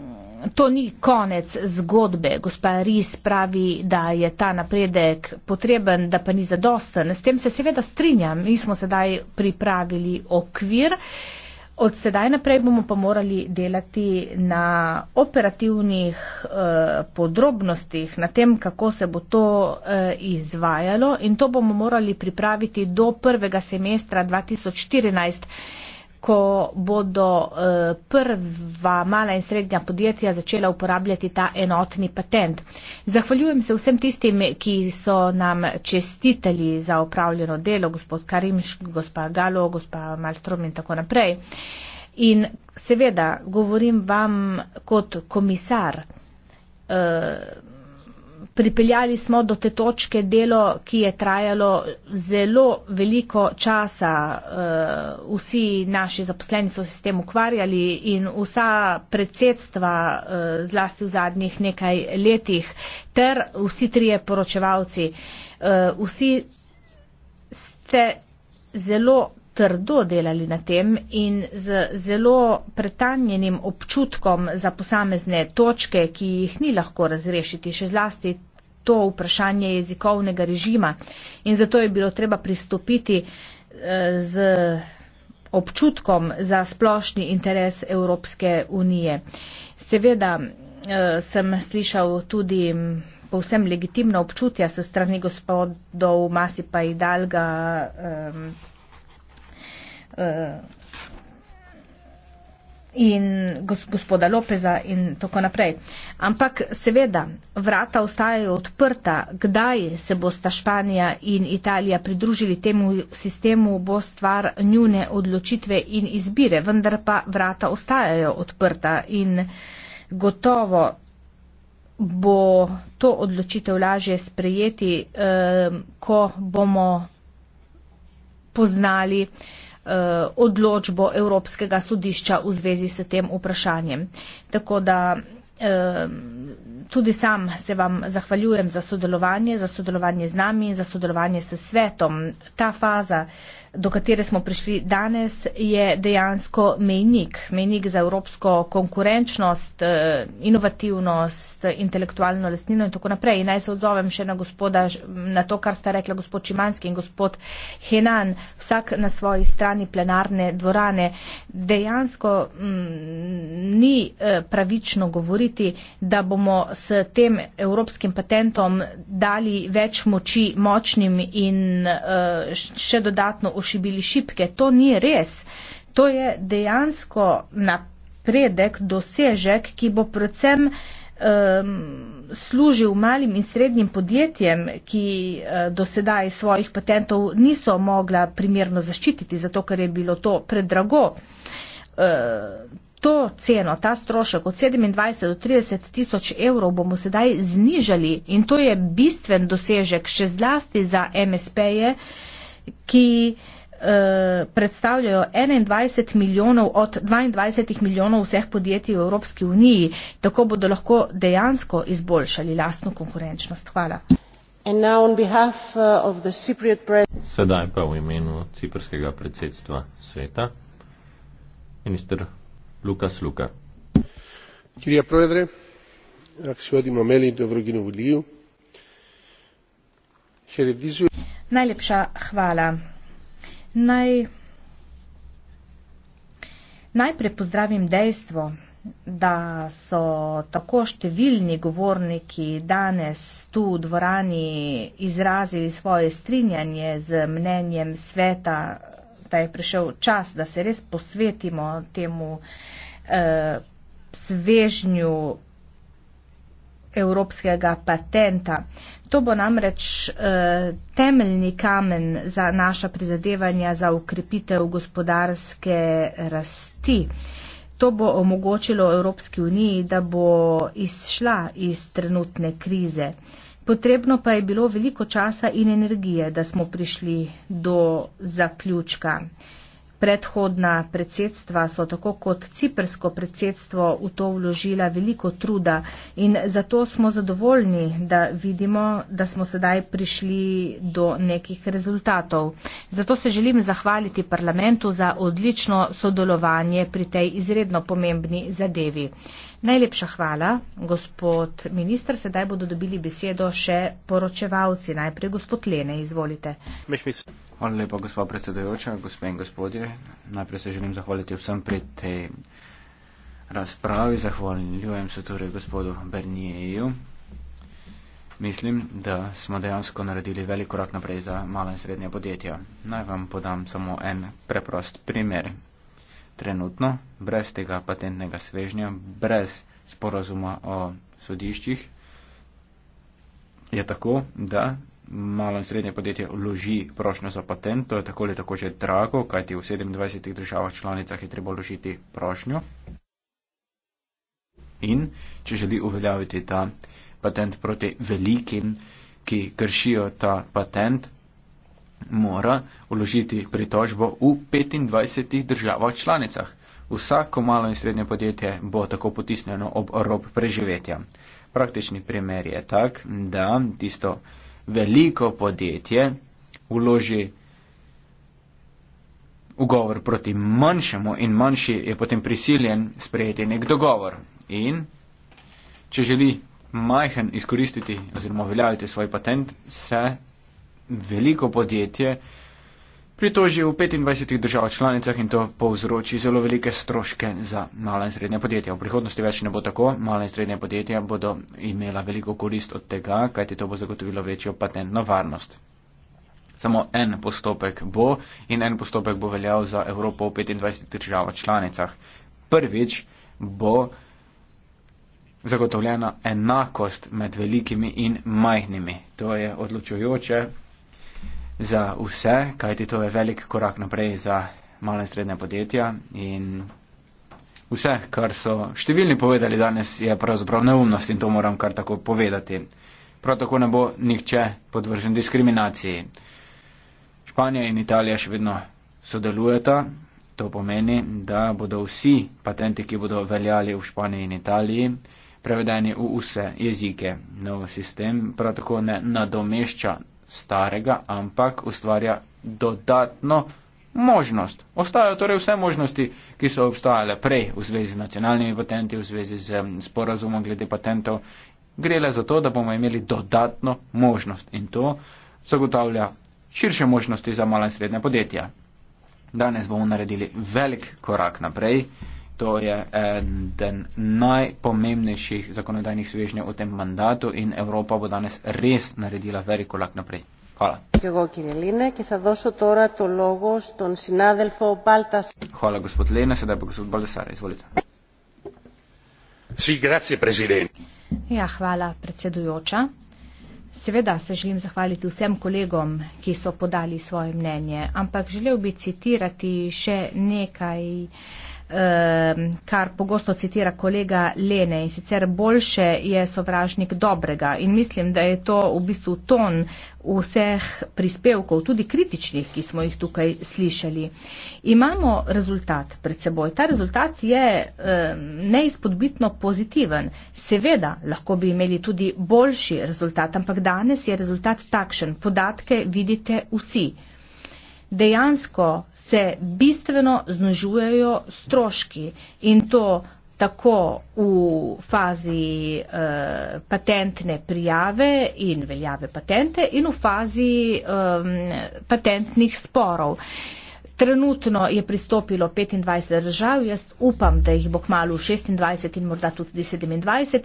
to ni konec zgodbe. Gospa Riz pravi, da je ta napredek potreben, da pa ni zadosten. S tem se seveda strinjam. Mi smo sedaj pripravili okvir. Od sedaj naprej bomo pa morali delati na operativnih uh, podrobnostih, na tem, kako se bo to uh, izvajalo in to bomo morali pripraviti do prvega semestra 2014 ko bodo eh, prva mala in srednja podjetja začela uporabljati ta enotni patent. Zahvaljujem se vsem tistim, ki so nam čestitali za upravljeno delo, gospod Karimš, gospa Galo, gospa Maltrom in tako naprej. In seveda govorim vam kot komisar. Uh, pripeljali smo do te točke delo, ki je trajalo zelo veliko časa. Eh, vsi naši zaposleni so se s tem ukvarjali in vsa predsedstva, eh, zlasti v zadnjih nekaj letih, ter vsi trije poročevalci, eh, vsi ste zelo trdo delali na tem in z zelo pretanjenim občutkom za posamezne točke, ki jih ni lahko razrešiti, še zlasti to vprašanje jezikovnega režima. In zato je bilo treba pristopiti eh, z občutkom za splošni interes Evropske unije. Seveda eh, sem slišal tudi mm, povsem legitimna občutja se strani gospodov Masipa Idalga, Eh, in gospoda Lopeza in tako naprej. Ampak seveda, vrata ostajajo odprta, kdaj se bosta Španija in Italija pridružili temu sistemu, bo stvar njune odločitve in izbire, vendar pa vrata ostajajo odprta in gotovo bo to odločitev lažje sprejeti, eh, ko bomo poznali eh, Eh, odločbo Evropskega sodišča v zvezi s tem vprašanjem. Tako da eh, tudi sam se vam zahvaljujem za sodelovanje, za sodelovanje z nami in za sodelovanje s svetom. Ta faza do katere smo prišli danes, je dejansko mejnik, mejnik za evropsko konkurenčnost, eh, inovativnost, intelektualno lastnino in tako naprej. In naj se odzovem še na, gospoda, na to, kar sta rekla gospod Čimanski in gospod Henan, vsak na svoji strani plenarne dvorane. Dejansko m, mm, ni eh, pravično govoriti, da bomo s tem evropskim patentom dali več moči močnim in eh, še dodatno ušteljati šibili šipke. To ni res. To je dejansko napredek, dosežek, ki bo predvsem um, služil malim in srednjim podjetjem, ki uh, eh, dosedaj svojih patentov niso mogla primerno zaščititi, zato ker je bilo to predrago. Uh, to ceno, ta strošek od 27 do 30 tisoč evrov bomo sedaj znižali in to je bistven dosežek še zlasti za MSP-je. Uh, ki eh, predstavljajo 21 milijonov od 22 milijonov vseh podjetij v Evropski uniji. Tako bodo lahko dejansko izboljšali lastno konkurenčnost. Hvala. Eh, Sedaj pa v imenu ciprskega predsedstva sveta, minister Lukas Luka. Kirja Provedre, ak se vodimo meli, dobro gino vodljiv. Heredizu... Najlepša hvala. Naj najprej pozdravim dejstvo, da so tako številni govorniki danes tu v dvorani izrazili svoje strinjanje z mnenjem sveta, da je prišel čas, da se res posvetimo temu eh, svežnju evropskega patenta. To bo namreč eh, temeljni kamen za naša prizadevanja za ukrepitev gospodarske rasti. To bo omogočilo Evropski uniji, da bo izšla iz trenutne krize. Potrebno pa je bilo veliko časa in energije, da smo prišli do zaključka. Eh, Predhodna predsedstva so tako kot ciprsko predsedstvo v to vložila veliko truda in zato smo zadovoljni, da vidimo, da smo sedaj prišli do nekih rezultatov. Zato se želim zahvaliti parlamentu za odlično sodelovanje pri tej izredno pomembni zadevi. Najlepša hvala, gospod minister. Sedaj bodo dobili besedo še poročevalci. Najprej gospod Lene, izvolite. Hvala lepa, gospa predsedujoča, gospe in gospodje. Najprej se želim zahvaliti vsem pri tej razpravi. Zahvaljujem se torej gospodu Bernieju. Mislim, da smo dejansko naredili velik korak naprej za mala in srednja podjetja. Naj vam podam samo en preprost primer trenutno, brez tega patentnega svežnja, brez sporazuma o sodiščih, je tako, da malo in srednje podjetje vloži prošnjo za patent. To je tako ali tako že drago, kajti v 27 državah članicah je treba vložiti prošnjo. In če želi uveljaviti ta patent proti velikim, ki kršijo ta patent, mora uložiti pritožbo v 25 državah članicah. Vsako malo in srednje podjetje bo tako potisnjeno ob rob preživetja. Praktični primer je tak, da tisto veliko podjetje uloži ugovor proti manjšemu in manjši je potem prisiljen sprejeti nek dogovor. In če želi majhen izkoristiti oziroma uveljaviti svoj patent, se veliko podjetje pritoži v 25 držav članicah in to povzroči zelo velike stroške za mala in srednja podjetja. V prihodnosti več ne bo tako, mala in srednja podjetja bodo imela veliko korist od tega, kajti to bo zagotovilo večjo patentno varnost. Samo en postopek bo in en postopek bo veljal za Evropo v 25 držav članicah. Prvič bo zagotovljena enakost med velikimi in majhnimi. To je odločujoče, za vse, kajti to je velik korak naprej za male in srednje podjetja in vse, kar so številni povedali danes, je pravzaprav neumnost in to moram kar tako povedati. Prav tako ne bo nihče podvržen diskriminaciji. Španija in Italija še vedno sodelujeta, to pomeni, da bodo vsi patenti, ki bodo veljali v Španiji in Italiji, prevedeni v vse jezike. Nov sistem prav tako ne nadomešča starega, ampak ustvarja dodatno možnost. Ostajajo torej vse možnosti, ki so obstajale prej v zvezi z nacionalnimi patenti, v zvezi z sporazumom glede patentov. Gre le za to, da bomo imeli dodatno možnost in to zagotavlja širše možnosti za mala in srednja podjetja. Danes bomo naredili velik korak naprej to je eden najpomembnejših zakonodajnih svežnjev v tem mandatu in Evropa bo danes res naredila velik korak naprej. Hvala. Hvala, gospod Lene, sedaj pa gospod Baldasar, izvolite. Ja, hvala, predsedujoča. Seveda se želim zahvaliti vsem kolegom, ki so podali svoje mnenje, ampak želel bi citirati še nekaj uh, Ehm, kar pogosto citira kolega Lene in sicer boljše je sovražnik dobrega. In mislim, da je to v bistvu ton vseh prispevkov, tudi kritičnih, ki smo jih tukaj slišali. Imamo rezultat pred seboj. Ta rezultat je ehm, neizpodbitno pozitiven. Seveda, lahko bi imeli tudi boljši rezultat, ampak danes je rezultat takšen. Podatke vidite vsi dejansko se bistveno znožujejo stroški in to tako v fazi uh, patentne prijave in veljave patente in v fazi um, patentnih sporov. Uh, Trenutno je pristopilo 25 držav, jaz upam, da jih bo kmalo 26 in morda tudi 27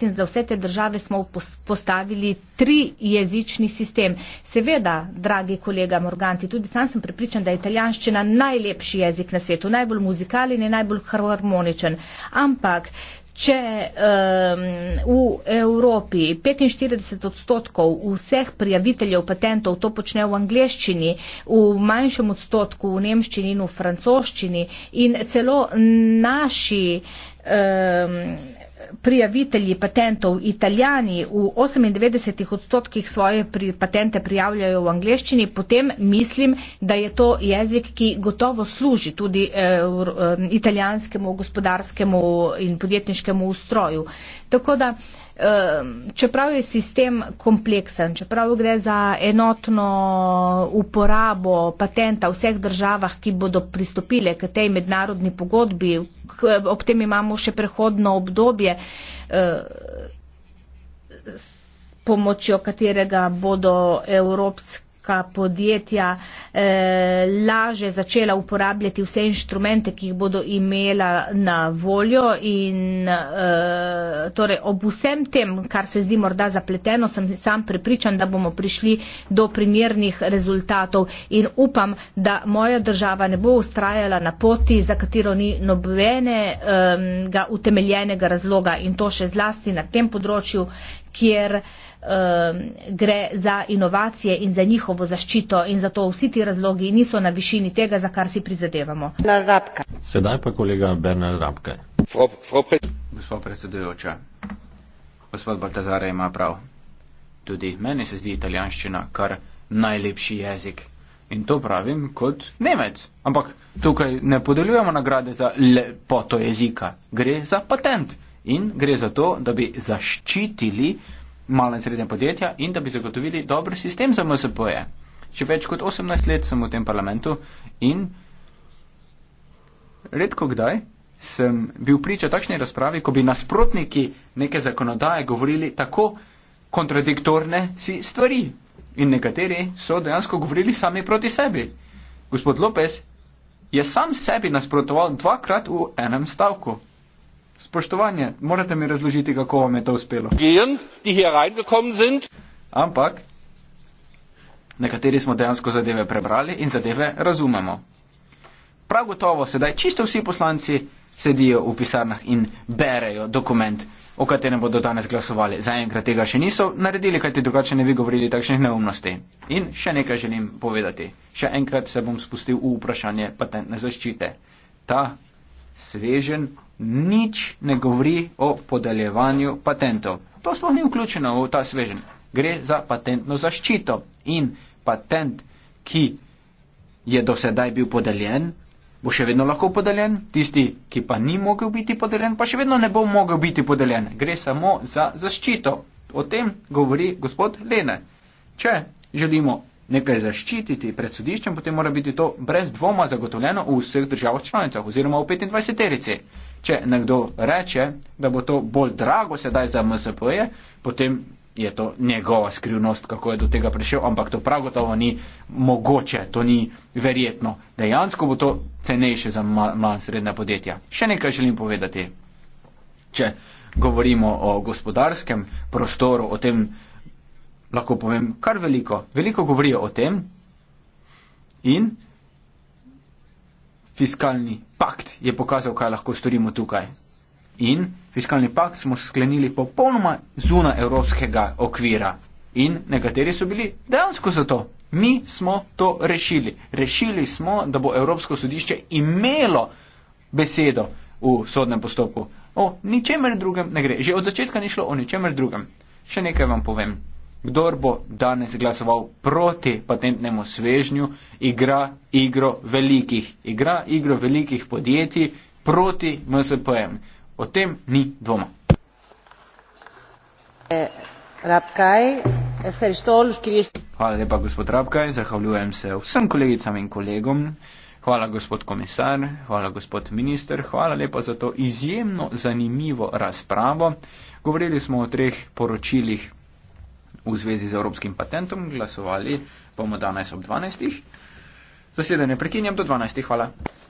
in za vse te države smo postavili trijezični sistem. Seveda, dragi kolega Morganti, tudi sam sem prepričan, da je italijanščina najlepši jezik na svetu, najbolj muzikalen in najbolj harmoničen, ampak Če um, v Evropi 45 odstotkov vseh prijaviteljev patentov to počne v angleščini, v manjšem odstotku v nemščini in v francoščini in celo naši um, prijavitelji patentov italijani v 98 odstotkih svoje pri, patente prijavljajo v angleščini, potem mislim, da je to jezik, ki gotovo služi tudi eh, eh italijanskemu gospodarskemu in podjetniškemu ustroju. Tako da eh, čeprav je sistem kompleksen, čeprav gre za enotno uporabo patenta v vseh državah, ki bodo pristopile k tej mednarodni pogodbi, k, ob tem imamo še prehodno obdobje, eh, s pomočjo katerega bodo evropske tehnološka podjetja eh, laže začela uporabljati vse inštrumente, ki jih bodo imela na voljo. In, eh, torej, ob vsem tem, kar se zdi morda zapleteno, sem sam prepričan, da bomo prišli do primernih rezultatov in upam, da moja država ne bo ustrajala na poti, za katero ni nobenega eh, utemeljenega razloga in to še zlasti na tem področju, kjer Um, gre za inovacije in za njihovo zaščito in zato vsi ti razlogi niso na višini tega, za kar si prizadevamo. Sedaj pa kolega Bernard Rabke. Gospod predsedujoča, gospod Baltazar ima prav. Tudi meni se zdi italijanščina kar najlepši jezik. In to pravim kot Nemec. Ampak tukaj ne podeljujemo nagrade za lepoto jezika. Gre za patent. In gre za to, da bi zaščitili malo in srednje podjetja in da bi zagotovili dober sistem za MSP-je. Še več kot 18 let sem v tem parlamentu in redko kdaj sem bil priča takšni razpravi, ko bi nasprotniki neke zakonodaje govorili tako kontradiktorne si stvari. In nekateri so dejansko govorili sami proti sebi. Gospod Lopez je sam sebi nasprotoval dvakrat v enem stavku. Spoštovanje, morate mi razložiti, kako vam je to uspelo. Gehen, Ampak, nekateri smo dejansko zadeve prebrali in zadeve razumemo. Prav gotovo sedaj čisto vsi poslanci sedijo v pisarnah in berejo dokument, o katerem bodo danes glasovali. Zaenkrat tega še niso naredili, kajti drugače ne bi govorili takšnih neumnosti. In še nekaj želim povedati. Še enkrat se bom spustil v vprašanje patentne zaščite. Ta svežen nič ne govori o podeljevanju patentov. To sploh ni vključeno v ta svežen. Gre za patentno zaščito in patent, ki je do sedaj bil podeljen, bo še vedno lahko podeljen, tisti, ki pa ni mogel biti podeljen, pa še vedno ne bo mogel biti podeljen. Gre samo za zaščito. O tem govori gospod Lene. Če želimo nekaj zaščititi pred sodiščem, potem mora biti to brez dvoma zagotovljeno v vseh državah članicah oziroma v 25-terici. Če nekdo reče, da bo to bolj drago sedaj za MSP-je, potem je to njegova skrivnost, kako je do tega prišel, ampak to prav gotovo ni mogoče, to ni verjetno. Dejansko bo to cenejše za mala in srednja podjetja. Še nekaj želim povedati. Če govorimo o gospodarskem prostoru, o tem, lahko povem, kar veliko. Veliko govorijo o tem in fiskalni pakt je pokazal, kaj lahko storimo tukaj. In fiskalni pakt smo sklenili popolnoma zuna evropskega okvira. In nekateri so bili dejansko za to. Mi smo to rešili. Rešili smo, da bo Evropsko sodišče imelo besedo v sodnem postopku. O ničemer drugem ne gre. Že od začetka ni šlo o ničemer drugem. Še nekaj vam povem. Kdor bo danes glasoval proti patentnemu svežnju, igra igro velikih, igra igro velikih podjetij proti MSP-jem. O tem ni dvoma. Hvala lepa, gospod Rabkaj. Zahvaljujem se vsem kolegicam in kolegom. Hvala, gospod komisar. Hvala, gospod minister. Hvala lepa za to izjemno zanimivo razpravo. Govorili smo o treh poročilih v zvezi z evropskim patentom, glasovali bomo danes ob 12. Zasedanje prekinjam do 12. Hvala.